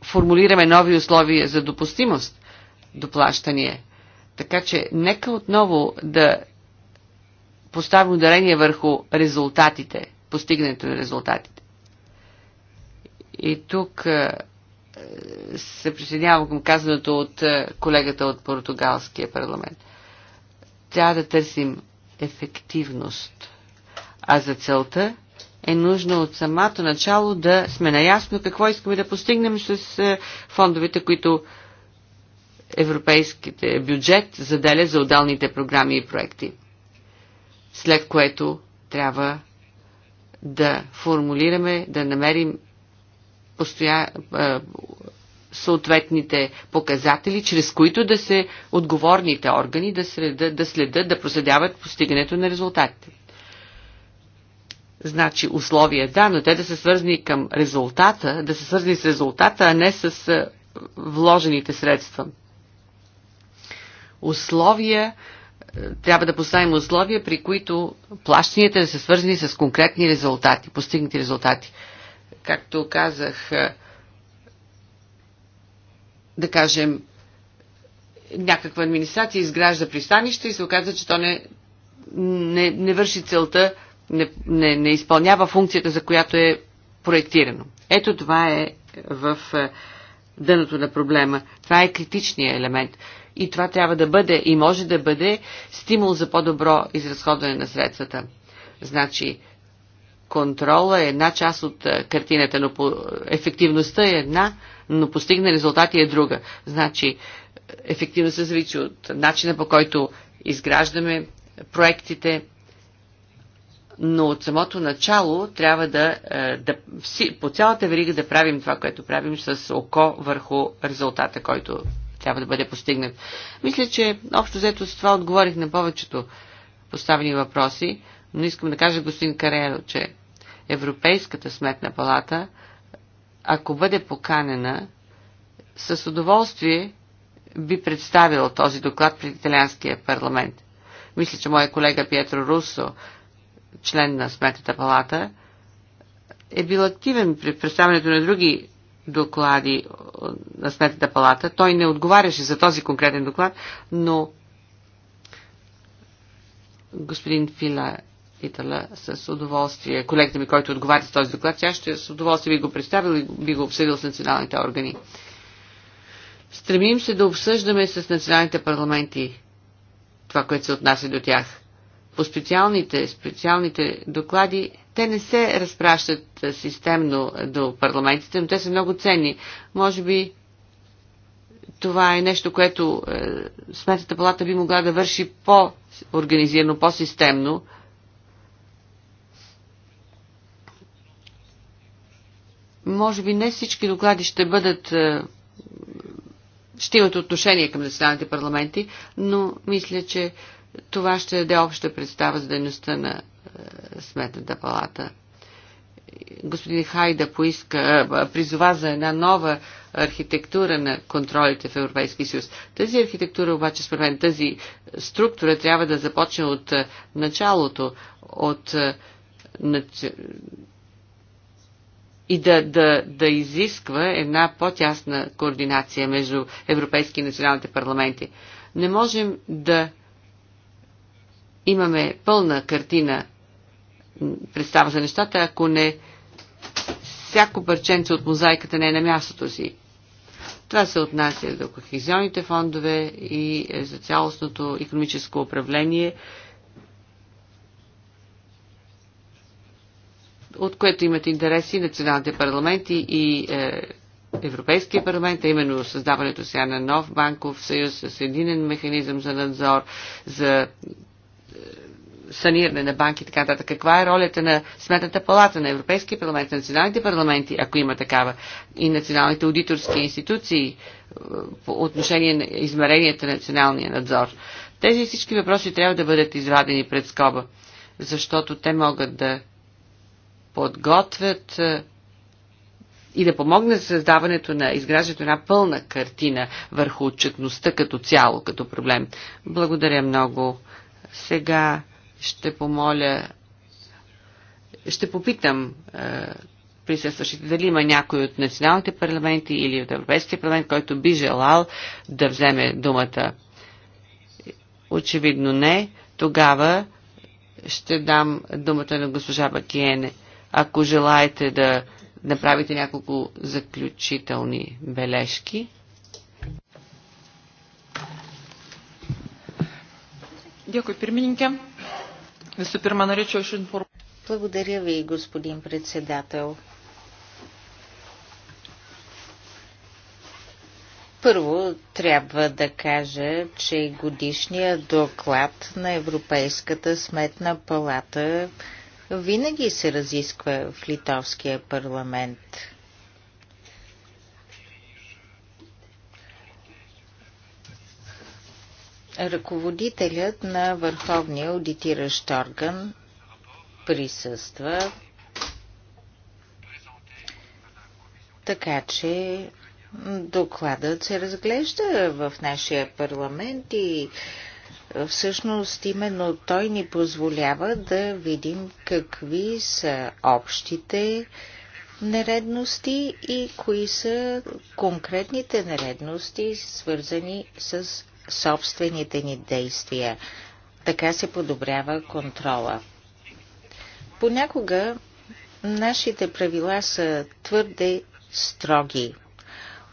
формулираме нови условия за допустимост до Така че нека отново да постави ударение върху резултатите, постигането на резултатите. И тук е, се присъединявам към казаното от е, колегата от португалския парламент. Трябва да търсим ефективност. А за целта е нужно от самото начало да сме наясно какво искаме да постигнем с е, фондовете, които европейските бюджет заделя за отделните програми и проекти след което трябва да формулираме, да намерим постоя... съответните показатели, чрез които да се отговорните органи да следят, да, следят, да проследяват постигането на резултатите. Значи условия, да, но те да са свързани към резултата, да са свързани с резултата, а не с вложените средства. Условия, трябва да поставим условия, при които плащанията да са свързани с конкретни резултати, постигнати резултати. Както казах, е, да кажем, някаква администрация изгражда пристанище и се оказва, че то не, не, не върши целта, не, не, не изпълнява функцията, за която е проектирано. Ето това е в е, дъното на проблема. Това е критичният елемент и това трябва да бъде и може да бъде стимул за по-добро изразходване на средствата. Значи, контрола е една част от е, картината, но по ефективността е една, но постигна резултати е друга. Значи, ефективността зависи от начина по който изграждаме проектите, но от самото начало трябва да, е, да по цялата верига да правим това, което правим с око върху резултата, който трябва да бъде постигнат. Мисля, че общо взето с това отговорих на повечето поставени въпроси, но искам да кажа господин Карело, че Европейската сметна палата, ако бъде поканена, с удоволствие би представила този доклад пред Италианския парламент. Мисля, че моя колега Пьетро Русо, член на Сметната палата, е бил активен при представянето на други доклади на Сметната палата. Той не отговаряше за този конкретен доклад, но господин Фила Итала с удоволствие, колегата ми, който отговаря с този доклад, тя ще с удоволствие би го представил и би го обсъдил с националните органи. Стремим се да обсъждаме с националните парламенти това, което се отнася до тях по специалните, специалните доклади, те не се разпращат системно до парламентите, но те са много ценни. Може би това е нещо, което е, Сметната палата би могла да върши по-организирано, по-системно. Може би не всички доклади ще бъдат. Е, ще имат отношение към националните парламенти, но мисля, че това ще даде обща представа за дейността на е, Сметната палата. Господин Хайда поиска, е, призова за една нова архитектура на контролите в Европейския съюз. Тази архитектура обаче, според мен, тази структура трябва да започне от е, началото, от и да, да, да изисква една по-тясна координация между европейски и националните парламенти. Не можем да имаме пълна картина представа за нещата, ако не всяко парченце от мозайката не е на мястото си. Това се отнася до кохезионните фондове и е, за цялостното економическо управление, от което имат интереси националните парламенти и е, Европейския парламент, а именно създаването сега на нов банков съюз с единен механизъм за надзор, за е, саниране на банки и така нататък. Каква е ролята на Сметната палата, на Европейския парламент, на националните парламенти, ако има такава, и националните аудиторски институции е, по отношение на измеренията на националния надзор? Тези всички въпроси трябва да бъдат извадени пред скоба, защото те могат да подготвят е, и да помогне за създаването на изграждането на пълна картина върху отчетността като цяло, като проблем. Благодаря много сега ще помоля, ще попитам е, присъстващите дали има някой от националните парламенти или от Европейския парламент, който би желал да вземе думата. Очевидно не. Тогава ще дам думата на госпожа Бакиене. Ако желаете да направите няколко заключителни бележки. Дякую, пирмининке. Висо пирма norėčiau aš informuoti. Благодаря ви, господин председател. Първо трябва да кажа, че годишният доклад на Европейската сметна палата винаги се разисква в литовския парламент. Ръководителят на Върховния аудитиращ орган присъства, така че докладът се разглежда в нашия парламент и всъщност именно той ни позволява да видим какви са общите нередности и кои са конкретните нередности, свързани с собствените ни действия. Така се подобрява контрола. Понякога нашите правила са твърде строги.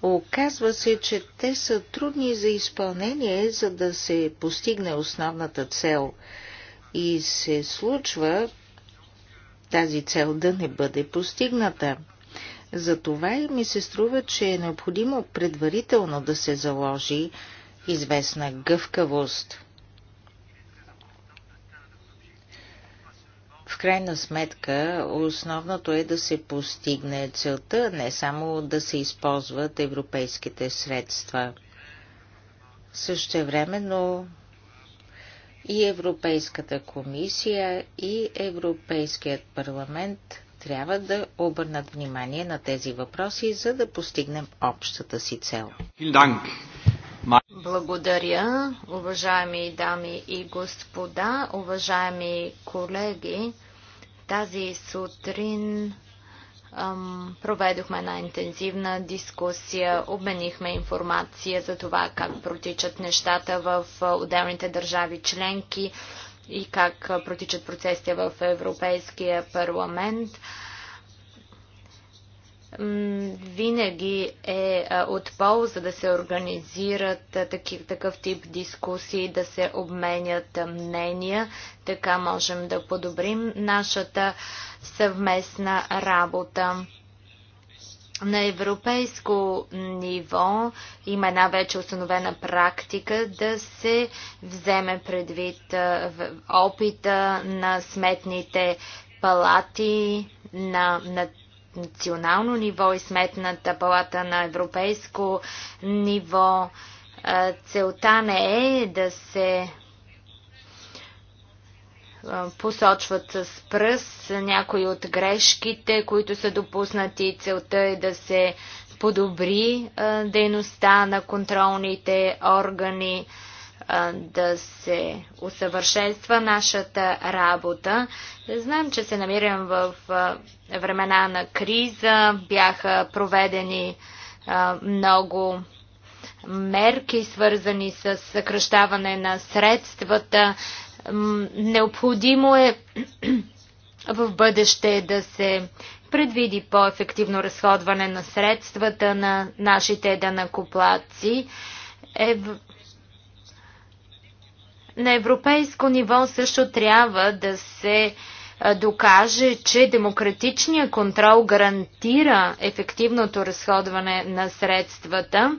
Оказва се, че те са трудни за изпълнение, за да се постигне основната цел. И се случва тази цел да не бъде постигната. Затова и ми се струва, че е необходимо предварително да се заложи известна гъвкавост. В крайна сметка, основното е да се постигне целта, не само да се използват европейските средства. Същевременно и Европейската комисия, и Европейският парламент трябва да обърнат внимание на тези въпроси, за да постигнем общата си цел. Благодаря, уважаеми дами и господа, уважаеми колеги. Тази сутрин ам, проведохме една интензивна дискусия, обменихме информация за това как протичат нещата в отделните държави членки и как протичат процесите в Европейския парламент винаги е от полза да се организират такив, такъв тип дискусии, да се обменят мнения. Така можем да подобрим нашата съвместна работа. На европейско ниво има една вече установена практика да се вземе предвид опита на сметните палати, на, на национално ниво и сметната палата на европейско ниво. Целта не е да се посочват с пръст някои от грешките, които са допуснати. Целта е да се подобри дейността на контролните органи да се усъвършенства нашата работа. Знам, че се намирам в времена на криза. Бяха проведени много мерки, свързани с съкръщаване на средствата. Необходимо е в бъдеще да се предвиди по-ефективно разходване на средствата на нашите данакоплаци. На европейско ниво също трябва да се докаже, че демократичният контрол гарантира ефективното разходване на средствата.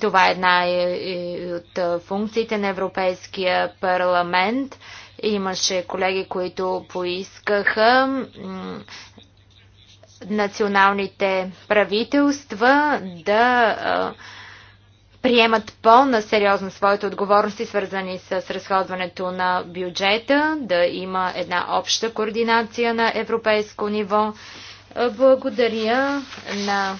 Това е една от функциите на Европейския парламент. Имаше колеги, които поискаха националните правителства да приемат по-на сериозно своите отговорности, свързани с разходването на бюджета, да има една обща координация на европейско ниво. Е, благодаря на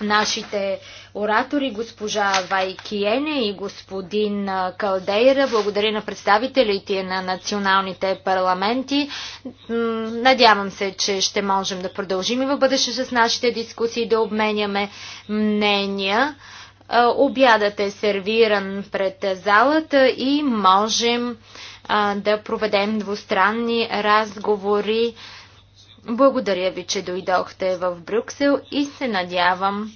нашите оратори, госпожа Вайкиене и господин Калдейра. Благодаря на представителите на националните парламенти. Надявам се, че ще можем да продължим и в бъдеще с нашите дискусии да обменяме мнения. Обядът е сервиран пред залата и можем да проведем двустранни разговори. Благодаря ви, че дойдохте в Брюксел и се надявам,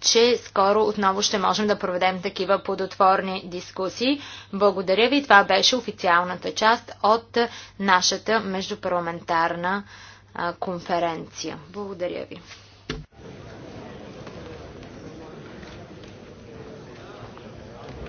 че скоро отново ще можем да проведем такива плодотворни дискусии. Благодаря ви. Това беше официалната част от нашата междупарламентарна конференция. Благодаря ви.